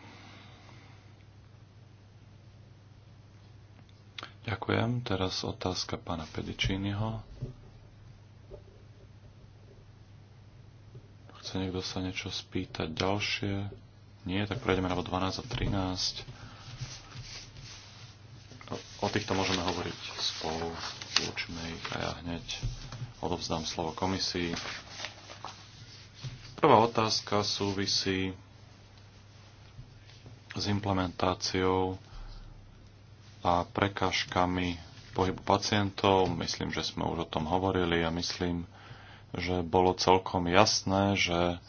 Ďakujem. Teraz otázka pána Pedičínyho. Chce niekto sa niečo spýtať ďalšie? Nie, tak prejdeme na 12 a 13. O týchto môžeme hovoriť spolu. Zlučíme ich a ja hneď odovzdám slovo komisii. Prvá otázka súvisí s implementáciou a prekážkami pohybu pacientov. Myslím, že sme už o tom hovorili a myslím, že bolo celkom jasné, že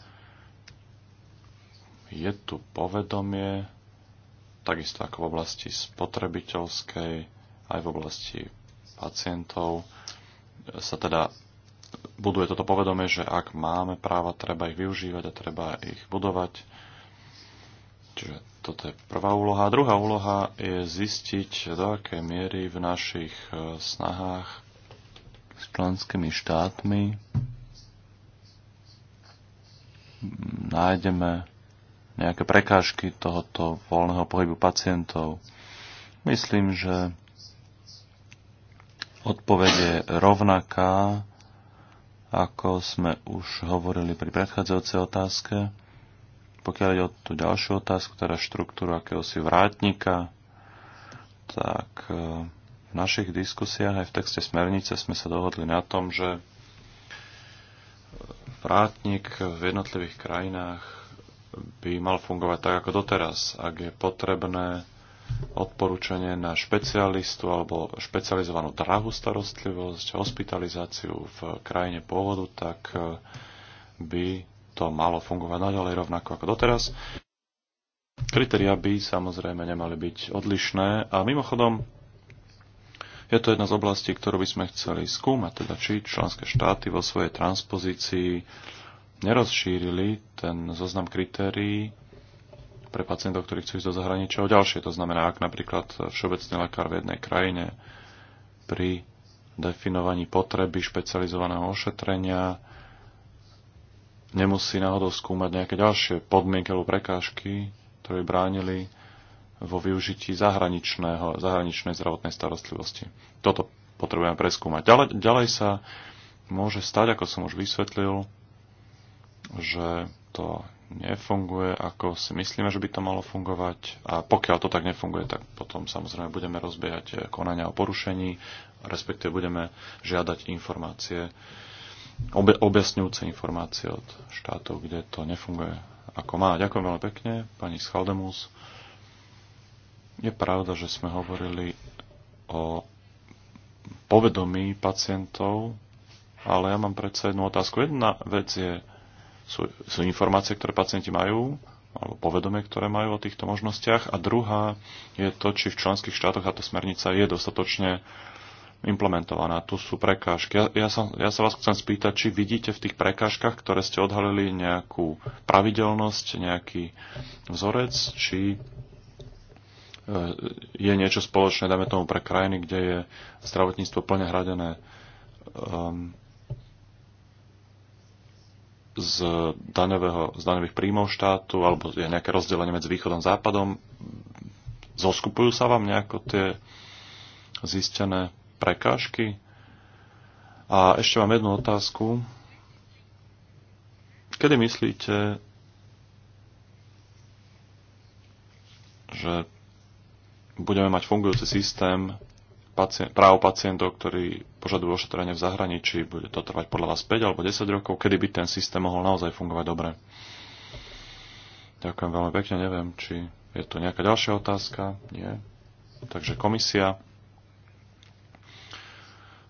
je tu povedomie, takisto ako v oblasti spotrebiteľskej, aj v oblasti pacientov, sa teda buduje toto povedomie, že ak máme práva, treba ich využívať a treba ich budovať Čiže toto je prvá úloha. A druhá úloha je zistiť, do akej miery v našich e, snahách s členskými štátmi nájdeme nejaké prekážky tohoto voľného pohybu pacientov. Myslím, že odpoveď je rovnaká, ako sme už hovorili pri predchádzajúcej otázke pokiaľ ide o tú ďalšiu otázku, teda štruktúru akéhosi vrátnika, tak e, v našich diskusiách aj v texte smernice sme sa dohodli na tom, že e, vrátnik v jednotlivých krajinách by mal fungovať tak ako doteraz. Ak je potrebné odporúčanie na špecialistu alebo špecializovanú drahú starostlivosť, hospitalizáciu v krajine pôvodu, tak e, by to malo fungovať naďalej rovnako ako doteraz. Kritéria by samozrejme nemali byť odlišné a mimochodom je to jedna z oblastí, ktorú by sme chceli skúmať, teda či členské štáty vo svojej transpozícii nerozšírili ten zoznam kritérií pre pacientov, ktorí chcú ísť do zahraničia o ďalšie. To znamená, ak napríklad všeobecný lekár v jednej krajine pri definovaní potreby špecializovaného ošetrenia nemusí náhodou skúmať nejaké ďalšie podmienky alebo prekážky, ktoré bránili vo využití zahraničného, zahraničnej zdravotnej starostlivosti. Toto potrebujeme preskúmať. Ďalej, ďalej sa môže stať, ako som už vysvetlil, že to nefunguje, ako si myslíme, že by to malo fungovať. A pokiaľ to tak nefunguje, tak potom samozrejme budeme rozbiehať konania o porušení, respektíve budeme žiadať informácie obe, objasňujúce informácie od štátov, kde to nefunguje ako má. Ďakujem veľmi pekne, pani Schaldemus. Je pravda, že sme hovorili o povedomí pacientov, ale ja mám predsa jednu otázku. Jedna vec je, sú, sú informácie, ktoré pacienti majú, alebo povedomie, ktoré majú o týchto možnostiach. A druhá je to, či v členských štátoch táto smernica je dostatočne implementovaná. Tu sú prekážky. Ja, ja, sa, ja sa vás chcem spýtať, či vidíte v tých prekážkach, ktoré ste odhalili, nejakú pravidelnosť, nejaký vzorec, či e, je niečo spoločné, dáme tomu pre krajiny, kde je zdravotníctvo plne hradené um, z, daňového, z daňových príjmov štátu, alebo je nejaké rozdelenie medzi východom a západom. Zoskupujú sa vám nejako tie zistené prekážky? A ešte mám jednu otázku. Kedy myslíte, že budeme mať fungujúci systém pacient, práv pacientov, ktorí požadujú ošetrenie v zahraničí, bude to trvať podľa vás 5 alebo 10 rokov, kedy by ten systém mohol naozaj fungovať dobre. Ďakujem veľmi pekne, neviem, či je tu nejaká ďalšia otázka. Nie. Takže komisia.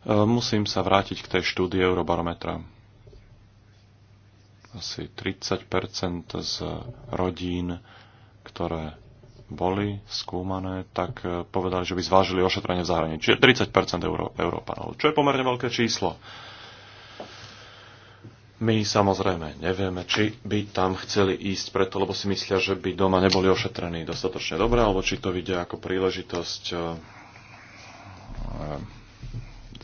Eh, musím sa vrátiť k tej štúdii Eurobarometra. Asi 30 z rodín, ktoré boli skúmané, tak eh, povedali, že by zvážili ošetrenie v zahraničí. 30 Euró- Európanov, čo je pomerne veľké číslo. My samozrejme nevieme, či by tam chceli ísť preto, lebo si myslia, že by doma neboli ošetrení dostatočne dobre, alebo či to vidia ako príležitosť eh,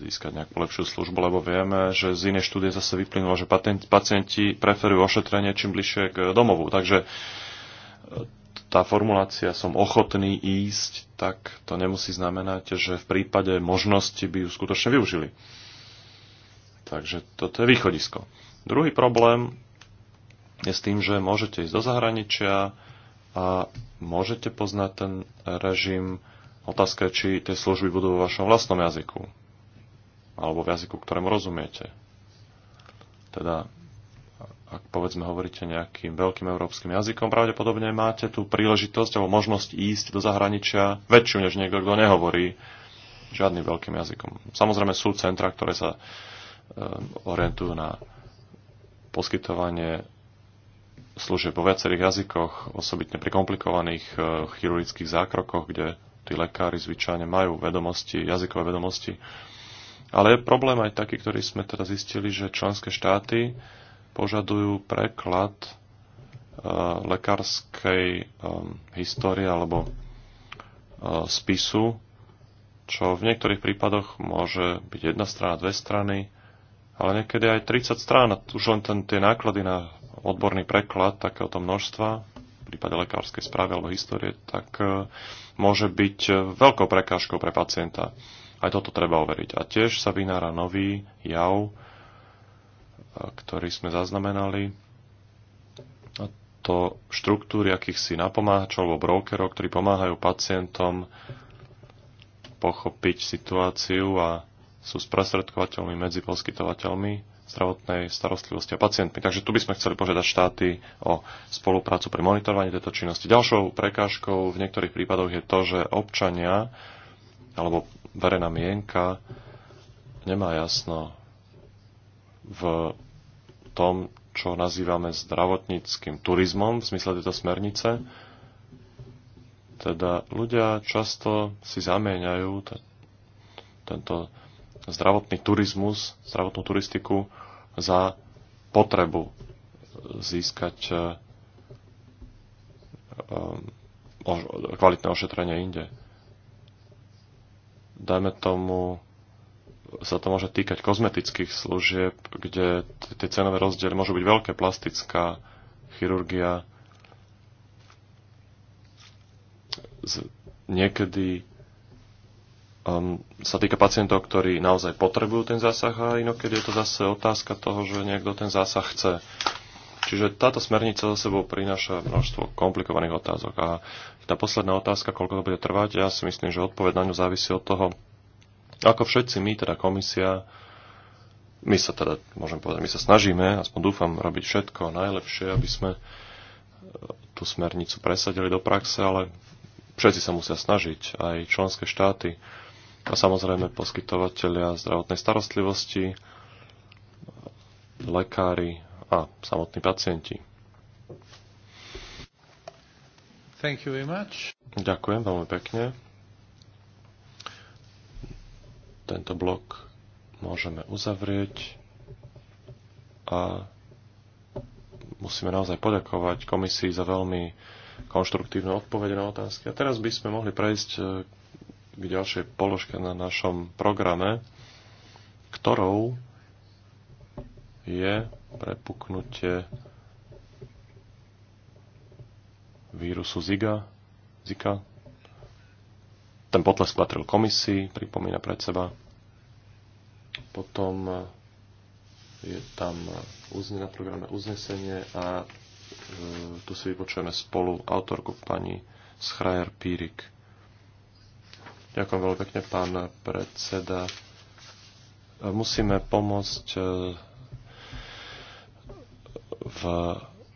získať nejakú lepšiu službu, lebo vieme, že z inej štúdie zase vyplynulo, že pacienti preferujú ošetrenie čím bližšie k domovu. Takže e, tá formulácia som ochotný ísť, tak to nemusí znamenať, že v prípade možnosti by ju skutočne využili. Takže toto je východisko. Druhý problém je s tým, že môžete ísť do zahraničia a môžete poznať ten režim. Otázka je, či tie služby budú vo vašom vlastnom jazyku alebo v jazyku, ktorému rozumiete. Teda, ak povedzme hovoríte nejakým veľkým európskym jazykom, pravdepodobne máte tú príležitosť alebo možnosť ísť do zahraničia väčšiu než niekto, kto nehovorí žiadnym veľkým jazykom. Samozrejme sú centra, ktoré sa eh, orientujú na poskytovanie služieb vo viacerých jazykoch, osobitne pri komplikovaných eh, chirurgických zákrokoch, kde tí lekári zvyčajne majú vedomosti, jazykové vedomosti ale je problém aj taký, ktorý sme teda zistili, že členské štáty požadujú preklad uh, lekárskej um, histórie alebo uh, spisu, čo v niektorých prípadoch môže byť jedna strana, dve strany, ale niekedy aj 30 strán. Už len ten, tie náklady na odborný preklad takéhoto množstva, v prípade lekárskej správy alebo histórie, tak môže byť veľkou prekážkou pre pacienta. Aj toto treba overiť. A tiež sa vynára nový jav, e, ktorý sme zaznamenali. A to štruktúry akýchsi napomáhačov alebo brokerov, ktorí pomáhajú pacientom pochopiť situáciu a sú sprostredkovateľmi medzi poskytovateľmi zdravotnej starostlivosti a pacientmi. Takže tu by sme chceli požiadať štáty o spoluprácu pri monitorovaní tejto činnosti. Ďalšou prekážkou v niektorých prípadoch je to, že občania alebo verejná mienka nemá jasno v tom, čo nazývame zdravotníckým turizmom v zmysle tejto smernice. Teda ľudia často si zamieňajú tento zdravotný turizmus, zdravotnú turistiku za potrebu získať eh, kvalitné ošetrenie inde dajme tomu, sa to môže týkať kozmetických služieb, kde tie cenové rozdiely môžu byť veľké, plastická chirurgia. Z, niekedy um, sa týka pacientov, ktorí naozaj potrebujú ten zásah a inokedy je to zase otázka toho, že niekto ten zásah chce. Čiže táto smernica za sebou prináša množstvo komplikovaných otázok. A tá posledná otázka, koľko to bude trvať, ja si myslím, že odpoveď na ňu závisí od toho, ako všetci my, teda komisia, my sa teda, môžem povedať, my sa snažíme, aspoň dúfam, robiť všetko najlepšie, aby sme e, tú smernicu presadili do praxe, ale všetci sa musia snažiť, aj členské štáty a samozrejme poskytovateľia zdravotnej starostlivosti, lekári, a samotní pacienti. Thank you very much. Ďakujem veľmi pekne. Tento blok môžeme uzavrieť a musíme naozaj poďakovať komisii za veľmi konštruktívnu odpoveď na otázky. A teraz by sme mohli prejsť e, k ďalšej položke na našom programe, ktorou je prepuknutie vírusu Ziga, Zika. Ten potlesk patril komisii, pripomína pred seba. Potom eh, je tam eh, na programe uznesenie a e, tu si vypočujeme spolu autorku pani Schreier Pírik. Ďakujem veľmi pekne, pán predseda. Musíme pomôcť e, v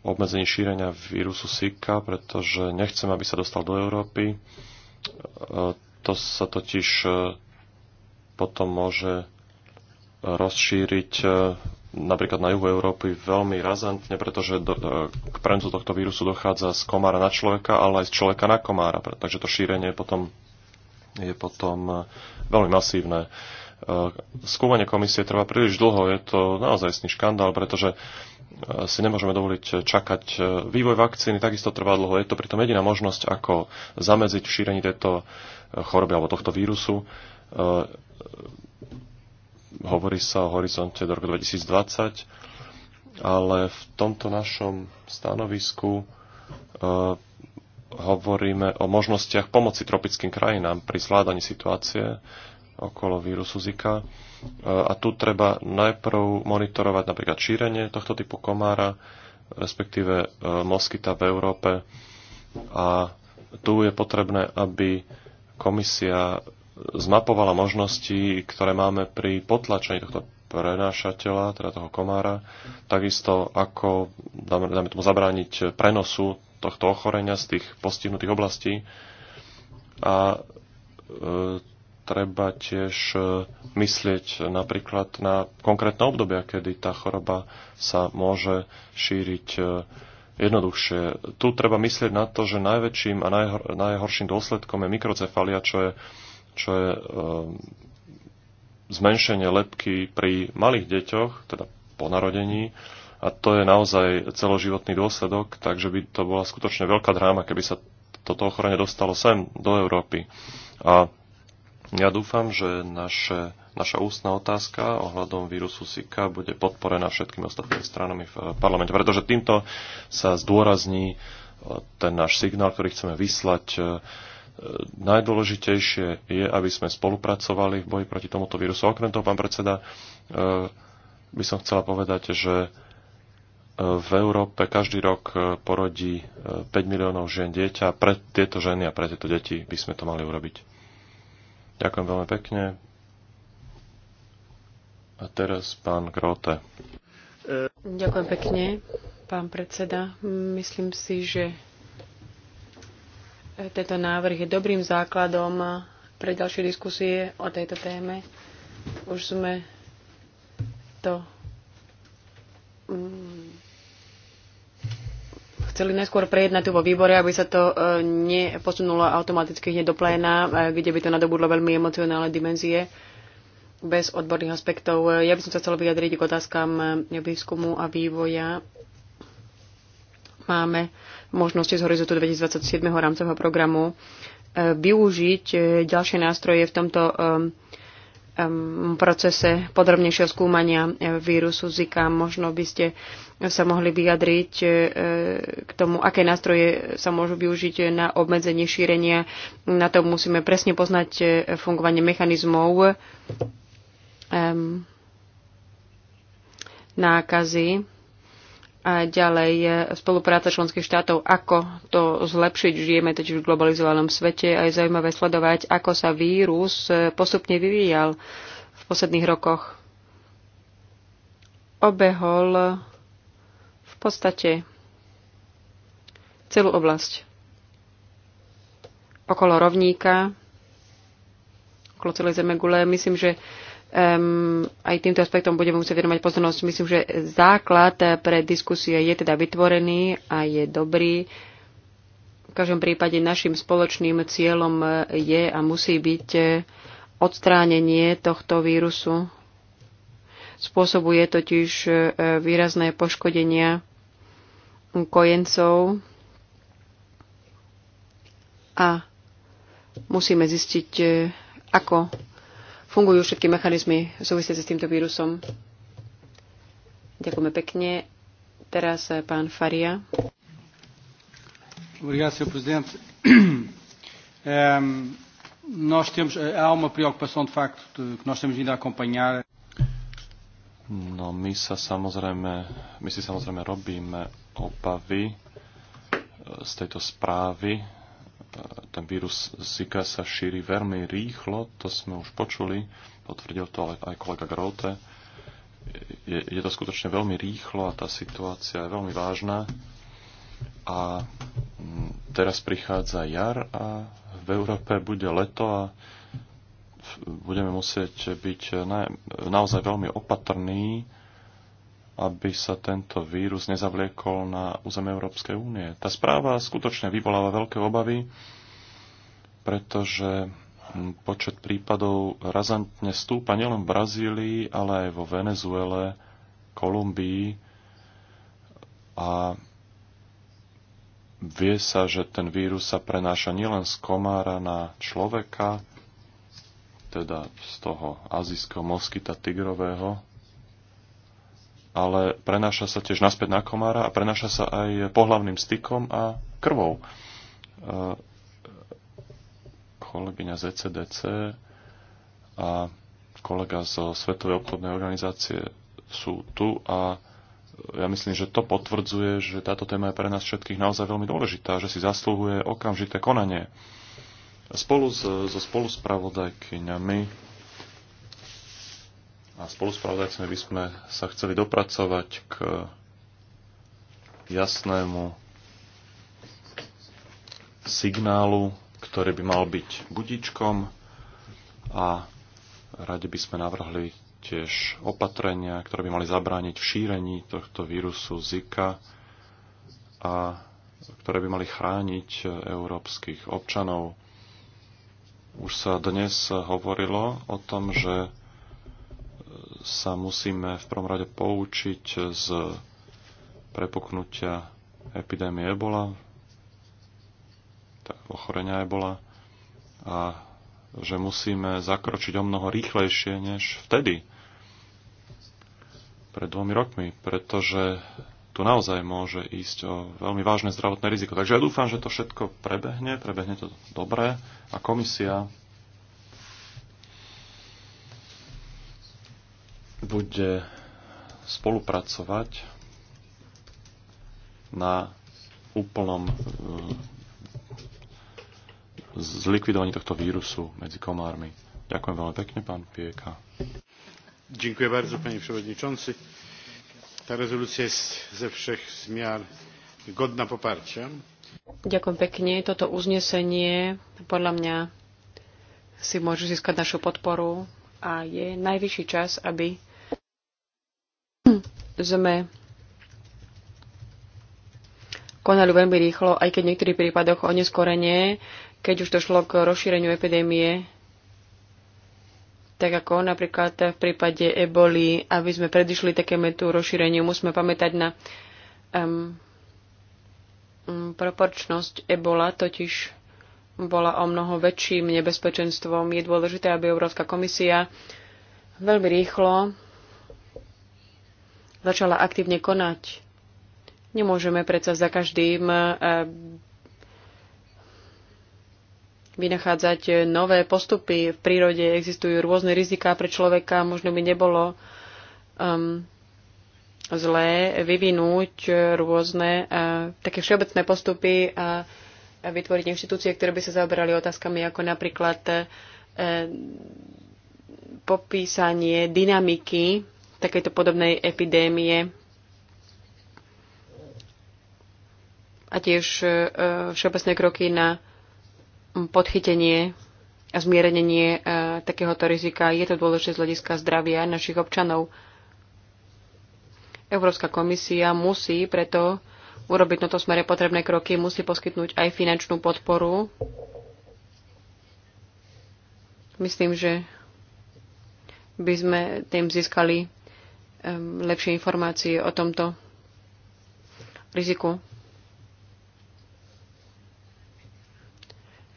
obmedzení šírenia vírusu Sika, pretože nechcem, aby sa dostal do Európy. E, to sa totiž e, potom môže rozšíriť e, napríklad na juhu Európy veľmi razantne, pretože do, k prenosu tohto vírusu dochádza z komára na človeka, ale aj z človeka na komára. Takže to šírenie je potom, je potom veľmi masívne. Skúmanie komisie trvá príliš dlho, je to naozaj škandál, pretože si nemôžeme dovoliť čakať. Vývoj vakcíny takisto trvá dlho. Je to pritom jediná možnosť, ako zamedziť šírení tejto choroby alebo tohto vírusu. E, hovorí sa o horizonte do roku 2020, ale v tomto našom stanovisku e, hovoríme o možnostiach pomoci tropickým krajinám pri zvládaní situácie okolo vírusu Zika. E, a tu treba najprv monitorovať napríklad šírenie tohto typu komára, respektíve e, moskita v Európe. A tu je potrebné, aby komisia zmapovala možnosti, ktoré máme pri potlačení tohto prenášateľa, teda toho komára, takisto ako, dáme, dáme tomu zabrániť prenosu tohto ochorenia z tých postihnutých oblastí. A e, treba tiež e, myslieť napríklad na konkrétne obdobia, kedy tá choroba sa môže šíriť e, jednoduchšie. Tu treba myslieť na to, že najväčším a najhor, najhorším dôsledkom je mikrocefalia, čo je, čo je e, zmenšenie lepky pri malých deťoch, teda po narodení. A to je naozaj celoživotný dôsledok, takže by to bola skutočne veľká dráma, keby sa toto ochorenie dostalo sem do Európy. A ja dúfam, že naše, naša ústna otázka ohľadom vírusu Sika bude podporená všetkými ostatnými stranami v eh, parlamente, pretože týmto sa zdôrazní eh, ten náš signál, ktorý chceme vyslať. Eh, najdôležitejšie je, aby sme spolupracovali v boji proti tomuto vírusu. Okrem toho, pán predseda, by som chcela povedať, že v Európe každý rok porodí 5 miliónov žien dieťa. Pre tieto ženy a pre tieto deti by sme to mali urobiť. Ďakujem veľmi pekne. A teraz pán Grote. Ďakujem pekne, pán predseda. Myslím si, že tento návrh je dobrým základom pre ďalšie diskusie o tejto téme. Už sme to mm, chceli najskôr prejednať tu vo výbore, aby sa to e, neposunulo automaticky hneď do pléna, e, kde by to nadobudlo veľmi emocionálne dimenzie bez odborných aspektov. E, ja by som sa chcela vyjadriť k otázkam výskumu a vývoja. Máme možnosti z horizontu 2027 rámcového programu využiť ďalšie nástroje v tomto Um, procese podrobnejšieho skúmania eh, vírusu Zika. Možno by ste sa mohli vyjadriť eh, k tomu, aké nástroje sa môžu využiť na obmedzenie šírenia. Na to musíme presne poznať eh, fungovanie mechanizmov ehm, nákazy a ďalej spolupráca členských štátov, ako to zlepšiť. Žijeme teď v globalizovanom svete a je zaujímavé sledovať, ako sa vírus postupne vyvíjal v posledných rokoch. Obehol v podstate celú oblasť. Okolo rovníka, okolo celej zemegule, myslím, že um, aj týmto aspektom budeme musieť venovať pozornosť. Myslím, že základ pre diskusie je teda vytvorený a je dobrý. V každom prípade našim spoločným cieľom je a musí byť odstránenie tohto vírusu. Spôsobuje totiž e, výrazné poškodenia kojencov a musíme zistiť, e, ako fungujú všetky mechanizmy súvisiace s týmto vírusom. Ďakujeme pekne. Teraz eh, pán Faria. Obrigado, Sr. Presidente. Um, nós temos, eh, há uma preocupação, de facto, de, que nós temos vindo a acompanhar. No, my, sa samozrejme, my si samozrejme robíme obavy eh, z tejto správy, ten vírus Zika sa šíri veľmi rýchlo, to sme už počuli, potvrdil to aj kolega Grote. Je, je to skutočne veľmi rýchlo a tá situácia je veľmi vážna. A mm, teraz prichádza jar a v Európe bude leto a budeme musieť byť na, naozaj veľmi opatrní aby sa tento vírus nezavliekol na územie Európskej únie. Tá správa skutočne vyvoláva veľké obavy, pretože počet prípadov razantne stúpa nielen v Brazílii, ale aj vo Venezuele, Kolumbii a vie sa, že ten vírus sa prenáša nielen z komára na človeka, teda z toho azijského moskyta tigrového, ale prenáša sa tiež naspäť na komára a prenáša sa aj pohlavným stykom a krvou. E, kolegyňa z ECDC a kolega zo Svetovej obchodnej organizácie sú tu a ja myslím, že to potvrdzuje, že táto téma je pre nás všetkých naozaj veľmi dôležitá, že si zaslúhuje okamžité konanie. Spolu so, so spoluspravodajkyňami a spoluspravodajcami by sme sa chceli dopracovať k jasnému signálu, ktorý by mal byť budičkom a rade by sme navrhli tiež opatrenia, ktoré by mali zabrániť v šírení tohto vírusu Zika a ktoré by mali chrániť európskych občanov. Už sa dnes hovorilo o tom, že sa musíme v prvom rade poučiť z prepuknutia epidémie ebola, ochorenia ebola a že musíme zakročiť o mnoho rýchlejšie než vtedy, pred dvomi rokmi, pretože tu naozaj môže ísť o veľmi vážne zdravotné riziko. Takže ja dúfam, že to všetko prebehne, prebehne to dobre a komisia bude spolupracovať na úplnom eh, zlikvidovaní tohto vírusu medzi komármi. Ďakujem veľmi pekne, pán Pieka. Ďakujem bardzo, pani przewodniczący. Tá rezolúcia je ze všech zmiar godná poparcia. Ďakujem pekne. Toto uznesenie podľa mňa si môže získať našu podporu a je najvyšší čas, aby sme konali veľmi rýchlo, aj keď v niektorých prípadoch o neskorenie, keď už došlo k rozšíreniu epidémie, tak ako napríklad v prípade eboli, aby sme predišli takému rozšíreniu, musíme pamätať na um, proporčnosť ebola, totiž bola o mnoho väčším nebezpečenstvom. Je dôležité, aby Európska komisia veľmi rýchlo začala aktívne konať. Nemôžeme predsa za každým e, vynachádzať nové postupy. V prírode existujú rôzne riziká pre človeka. Možno by nebolo um, zlé vyvinúť rôzne uh, také všeobecné postupy a vytvoriť inštitúcie, ktoré by sa zaoberali otázkami ako napríklad uh, popísanie dynamiky takejto podobnej epidémie a tiež e, všeobecné kroky na podchytenie a zmierenie e, takéhoto rizika. Je to dôležité z hľadiska zdravia našich občanov. Európska komisia musí preto urobiť na to smere potrebné kroky, musí poskytnúť aj finančnú podporu. Myslím, že by sme tým získali lepšie informácie o tomto riziku.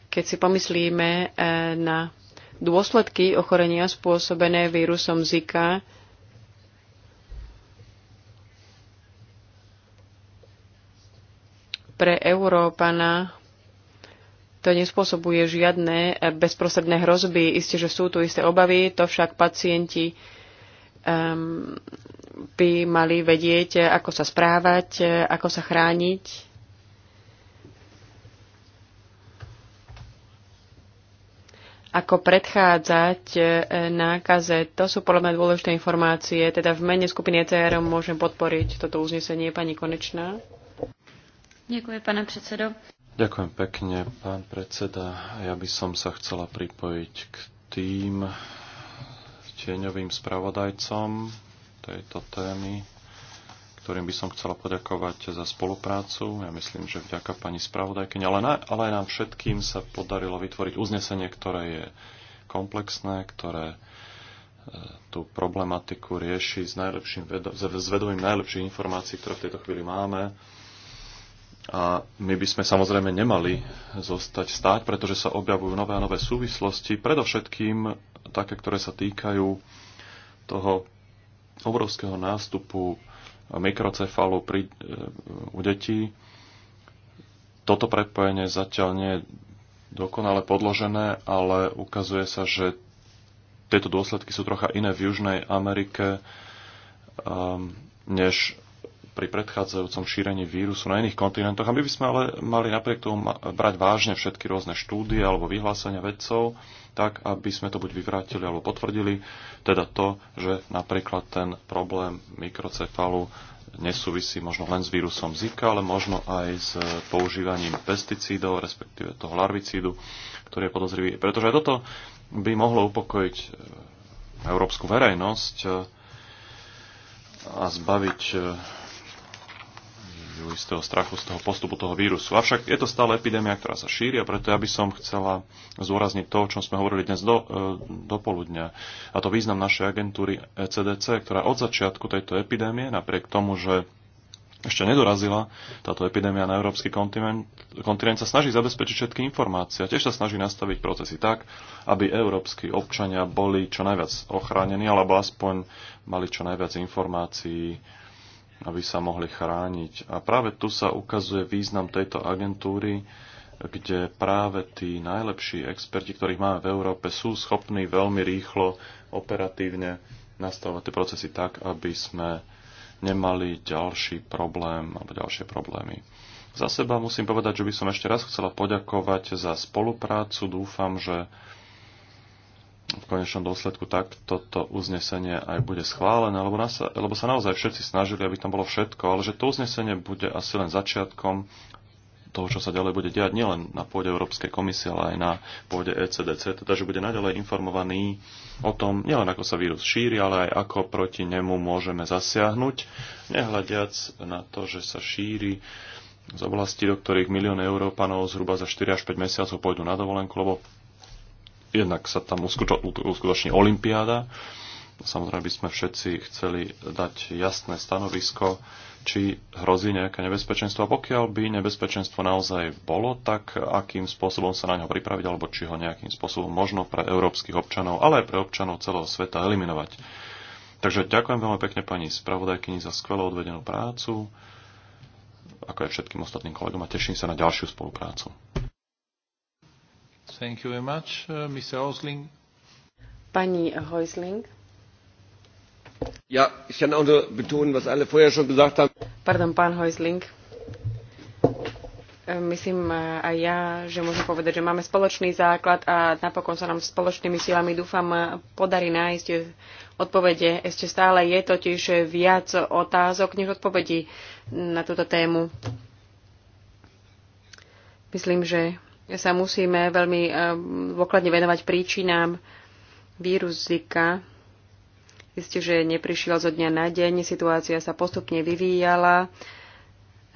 Keď si pomyslíme eh, na dôsledky ochorenia spôsobené vírusom Zika, pre Európana to nespôsobuje žiadne eh, bezprostredné hrozby. Isté, že sú tu isté obavy, to však pacienti um, by mali vedieť, eh, ako sa správať, eh, ako sa chrániť. ako predchádzať eh, nákaze. To sú podľa mňa dôležité informácie. Teda v mene skupiny ECR môžem podporiť toto uznesenie. Pani Konečná. Ďakujem, pána predsedo. Ďakujem pekne, pán predseda. Ja by som sa chcela pripojiť k tým, tieňovým spravodajcom tejto témy, ktorým by som chcela poďakovať za spoluprácu. Ja myslím, že vďaka pani spravodajkyni, ale, na, ale aj nám všetkým sa podarilo vytvoriť uznesenie, ktoré je komplexné, ktoré e, tú problematiku rieši s, najlepším, s vedomím najlepších informácií, ktoré v tejto chvíli máme a my by sme samozrejme nemali zostať stáť, pretože sa objavujú nové a nové súvislosti, predovšetkým také, ktoré sa týkajú toho obrovského nástupu mikrocefalu pri, e, u detí. Toto prepojenie zatiaľ nie je dokonale podložené, ale ukazuje sa, že tieto dôsledky sú trocha iné v Južnej Amerike um, než pri predchádzajúcom šírení vírusu na iných kontinentoch. A my by sme ale mali napriek tomu brať vážne všetky rôzne štúdie alebo vyhlásenia vedcov, tak aby sme to buď vyvrátili alebo potvrdili, teda to, že napríklad ten problém mikrocefalu nesúvisí možno len s vírusom Zika, ale možno aj s používaním pesticídov, respektíve toho larvicídu, ktorý je podozrivý. Pretože aj toto by mohlo upokojiť e, európsku verejnosť e, a zbaviť e, z istého strachu z toho postupu toho vírusu. Avšak je to stále epidémia, ktorá sa šíri a preto ja by som chcela zdôrazniť to, o čom sme hovorili dnes do, e, do poludňa. A to význam našej agentúry ECDC, ktorá od začiatku tejto epidémie, napriek tomu, že ešte nedorazila táto epidémia na európsky kontinent, kontinent sa snaží zabezpečiť všetky informácie a tiež sa snaží nastaviť procesy tak, aby európsky občania boli čo najviac ochránení alebo aspoň mali čo najviac informácií aby sa mohli chrániť. A práve tu sa ukazuje význam tejto agentúry, kde práve tí najlepší experti, ktorých máme v Európe, sú schopní veľmi rýchlo, operatívne nastavovať tie procesy tak, aby sme nemali ďalší problém alebo ďalšie problémy. Za seba musím povedať, že by som ešte raz chcela poďakovať za spoluprácu. Dúfam, že v konečnom dôsledku tak toto uznesenie aj bude schválené, lebo, nás, lebo sa naozaj všetci snažili, aby tam bolo všetko, ale že to uznesenie bude asi len začiatkom toho, čo sa ďalej bude diať nielen na pôde Európskej komisie, ale aj na pôde ECDC, teda že bude naďalej informovaný o tom, nielen ako sa vírus šíri, ale aj ako proti nemu môžeme zasiahnuť, nehľadiac na to, že sa šíri z oblasti, do ktorých milión Európanov zhruba za 4 až 5 mesiacov pôjdu na dovolenku, lebo jednak sa tam uskutoční olimpiáda. Samozrejme by sme všetci chceli dať jasné stanovisko, či hrozí nejaké nebezpečenstvo. A pokiaľ by nebezpečenstvo naozaj bolo, tak akým spôsobom sa na ňo pripraviť, alebo či ho nejakým spôsobom možno pre európskych občanov, ale aj pre občanov celého sveta eliminovať. Takže ďakujem veľmi pekne pani spravodajkyni za skvelú odvedenú prácu, ako aj všetkým ostatným kolegom a teším sa na ďalšiu spoluprácu. Thank you very much. Uh, Mr. Osling. Pani Häusling. Ja, ich kann auch nur betonen, was alle vorher schon gesagt haben. Pardon, pán Häusling. Äh, myslím äh, aj ja, že môžem povedať, že máme spoločný základ a napokon sa nám spoločnými silami, dúfam, äh, podarí nájsť odpovede. Ešte stále je totiž viac otázok než odpovedí na túto tému. Myslím, že sa musíme veľmi eh, dôkladne venovať príčinám vírus Zika. Isté, že neprišiel zo dňa na deň, situácia sa postupne vyvíjala.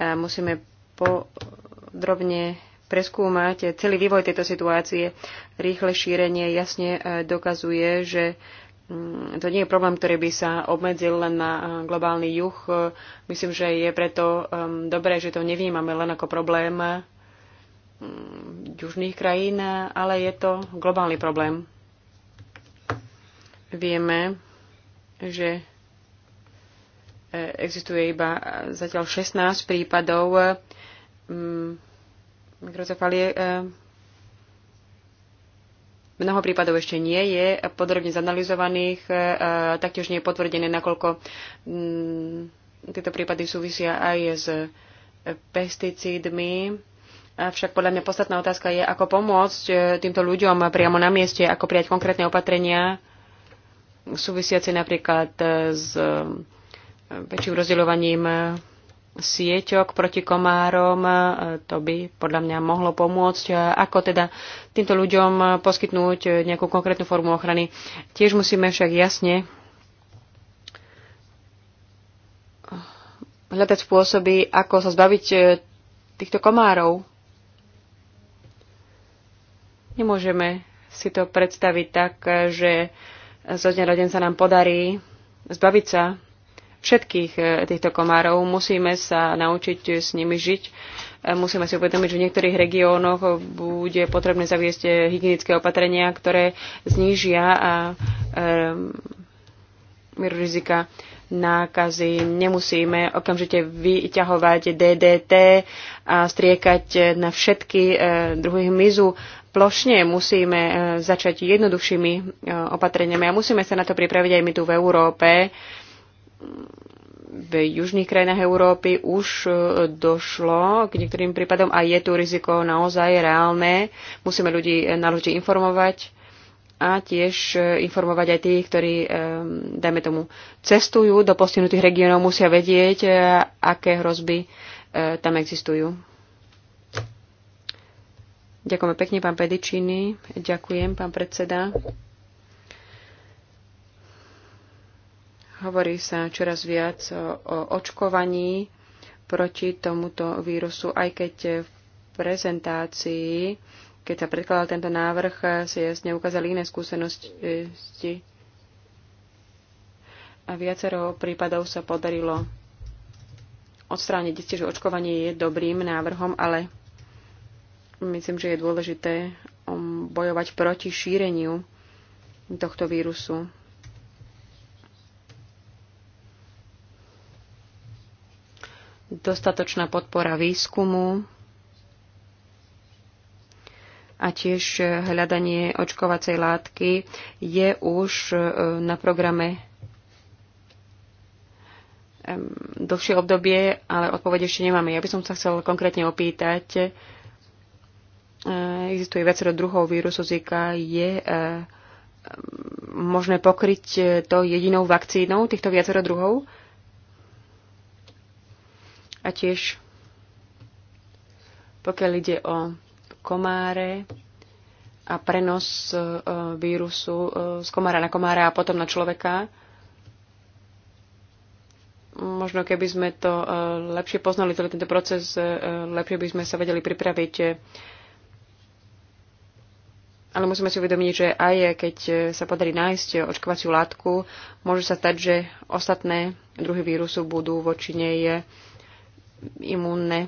Eh, musíme podrobne preskúmať celý vývoj tejto situácie. Rýchle šírenie jasne eh, dokazuje, že mm, to nie je problém, ktorý by sa obmedzil len na globálny juh. Myslím, že je preto dobré, že to nevnímame len ako problém Mm, južných krajín, ale je to globálny problém. Vieme, že e, existuje iba zatiaľ 16 prípadov mm, mikrocefalie. E, mnoho prípadov ešte nie je podrobne zanalizovaných, e, taktiež nie je potvrdené, nakoľko mm, tieto prípady súvisia aj s pesticídmi Avšak podľa mňa podstatná otázka je, ako pomôcť e, týmto ľuďom priamo na mieste, ako prijať konkrétne opatrenia súvisiace napríklad e, s e, väčším rozdeľovaním sieťok proti komárom. To by podľa mňa mohlo pomôcť. Ako teda týmto ľuďom poskytnúť nejakú konkrétnu formu ochrany. Tiež musíme však jasne hľadať spôsoby, ako sa zbaviť týchto komárov. Nemôžeme si to predstaviť tak, že zo dňa na deň sa nám podarí zbaviť sa všetkých e, týchto komárov. Musíme sa naučiť s nimi žiť. E, Musíme si uvedomiť, že v niektorých regiónoch bude potrebné zaviesť e, hygienické opatrenia, ktoré znížia a mieru rizika nákazy. Nemusíme okamžite vyťahovať DDT a striekať na všetky druhy hmyzu plošne, musíme e, začať jednoduchšími e, opatreniami a musíme sa na to pripraviť aj my tu v Európe. V južných krajinách Európy už e, došlo k niektorým prípadom a je tu riziko naozaj reálne. Musíme ľudí na ľudí informovať a tiež informovať aj tých, ktorí, dajme tomu, cestujú do postihnutých regiónov, musia vedieť, aké hrozby tam existujú. Ďakujeme pekne, pán Pedičiny. Ďakujem, pán predseda. Hovorí sa čoraz viac o očkovaní proti tomuto vírusu, aj keď v prezentácii, keď sa predkladal tento návrh, si jasne ukázali iné skúsenosti a viacero prípadov sa podarilo odstrániť. Isté, že očkovanie je dobrým návrhom, ale Myslím, že je dôležité um, bojovať proti šíreniu tohto vírusu. Dostatočná podpora výskumu a tiež hľadanie očkovacej látky je už e, na programe dlhšie obdobie, ale odpovede ešte nemáme. Ja by som sa chcel konkrétne opýtať, existuje viacero druhov vírusu Zika, je eh, možné pokryť eh, to jedinou vakcínou týchto viacero druhov? A tiež, pokiaľ ide o komáre a prenos eh, vírusu z komára na komára a potom na človeka, možno keby sme to lepšie poznali, celý tento proces, lepšie by sme sa vedeli pripraviť ale musíme si uvedomiť, že aj keď sa podarí nájsť očkovaciu látku, môže sa stať, že ostatné druhy vírusu budú voči nej imunné.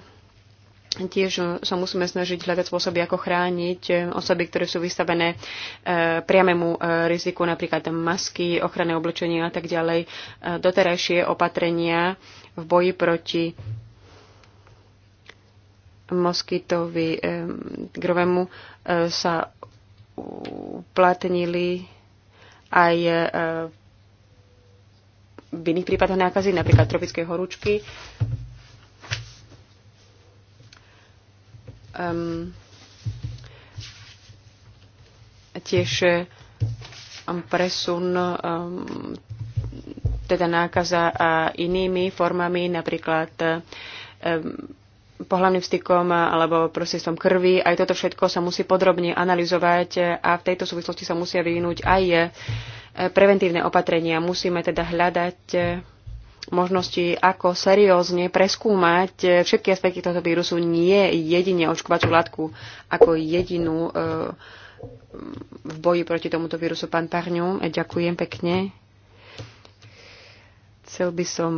Tiež sa musíme snažiť hľadať spôsoby, ako chrániť osoby, ktoré sú vystavené e, priamému e, riziku, napríklad masky, ochranné oblečenie a tak ďalej. E, doterajšie opatrenia v boji proti moskytovi grovému sa uplatnili aj e, v iných prípadoch nákazy, napríklad tropickej horúčky. Um, tiež um, presun um, teda nákaza a inými formami, napríklad um, pohľavným stykom alebo prostredstvom krvi. Aj toto všetko sa musí podrobne analyzovať a v tejto súvislosti sa musia vyvinúť aj eh, preventívne opatrenia. Musíme teda hľadať eh, možnosti, ako seriózne preskúmať eh, všetky aspekty tohto vírusu, nie jedine očkovaciu látku ako jedinú v boji proti tomuto vírusu. Pán Parňu, ďakujem pekne. Chcel by som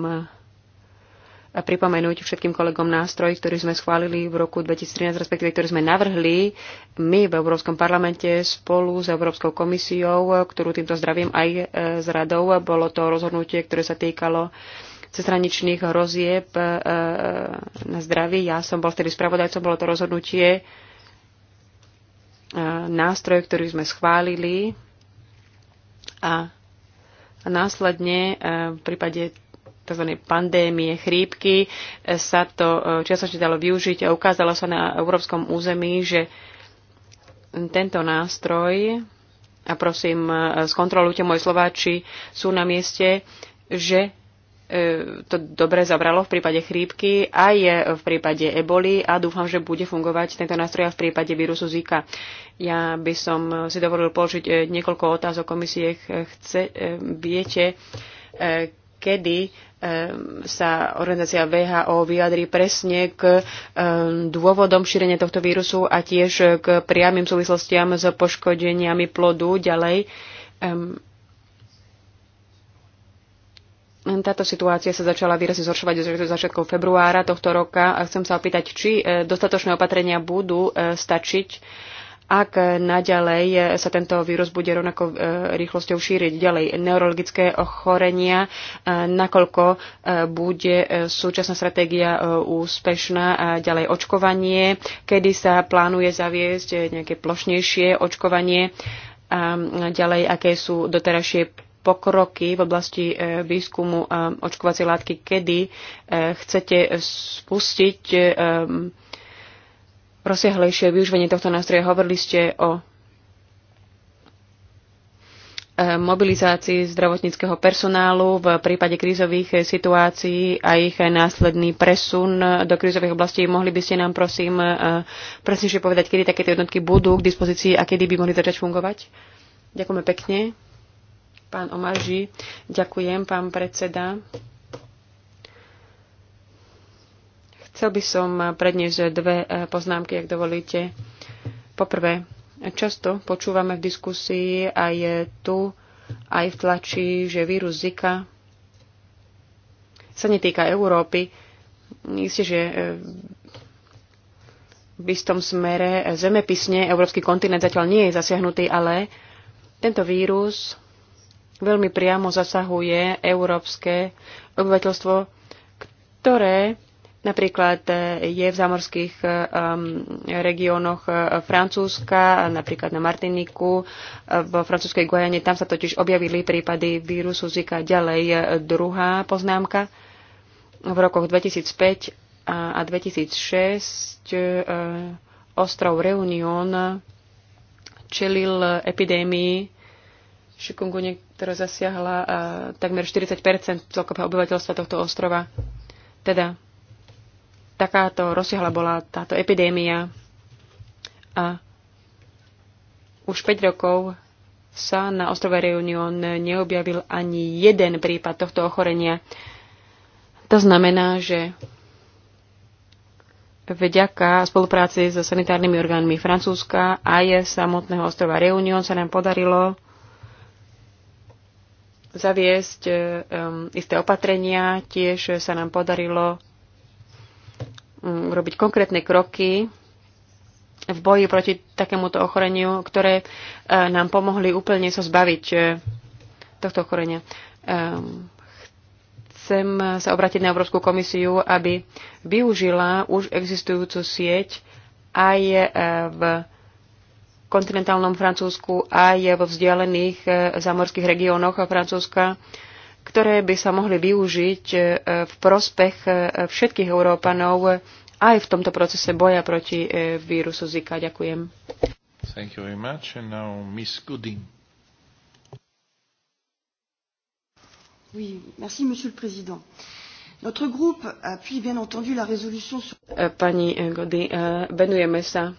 pripomenúť všetkým kolegom nástroj, ktorý sme schválili v roku 2013, respektíve ktorý sme navrhli my v Európskom parlamente spolu s Európskou komisiou, ktorú týmto zdravím aj e, s radou. Bolo to rozhodnutie, ktoré sa týkalo cestraničných hrozieb e, e, na zdraví. Ja som bol vtedy spravodajcom, bolo to rozhodnutie nástroj, ktorý sme schválili a následne v prípade tzv. pandémie chrípky sa to e, čiastočne dalo využiť a ukázalo sa na európskom území, že tento nástroj, a prosím, e, skontrolujte slova, slováči, sú na mieste, že e, to dobre zabralo v prípade chrípky, aj v prípade eboli a dúfam, že bude fungovať tento nástroj v prípade vírusu Zika. Ja by som si dovolil položiť niekoľko otázok komisie. Chce, viete, kedy sa organizácia VHO vyjadrí presne k dôvodom šírenia tohto vírusu a tiež k priamým súvislostiam s poškodeniami plodu ďalej. Táto situácia sa začala výrazne zhoršovať začiatkom februára tohto roka a chcem sa opýtať, či e, dostatočné opatrenia budú e, stačiť ak naďalej sa tento vírus bude rovnako e, rýchlosťou šíriť ďalej neurologické ochorenia, e, nakoľko e, bude súčasná stratégia úspešná a ďalej očkovanie, kedy sa plánuje zaviesť nejaké plošnejšie očkovanie a ďalej, aké sú doterajšie pokroky v oblasti výskumu očkovacej látky, kedy chcete spustiť rozsiahlejšie využívanie tohto nástroja. Hovorili ste o e, mobilizácii zdravotníckého personálu v prípade krízových situácií a ich následný presun do krízových oblastí. Mohli by ste nám prosím e, presnejšie povedať, kedy takéto jednotky budú k dispozícii a kedy by mohli začať fungovať? Ďakujeme pekne. Pán Omaži, ďakujem, pán predseda. Chcel by som predniesť dve e, poznámky, ak dovolíte. Poprvé, často počúvame v diskusii aj tu, aj v tlači, že vírus Zika sa netýka Európy. Isté, že e, v istom smere zemepisne európsky kontinent zatiaľ nie je zasiahnutý, ale tento vírus veľmi priamo zasahuje európske obyvateľstvo, ktoré Napríklad e, je v zamorských um, regiónoch e, Francúzska, napríklad na Martiniku, v francúzskej Guajane, tam sa totiž objavili prípady vírusu Zika. Ďalej druhá poznámka. V rokoch 2005 a 2006 uh, ostrov Reunion čelil epidémii šikungunie, ktorá zasiahla uh, takmer 40 celkového obyvateľstva tohto ostrova. Teda takáto rozsiahla bola táto epidémia a už 5 rokov sa na ostrove Reunion neobjavil ani jeden prípad tohto ochorenia. To znamená, že vďaka spolupráci so sanitárnymi orgánmi Francúzska a je samotného ostrova Reunion sa nám podarilo zaviesť um, isté opatrenia. Tiež sa nám podarilo Mm, robiť konkrétne kroky v boji proti takémuto ochoreniu, ktoré e, nám pomohli úplne sa zbaviť e, tohto ochorenia. E, chcem sa obratiť na Európsku komisiu, aby využila už existujúcu sieť aj v kontinentálnom Francúzsku, aj vo vzdialených zamorských regiónoch Francúzska, ktoré by sa mohli využiť e, v prospech e, všetkých Európanov aj v tomto procese boja proti e, vírusu Zika. Ďakujem. Thank you very much. And now Miss Gooding. Oui, merci, Monsieur le Président. Notre groupe appuie bien entendu la résolution sur... Pani Gody, venujeme sa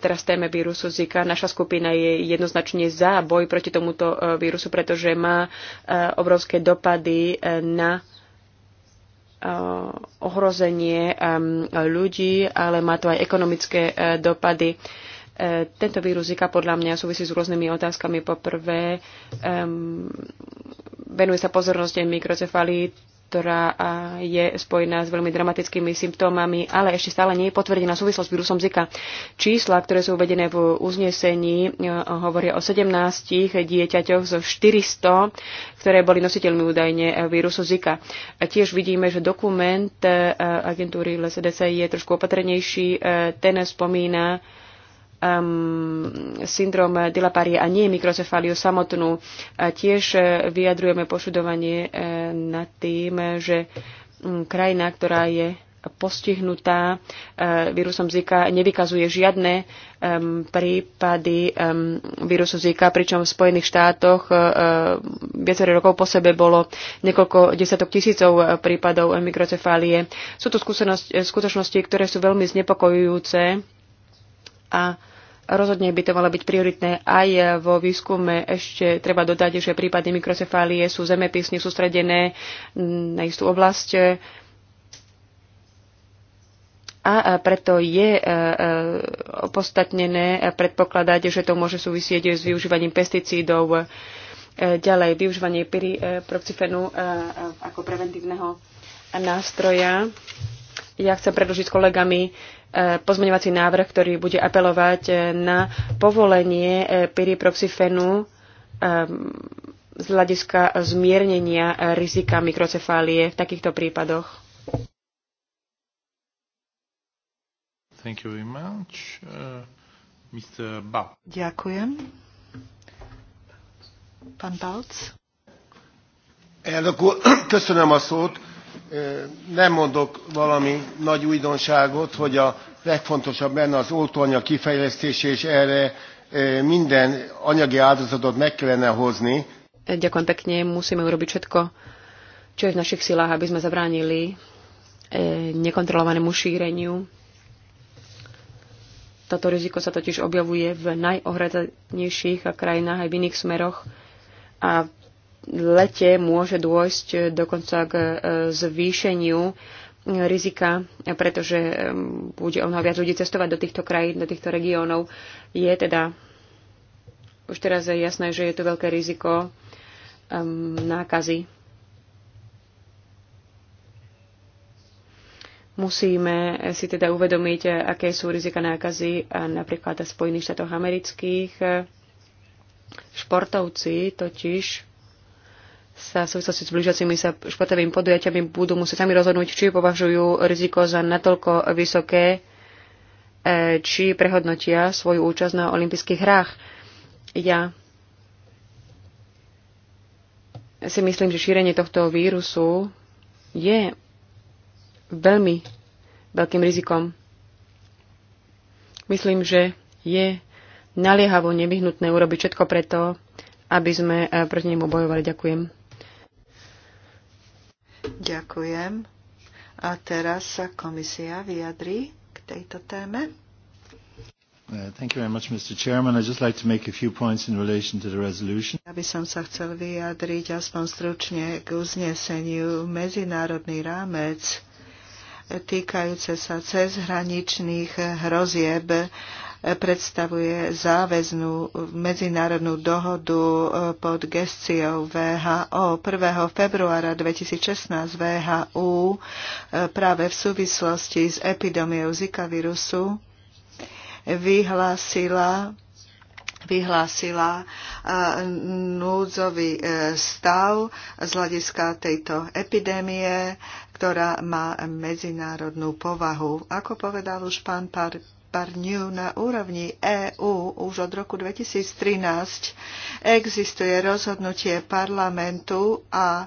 teraz téme vírusu Zika. Naša skupina je jednoznačne za boj proti tomuto e, vírusu, pretože má e, obrovské dopady e, na ohrozenie ľudí, ale má to aj ekonomické dopady. Tento vírus Zika podľa mňa súvisí s rôznymi otázkami. Poprvé, venuje sa pozornosti mikrocefalii ktorá je spojená s veľmi dramatickými symptómami, ale ešte stále nie je potvrdená súvislosť s vírusom Zika. Čísla, ktoré sú uvedené v uznesení, e, hovoria o 17 dieťaťoch zo 400, ktoré boli nositeľmi údajne e, vírusu Zika. A tiež vidíme, že dokument e, agentúry LSDC je trošku opatrnejší. Ten spomína um, syndrom dilapárie a nie mikrocefáliu samotnú. A tiež e, vyjadrujeme pošudovanie e, nad tým, že mm, krajina, ktorá je postihnutá e, vírusom Zika nevykazuje žiadne um, prípady um, vírusu Zika, pričom v Spojených štátoch uh, viacero rokov po sebe bolo niekoľko desiatok tisícov prípadov mikrocefálie. Sú to skutočnosti, ktoré sú veľmi znepokojujúce a Rozhodne by to malo byť prioritné aj vo výskume. Ešte treba dodať, že prípady mikrocefálie sú zemepisne sústredené na istú oblasť a preto je e, e, opodstatnené predpokladať, že to môže súvisieť s využívaním pesticídov, e, ďalej využívanie proxifenu ako preventívneho nástroja. Ja chcem predložiť s kolegami pozmeňovací návrh, ktorý bude apelovať na povolenie e, pyriproxifenu e, z hľadiska zmiernenia rizika mikrocefálie v takýchto prípadoch. Thank you very much. Uh, Mr. Ba. Ďakujem. Pán Balc. Elnök úr, köszönöm a szót nem mondok valami nagy újdonságot, hogy a legfontosabb benne az oltóanyag kifejlesztése, és erre minden anyagi áldozatot meg kellene hozni. Ďakujem pekne, musíme urobiť všetko, čo je v našich silách, aby sme zabránili e, nekontrolovanému šíreniu. Toto riziko sa totiž objavuje v najohradnejších krajinách aj v iných smeroch a lete môže dôjsť dokonca k e, zvýšeniu rizika, pretože e, bude o mnoho viac ľudí cestovať do týchto krajín, do týchto regiónov. Je teda, už teraz je jasné, že je tu veľké riziko um, nákazy. Musíme si teda uvedomiť, aké sú rizika nákazy napríklad v Spojených štátoch amerických. Športovci totiž sa v súvislosti s blížiacimi sa športovými podujatiami budú musieť sami rozhodnúť, či považujú riziko za natoľko vysoké, e, či prehodnotia svoju účasť na olympijských hrách. Ja si myslím, že šírenie tohto vírusu je veľmi veľkým rizikom. Myslím, že je naliehavo nevyhnutné urobiť všetko preto, aby sme e, proti nemu bojovali. Ďakujem. Ďakujem. A teraz sa komisia vyjadrí k tejto téme. Uh, thank you very much, Mr. Chairman. I'd just like to make a few points in relation to the resolution. Ja by som sa chcel vyjadriť aspoň stručne k uzneseniu medzinárodný rámec týkajúce sa cezhraničných hrozieb predstavuje záväznú medzinárodnú dohodu e, pod gestiou VHO. 1. februára 2016 VHU e, práve v súvislosti s epidémiou Zika vírusu vyhlásila vyhlásila e, núdzový stav z hľadiska tejto epidémie, ktorá má medzinárodnú povahu. Ako povedal už pán Barniu na úrovni EÚ už od roku 2013 existuje rozhodnutie parlamentu a e,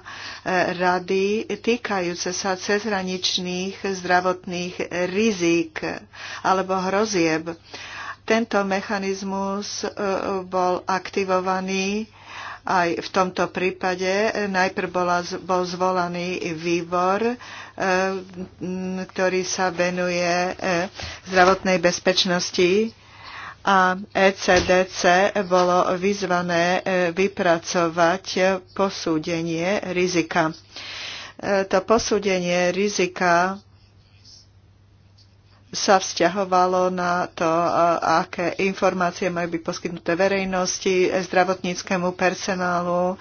rady týkajúce sa cezhraničných zdravotných rizík alebo hrozieb. Tento mechanizmus e, bol aktivovaný aj v tomto prípade najprv bola, bol zvolaný výbor, e, ktorý sa venuje e, zdravotnej bezpečnosti a ECDC bolo vyzvané e, vypracovať posúdenie rizika. To posúdenie rizika sa vzťahovalo na to, aké informácie majú byť poskytnuté verejnosti, zdravotníckému personálu, e,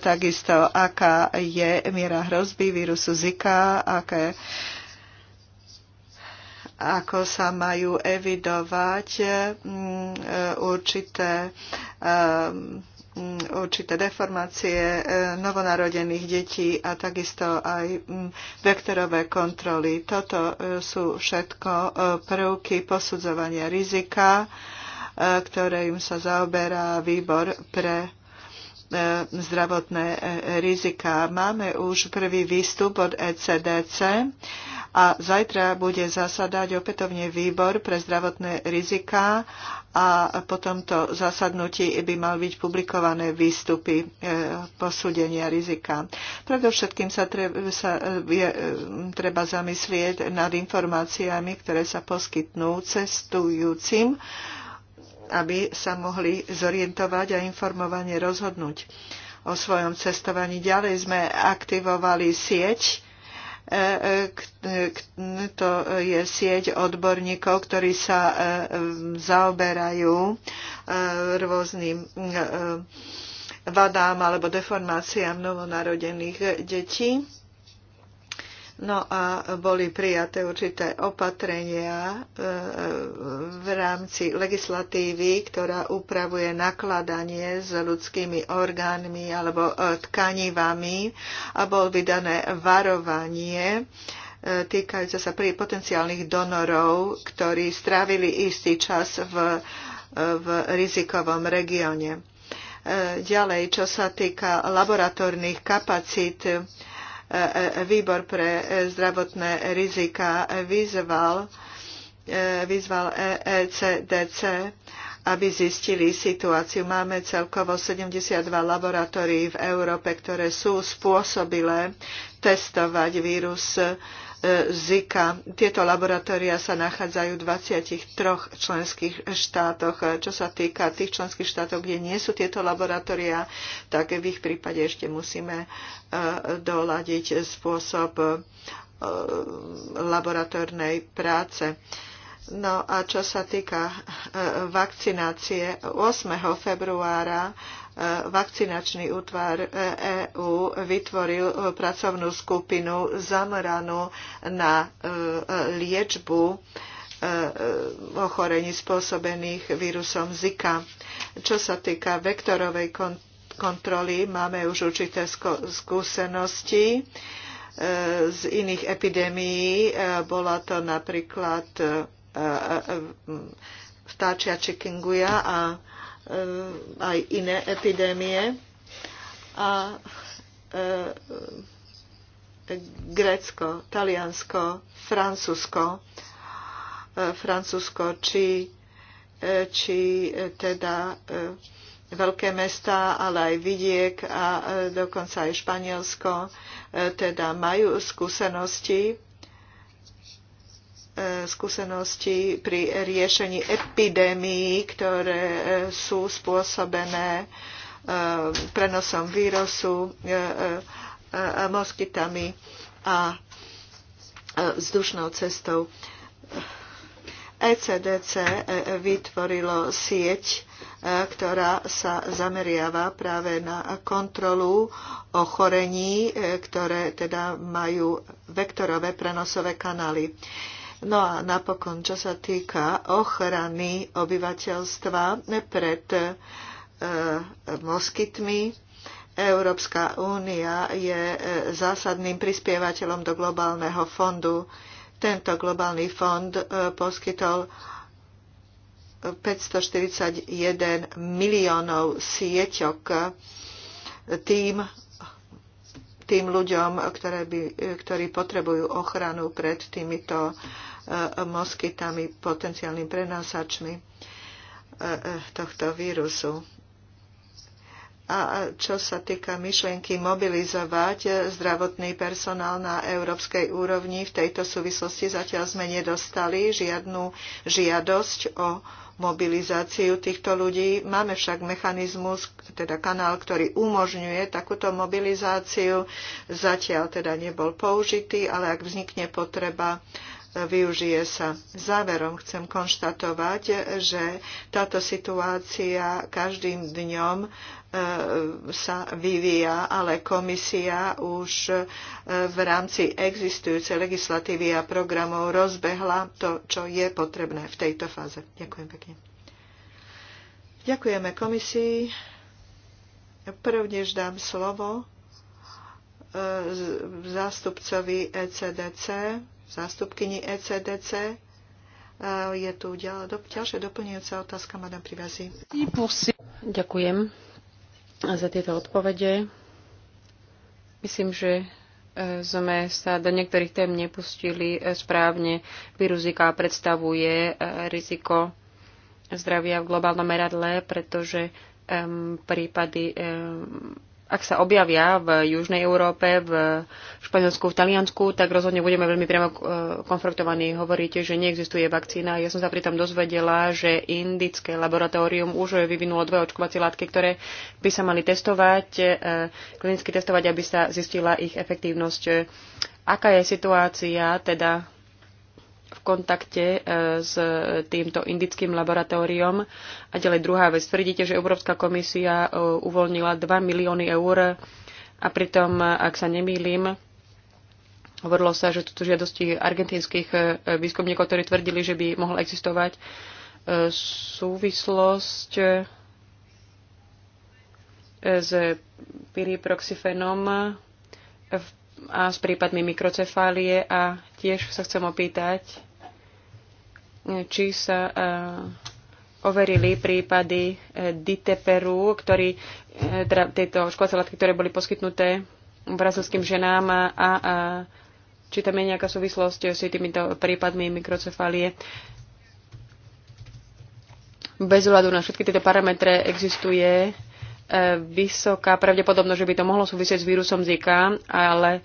takisto aká je miera hrozby vírusu Zika, aké, ako sa majú evidovať mm, e, určité e, Mm, určité deformácie e, novonarodených detí a takisto aj mm, vektorové kontroly. Toto e, sú všetko e, prvky posudzovania rizika, ktorým sa zaoberá výbor pre zdravotné rizika. Máme už prvý výstup od ECDC a zajtra bude zasadať opätovne výbor pre zdravotné riziká a po tomto zasadnutí by mal byť publikované výstupy e, posúdenia rizika. Predovšetkým sa, treba, sa e, je, e, treba zamyslieť nad informáciami, ktoré sa poskytnú cestujúcim, aby sa mohli zorientovať a informovane rozhodnúť o svojom cestovaní. Ďalej sme aktivovali sieť E, e, e, to je sieť odborníkov, ktorí sa zaoberajú rôznym vadám alebo deformáciám novonarodených detí No a boli prijaté určité opatrenia e, v rámci legislatívy, ktorá upravuje nakladanie s ľudskými orgánmi alebo e, tkanivami a bol vydané varovanie e, týkajúce sa pri potenciálnych donorov, ktorí strávili istý čas v, v rizikovom regióne. Ďalej, čo sa týka laboratórnych kapacít, výbor pre zdravotné rizika vyzval, e, vyzval ECDC, e aby zistili situáciu. Máme celkovo 72 laboratórií v Európe, ktoré sú spôsobilé testovať vírus E, Zika. Tieto laboratória sa nachádzajú v 23 členských štátoch. Čo sa týka tých členských štátov, kde nie sú tieto laboratória, tak v ich prípade ešte musíme e, doľadiť spôsob e, laboratórnej práce. No a čo sa týka vakcinácie, 8. februára vakcinačný útvar EÚ vytvoril pracovnú skupinu zameranú na e, liečbu e, e, ochorení spôsobených vírusom Zika. Čo sa týka vektorovej kontroly, máme už určité skúsenosti z iných epidémií. Bola to napríklad vtáčia chikungunya a Eh, aj iné epidémie. A eh, Grécko, Taliansko, Francúzsko, eh, Francúzsko či, či teda veľké mestá, ale aj vidiek a dokonca aj Španielsko teda majú skúsenosti skúsenosti pri riešení epidémií, ktoré e, sú spôsobené e, prenosom vírusu, e, moskytami a vzdušnou cestou. ECDC vytvorilo sieť, ktorá sa zameriava práve na kontrolu ochorení, ktoré teda majú vektorové prenosové kanály. No a napokon, čo sa týka ochrany obyvateľstva pred e, moskytmi, Európska únia je e, zásadným prispievateľom do globálneho fondu. Tento globálny fond e, poskytol 541 miliónov sieťok tým tým ľuďom, ktoré by, e, ktorí potrebujú ochranu pred týmito e, moskytami, potenciálnym prenásačmi e, tohto vírusu. A čo sa týka myšlienky mobilizovať zdravotný personál na európskej úrovni, v tejto súvislosti zatiaľ sme nedostali žiadnu žiadosť o mobilizáciu týchto ľudí. Máme však mechanizmus, teda kanál, ktorý umožňuje takúto mobilizáciu. Zatiaľ teda nebol použitý, ale ak vznikne potreba, využije sa. Záverom chcem konštatovať, že táto situácia každým dňom e, sa vyvíja, ale komisia už e, v rámci existujúcej legislatívy a programov rozbehla to, čo je potrebné v tejto fáze. Ďakujem pekne. Ďakujeme komisii. Prvnež dám slovo e, zástupcovi ECDC zástupkyni ECDC. Je tu ďal, do, ďalšia doplňujúca otázka, madam Privazi. Ďakujem za tieto odpovede. Myslím, že e, sme sa do niektorých tém nepustili e, správne. Vírus Zika predstavuje e, riziko zdravia v globálnom meradle, pretože prípady ak sa objavia v Južnej Európe, v Španielsku, v Taliansku, tak rozhodne budeme veľmi priamo eh, konfrontovaní. Hovoríte, že neexistuje vakcína. Ja som sa pritom dozvedela, že indické laboratórium už vyvinulo dve očkovacie látky, ktoré by sa mali testovať, eh, klinicky testovať, aby sa zistila ich efektívnosť. Aká je situácia teda v kontakte e, s týmto indickým laboratóriom. A ďalej druhá vec. Tvrdíte, že Európska komisia e, uvoľnila 2 milióny eur a pritom, e, ak sa nemýlim, hovorilo sa, že toto žiadosti argentínskych výskumníkov, ktorí tvrdili, že by mohla existovať súvislosť s pyriproxifenom a s prípadmi mikrocefálie a Tiež sa chcem opýtať, či sa eh, overili prípady eh, Diteperu, ktorý, eh, teda tieto školacie látky, ktoré boli poskytnuté brazilským ženám a, a, a či tam je nejaká súvislosť s týmito prípadmi mikrocefalie. Bez hľadu na všetky tieto parametre existuje vysoká pravdepodobnosť, že by to mohlo súvisieť s vírusom Zika, ale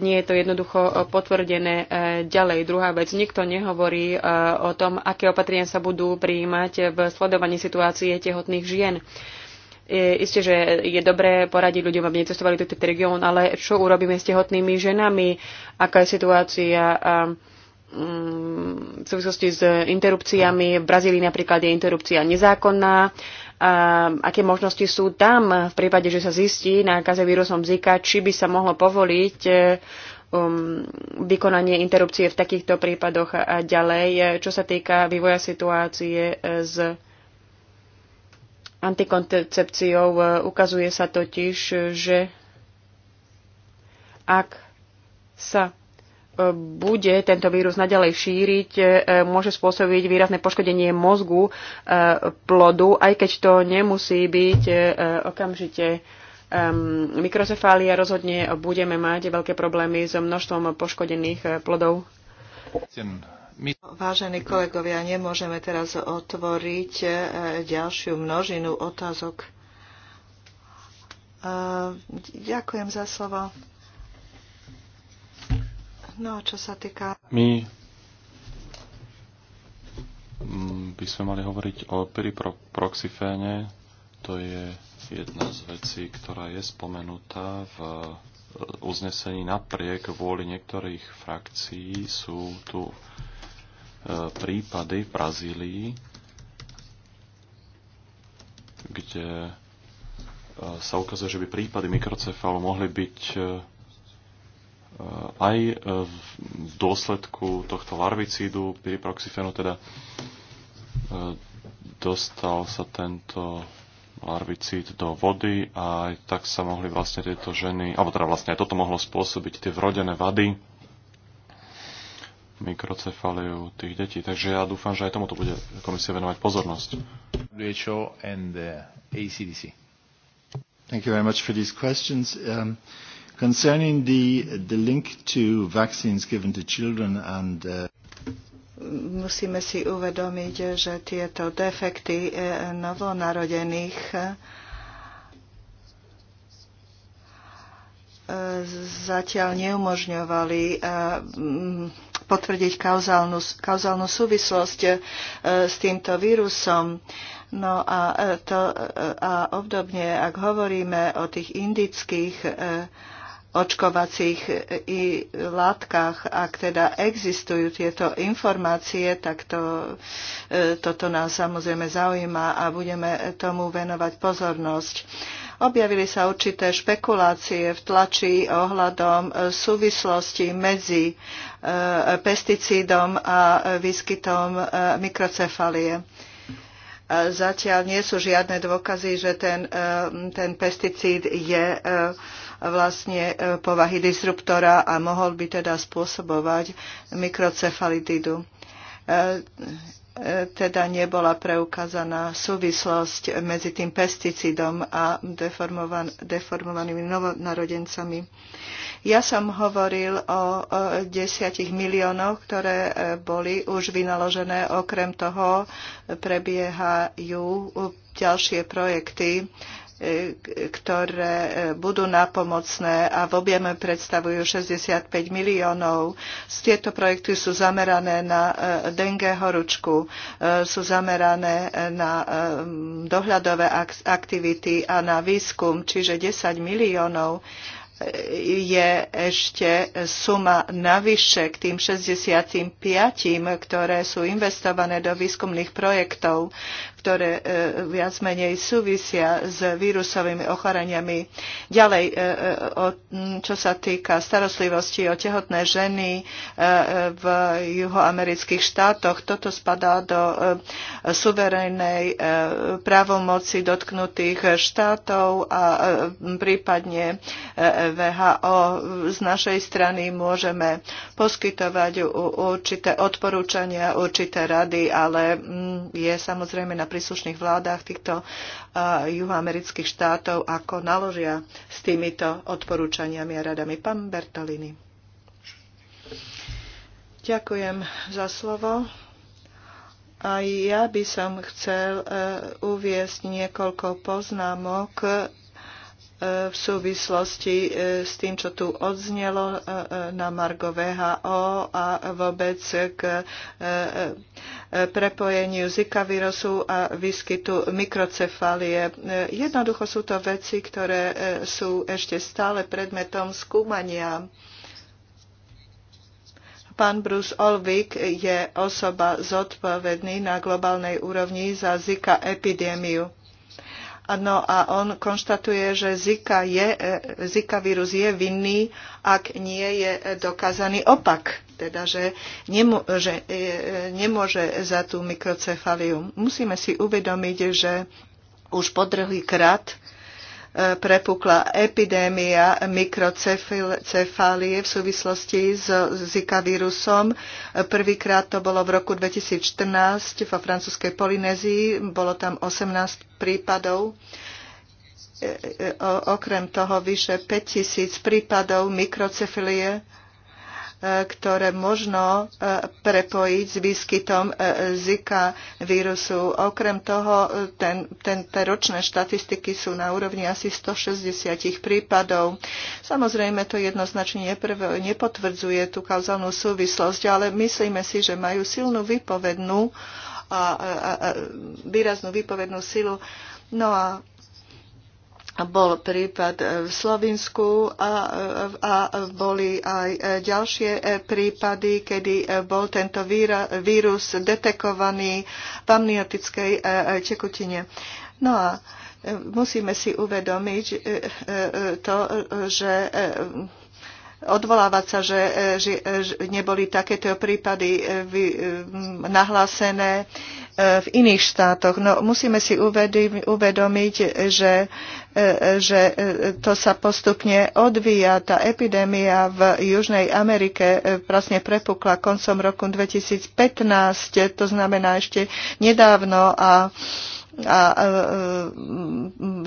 nie je to jednoducho e, potvrdené. E, ďalej, druhá vec, nikto nehovorí e, o tom, aké opatrenia sa budú prijímať v sledovaní situácie tehotných žien. Isté, že je dobré poradiť ľuďom, aby necestovali do tento región, ale čo urobíme s tehotnými ženami, aká je situácia mm, v súvislosti s interrupciami. V Brazílii napríklad je interrupcia nezákonná, a aké možnosti sú tam v prípade, že sa zistí nákaze vírusom Zika, či by sa mohlo povoliť e, um, vykonanie interrupcie v takýchto prípadoch a ďalej. E, čo sa týka vývoja situácie e, s antikoncepciou, ukazuje sa totiž, že ak sa bude tento vírus naďalej šíriť, e, môže spôsobiť výrazné poškodenie mozgu e, plodu, aj keď to nemusí byť e, okamžite. Mikrocefália rozhodne budeme mať veľké problémy s množstvom poškodených plodov. Vážení kolegovia, nemôžeme teraz otvoriť ďalšiu množinu otázok. Ďakujem za slovo. No a čo sa týka... My mm, by sme mali hovoriť o piriproxiféne. To je jedna z vecí, ktorá je spomenutá v e, uznesení napriek vôli niektorých frakcií. Sú tu e, prípady v Brazílii, kde e, sa ukazuje, že by prípady mikrocefálu mohli byť aj e, v dôsledku tohto larvicídu piriproxifenu, teda e, dostal sa tento larvicíd do vody a aj tak sa mohli vlastne tieto ženy, alebo teda vlastne aj toto mohlo spôsobiť tie vrodené vady, mikrocefaliu tých detí. Takže ja dúfam, že aj tomuto bude komisia venovať pozornosť. WHO and uh, ACDC. Thank you very much for these questions. Um, Concerning the, the link to vaccines given to children and uh, musíme si uvedomiť, že tieto defekty eh, novonarodených eh, zatiaľ neumožňovali eh, potvrdiť kauzálnu, kauzálnu súvislosť s týmto vírusom. No a, to, a obdobne, ak hovoríme o tých indických očkovacích e, i látkach. Ak teda existujú tieto informácie, tak to, e, toto nás samozrejme zaujíma a budeme tomu venovať pozornosť. Objavili sa určité špekulácie v tlači ohľadom e, súvislosti medzi pesticídom a výskytom mikrocefalie zatiaľ nie sú žiadne dôkazy, že ten, ten pesticíd je vlastne e, povahy disruptora a mohol by teda spôsobovať mikrocefalitidu. E, e, teda nebola preukázaná súvislosť medzi tým pesticidom a deformovanými novonarodencami. Ja som hovoril o desiatich miliónoch, ktoré boli už vynaložené. Okrem toho prebiehajú ďalšie projekty ktoré e, budú napomocné a v objeme predstavujú 65 miliónov. Tieto projekty sú zamerané na e, dengue horúčku, e, sú zamerané na dohľadové aktivity a na výskum, čiže 10 miliónov je ešte suma navyše k tým 65, ktoré sú investované do výskumných projektov ktoré e, viac menej súvisia s vírusovými ochoreniami. Ďalej, e, e, čo sa týka starostlivosti o tehotné ženy v juhoamerických štátoch, toto spadá do suverénnej právomoci dotknutých štátov a prípadne VHO. Z našej strany môžeme poskytovať určité odporúčania, určité rady, ale je samozrejme na príslušných vládach týchto uh, juhoamerických štátov, ako naložia s týmito odporúčaniami a radami. Pán Bertolini. Ďakujem za slovo. A ja by som chcel uh, uviesť niekoľko poznámok v súvislosti e, s tým, čo tu odznelo e, e, na Margo VHO a vôbec k prepojeniu Zika vírusu a výskytu mikrocefalie. Jednoducho sú to veci, ktoré sú ešte stále predmetom skúmania. Pán Bruce Olvik je osoba zodpovedný na globálnej úrovni za Zika epidémiu No a on konštatuje, že Zika, je, e, Zika vírus je vinný, ak nie je dokázaný opak. Teda, že, nemô, že e, nemôže za tú mikrocefaliu. Musíme si uvedomiť, že už po druhý krát prepukla epidémia mikrocefálie v súvislosti s Zika vírusom. Prvýkrát to bolo v roku 2014 vo francúzskej Polynézii. Bolo tam 18 prípadov. E, e, okrem toho vyše 5000 prípadov mikrocefilie ktoré možno e, prepojiť s výskytom e, Zika vírusu. Okrem toho, e, ten, ten, tie ročné štatistiky sú na úrovni asi 160 prípadov. Samozrejme, to jednoznačne neprv, nepotvrdzuje tú kauzálnu súvislosť, ale myslíme si, že majú silnú výpovednú a, a, a výraznú výpovednú silu. No a bol prípad e, v Slovensku a, e, a boli aj e, ďalšie prípady, kedy bol tento víra, vírus detekovaný v amniotickej tekutine. No a musíme si uvedomiť to, že odvolávať sa, že, e, že, e, že neboli takéto prípady e, vy, nahlásené v iných štátoch. No, musíme si uvedomiť, že, že to sa postupne odvíja. Tá epidémia v Južnej Amerike vlastne prepukla koncom roku 2015, to znamená ešte nedávno a a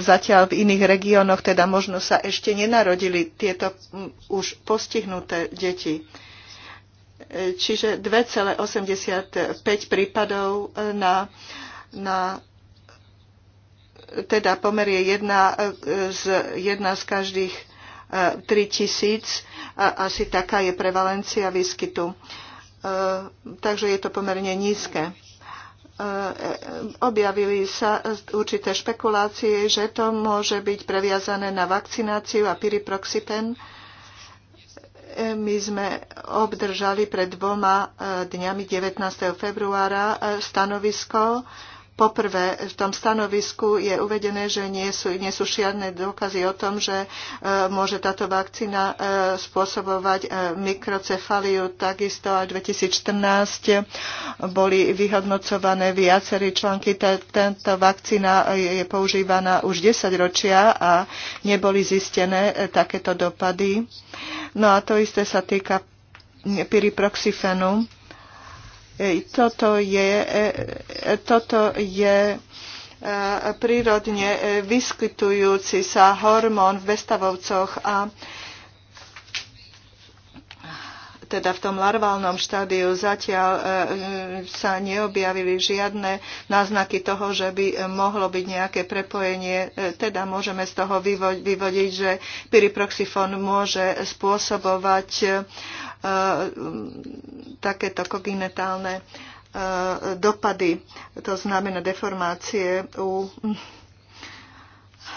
zatiaľ v iných regiónoch teda možno sa ešte nenarodili tieto už postihnuté deti. Čiže 2,85 prípadov na, na teda pomer je jedna z, jedna z každých 3 e, tisíc. Asi taká je prevalencia výskytu. E, takže je to pomerne nízke. E, objavili sa určité špekulácie, že to môže byť previazané na vakcináciu a piriproxipen. E, my sme obdržali pred dvoma e, dňami 19. februára stanovisko Poprvé, v tom stanovisku je uvedené, že nie sú, nie sú žiadne dôkazy o tom, že e, môže táto vakcína e, spôsobovať e, mikrocefaliu. Takisto aj 2014 boli vyhodnocované viacerí články. Tento vakcína je používaná už 10 ročia a neboli zistené takéto dopady. No a to isté sa týka piriproxifenu toto je, e, e, toto je e, prírodne vyskytujúci sa hormón v bestavovcoch a teda v tom larválnom štádiu zatiaľ sa neobjavili žiadne náznaky toho, že by mohlo byť nejaké prepojenie. Teda môžeme z toho vyvodiť, že pyriproxifon môže spôsobovať E, takéto kognitálne e, dopady, to znamená deformácie u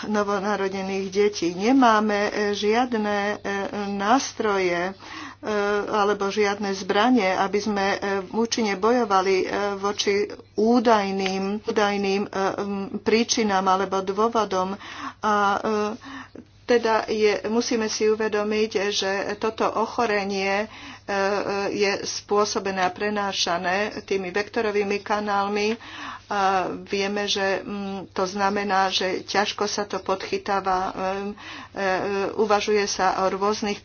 novonarodených detí. Nemáme e, žiadne nástroje alebo žiadne zbranie, aby sme účinne bojovali voči údajným, údajným príčinám alebo dôvodom. A teda je, musíme si uvedomiť, že toto ochorenie e, e, je spôsobené a prenášané tými vektorovými kanálmi. A e, vieme, že mm, to znamená, že ťažko sa to podchytáva. Uvažuje sa o rôznych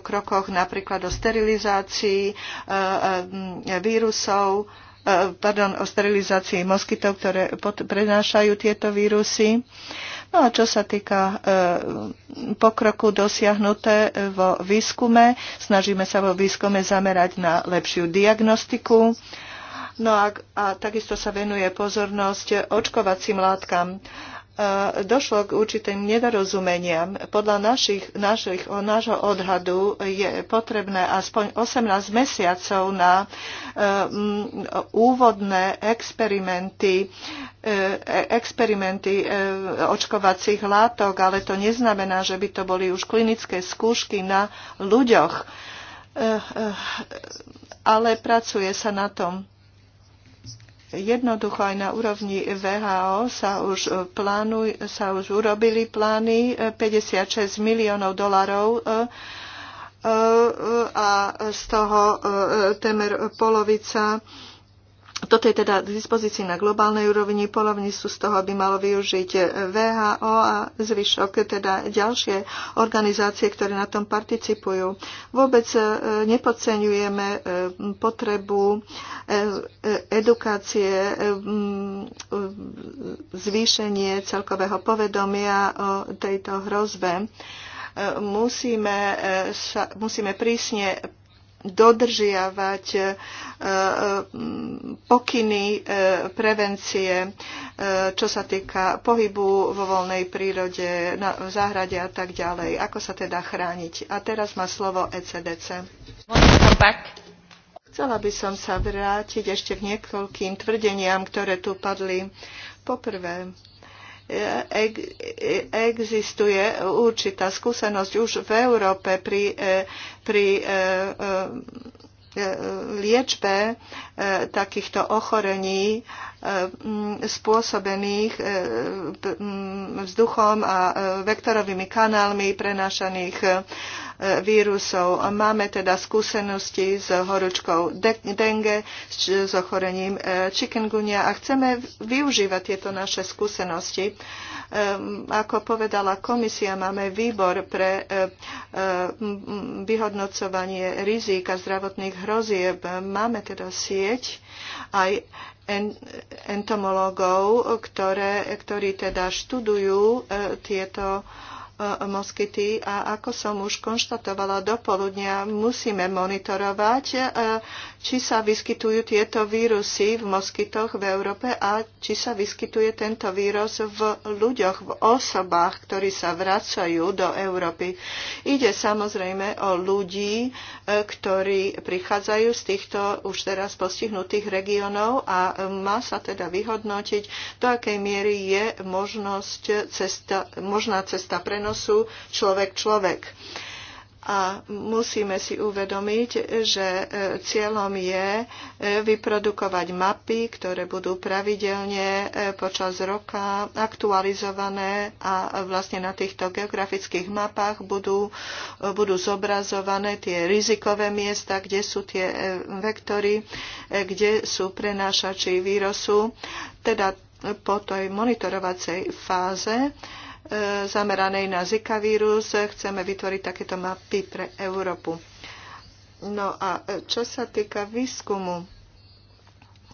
krokoch, napríklad o sterilizácii vírusov, pardon, o sterilizácii moskytov, ktoré prenášajú tieto vírusy. No a čo sa týka e, pokroku dosiahnuté vo výskume, snažíme sa vo výskume zamerať na lepšiu diagnostiku. No a, a takisto sa venuje pozornosť očkovacím látkam. E, došlo k určitým nedorozumeniam. Podľa našich, našich, nášho odhadu je potrebné aspoň 18 mesiacov na um, úvodné experimenty, e, experimenty e, očkovacích látok, ale to neznamená, že by to boli už klinické skúšky na ľuďoch. Ale pracuje sa na tom Jednoducho aj na úrovni VHO sa už, e, plánuj, sa už urobili plány 56 e, miliónov dolarov e, a z toho temer polovica toto je teda k dispozícii na globálnej úrovni, polovní sú z toho by malo využiť VHO a zvyšok, teda ďalšie organizácie, ktoré na tom participujú. Vôbec e, nepodceňujeme e, potrebu e, edukácie, zvýšenie celkového povedomia o tejto hrozbe musíme, sa, musíme prísne dodržiavať e, e, pokyny e, prevencie, čo sa týka pohybu vo voľnej prírode, v záhrade a tak ďalej. Ako sa teda chrániť? A teraz má slovo ECDC. Chcela by som sa vrátiť ešte k niekoľkým tvrdeniam, ktoré tu padli. Poprvé, existuje určitá skúsenosť už v Európe pri, e, pri e, e, liečbe takýchto ochorení spôsobených vzduchom a vektorovými kanálmi prenášaných vírusov. Máme teda skúsenosti s horúčkou dengue, s ochorením e, chikungunya a chceme využívať tieto naše skúsenosti. Ehm, ako povedala komisia, máme výbor pre e, vyhodnocovanie rizík a zdravotných hrozieb. Máme teda sieť aj entomológov, ktoré, ktorí teda študujú e, tieto E, moskyty a ako som už konštatovala dopoludnia, musíme monitorovať, e, či sa vyskytujú tieto vírusy v moskytoch v Európe a či sa vyskytuje tento vírus v ľuďoch, v osobách, ktorí sa vracajú do Európy. Ide samozrejme o ľudí, e, ktorí prichádzajú z týchto už teraz postihnutých regiónov a má sa teda vyhodnotiť, do akej miery je možnosť cesta, možná cesta pre prenosu človek-človek. A musíme si uvedomiť, že e, cieľom je e, vyprodukovať mapy, ktoré budú pravidelne e, počas roka aktualizované a vlastne na týchto geografických mapách budú, budú zobrazované tie rizikové miesta, kde sú tie vektory, kde sú prenášači vírusu. Teda po tej monitorovacej fáze E, zameranej na Zika vírus. Chceme vytvoriť takéto mapy pre Európu. No a e, čo sa týka výskumu,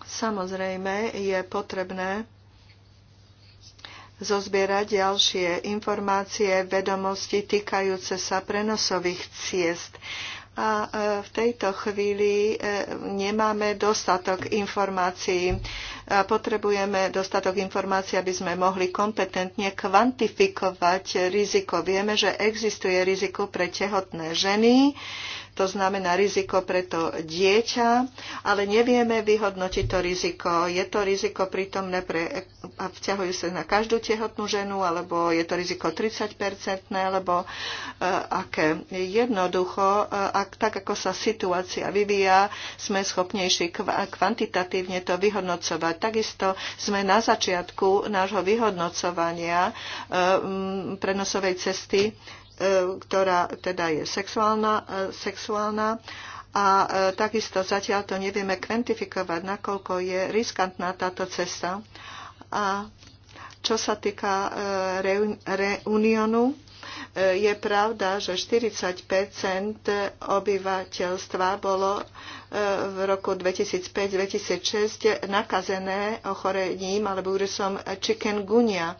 samozrejme je potrebné zozbierať ďalšie informácie, vedomosti týkajúce sa prenosových ciest a e, v tejto chvíli e, nemáme dostatok informácií. E, potrebujeme dostatok informácií, aby sme mohli kompetentne kvantifikovať riziko. Vieme, že existuje riziko pre tehotné ženy, to znamená riziko pre to dieťa, ale nevieme vyhodnotiť to riziko. Je to riziko prítomné pre, a vťahujú sa na každú tehotnú ženu, alebo je to riziko 30-percentné, alebo uh, aké. Jednoducho, uh, ak, tak ako sa situácia vyvíja, sme schopnejší kvantitatívne to vyhodnocovať. Takisto sme na začiatku nášho vyhodnocovania uh, prenosovej cesty E, ktorá teda je sexuálna, e, sexuálna a e, takisto zatiaľ to nevieme kvantifikovať, nakoľko je riskantná táto cesta. A čo sa týka reunionu, je pravda, že 40 obyvateľstva bolo v roku 2005-2006 nakazené ochorením alebo Chicken chikungunya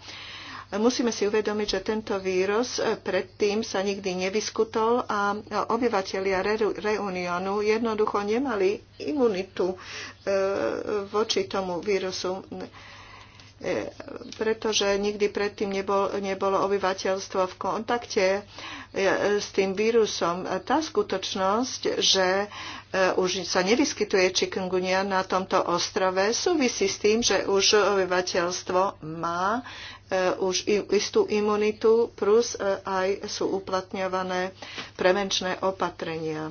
Musíme si uvedomiť, že tento vírus eh, predtým sa nikdy nevyskutol a eh, obyvateľia Reuniónu jednoducho nemali imunitu eh, voči tomu vírusu pretože nikdy predtým nebol, nebolo obyvateľstvo v kontakte s tým vírusom. Tá skutočnosť, že už sa nevyskytuje chikungunya na tomto ostrove, súvisí s tým, že už obyvateľstvo má Eh, už istú imunitu, plus eh, aj sú uplatňované prevenčné opatrenia.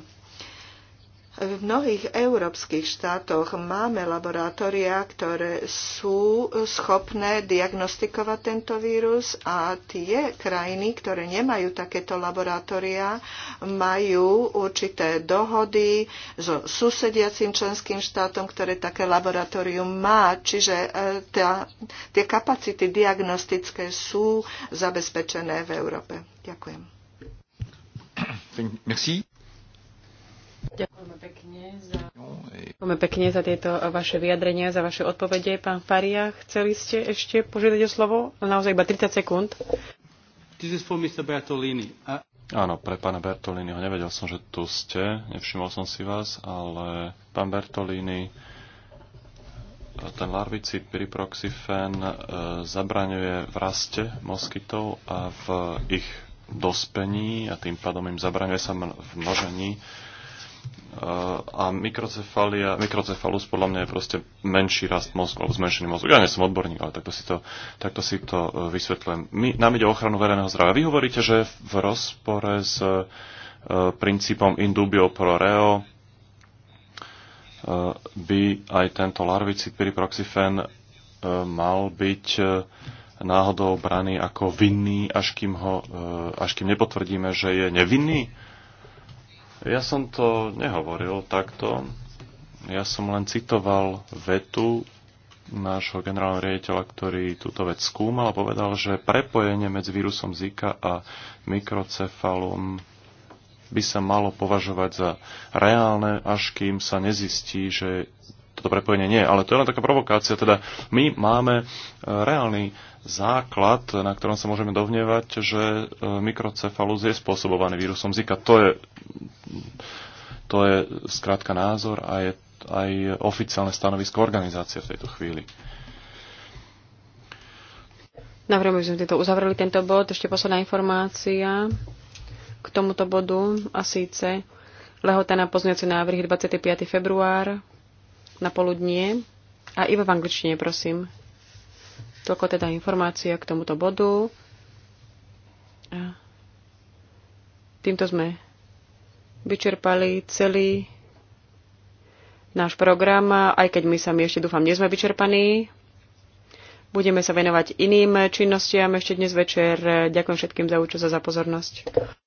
V mnohých európskych štátoch máme laboratória, ktoré sú schopné diagnostikovať tento vírus a tie krajiny, ktoré nemajú takéto laboratória, majú určité dohody so susediacím členským štátom, ktoré také laboratórium má. Čiže e, tá, tie kapacity diagnostické sú zabezpečené v Európe. Ďakujem. Merci. Ďakujeme pekne za, Ďakujeme pekne za tieto vaše vyjadrenia, za vaše odpovede. Pán Faria, chceli ste ešte požiadať o slovo? Naozaj iba 30 sekúnd. This is for Mr. Bertolini. Áno, pre pána Bertoliniho. Nevedel som, že tu ste. Nevšimol som si vás, ale pán Bertolini, ten larvicid piriproxifen e, zabraňuje v raste moskytov a v ich dospení a tým pádom im zabraňuje sa v množení a mikrocefalia, mikrocefalus podľa mňa je proste menší rast mozgu, alebo zmenšený mozog. Ja nie som odborník, ale takto si to, takto si to e, vysvetľujem. My, nám ide o ochranu verejného zdravia. Vy hovoríte, že v rozpore s e, princípom indubio pro reo e, by aj tento larvicid piriproxifen mal byť náhodou braný ako vinný, až kým, ho, až kým nepotvrdíme, že je nevinný. Ja som to nehovoril takto. Ja som len citoval vetu nášho generálneho riaditeľa, ktorý túto vec skúmal a povedal, že prepojenie medzi vírusom Zika a mikrocefalom by sa malo považovať za reálne, až kým sa nezistí, že toto prepojenie nie. Ale to je len taká provokácia. Teda my máme e, reálny základ, na ktorom sa môžeme dovnievať, že e, mikrocefalus je spôsobovaný vírusom Zika. To je, to je skrátka názor a je aj oficiálne stanovisko organizácie v tejto chvíli. Navrhujem, že sme tieto uzavreli tento bod. Ešte posledná informácia k tomuto bodu a síce lehota na pozňujúce návrhy 25. február na poludnie a iba v angličtine, prosím. Toľko teda informácia k tomuto bodu. A týmto sme vyčerpali celý náš program, aj keď my sami ešte dúfam nie sme vyčerpaní. Budeme sa venovať iným činnostiam ešte dnes večer. Ďakujem všetkým za účasť a za pozornosť.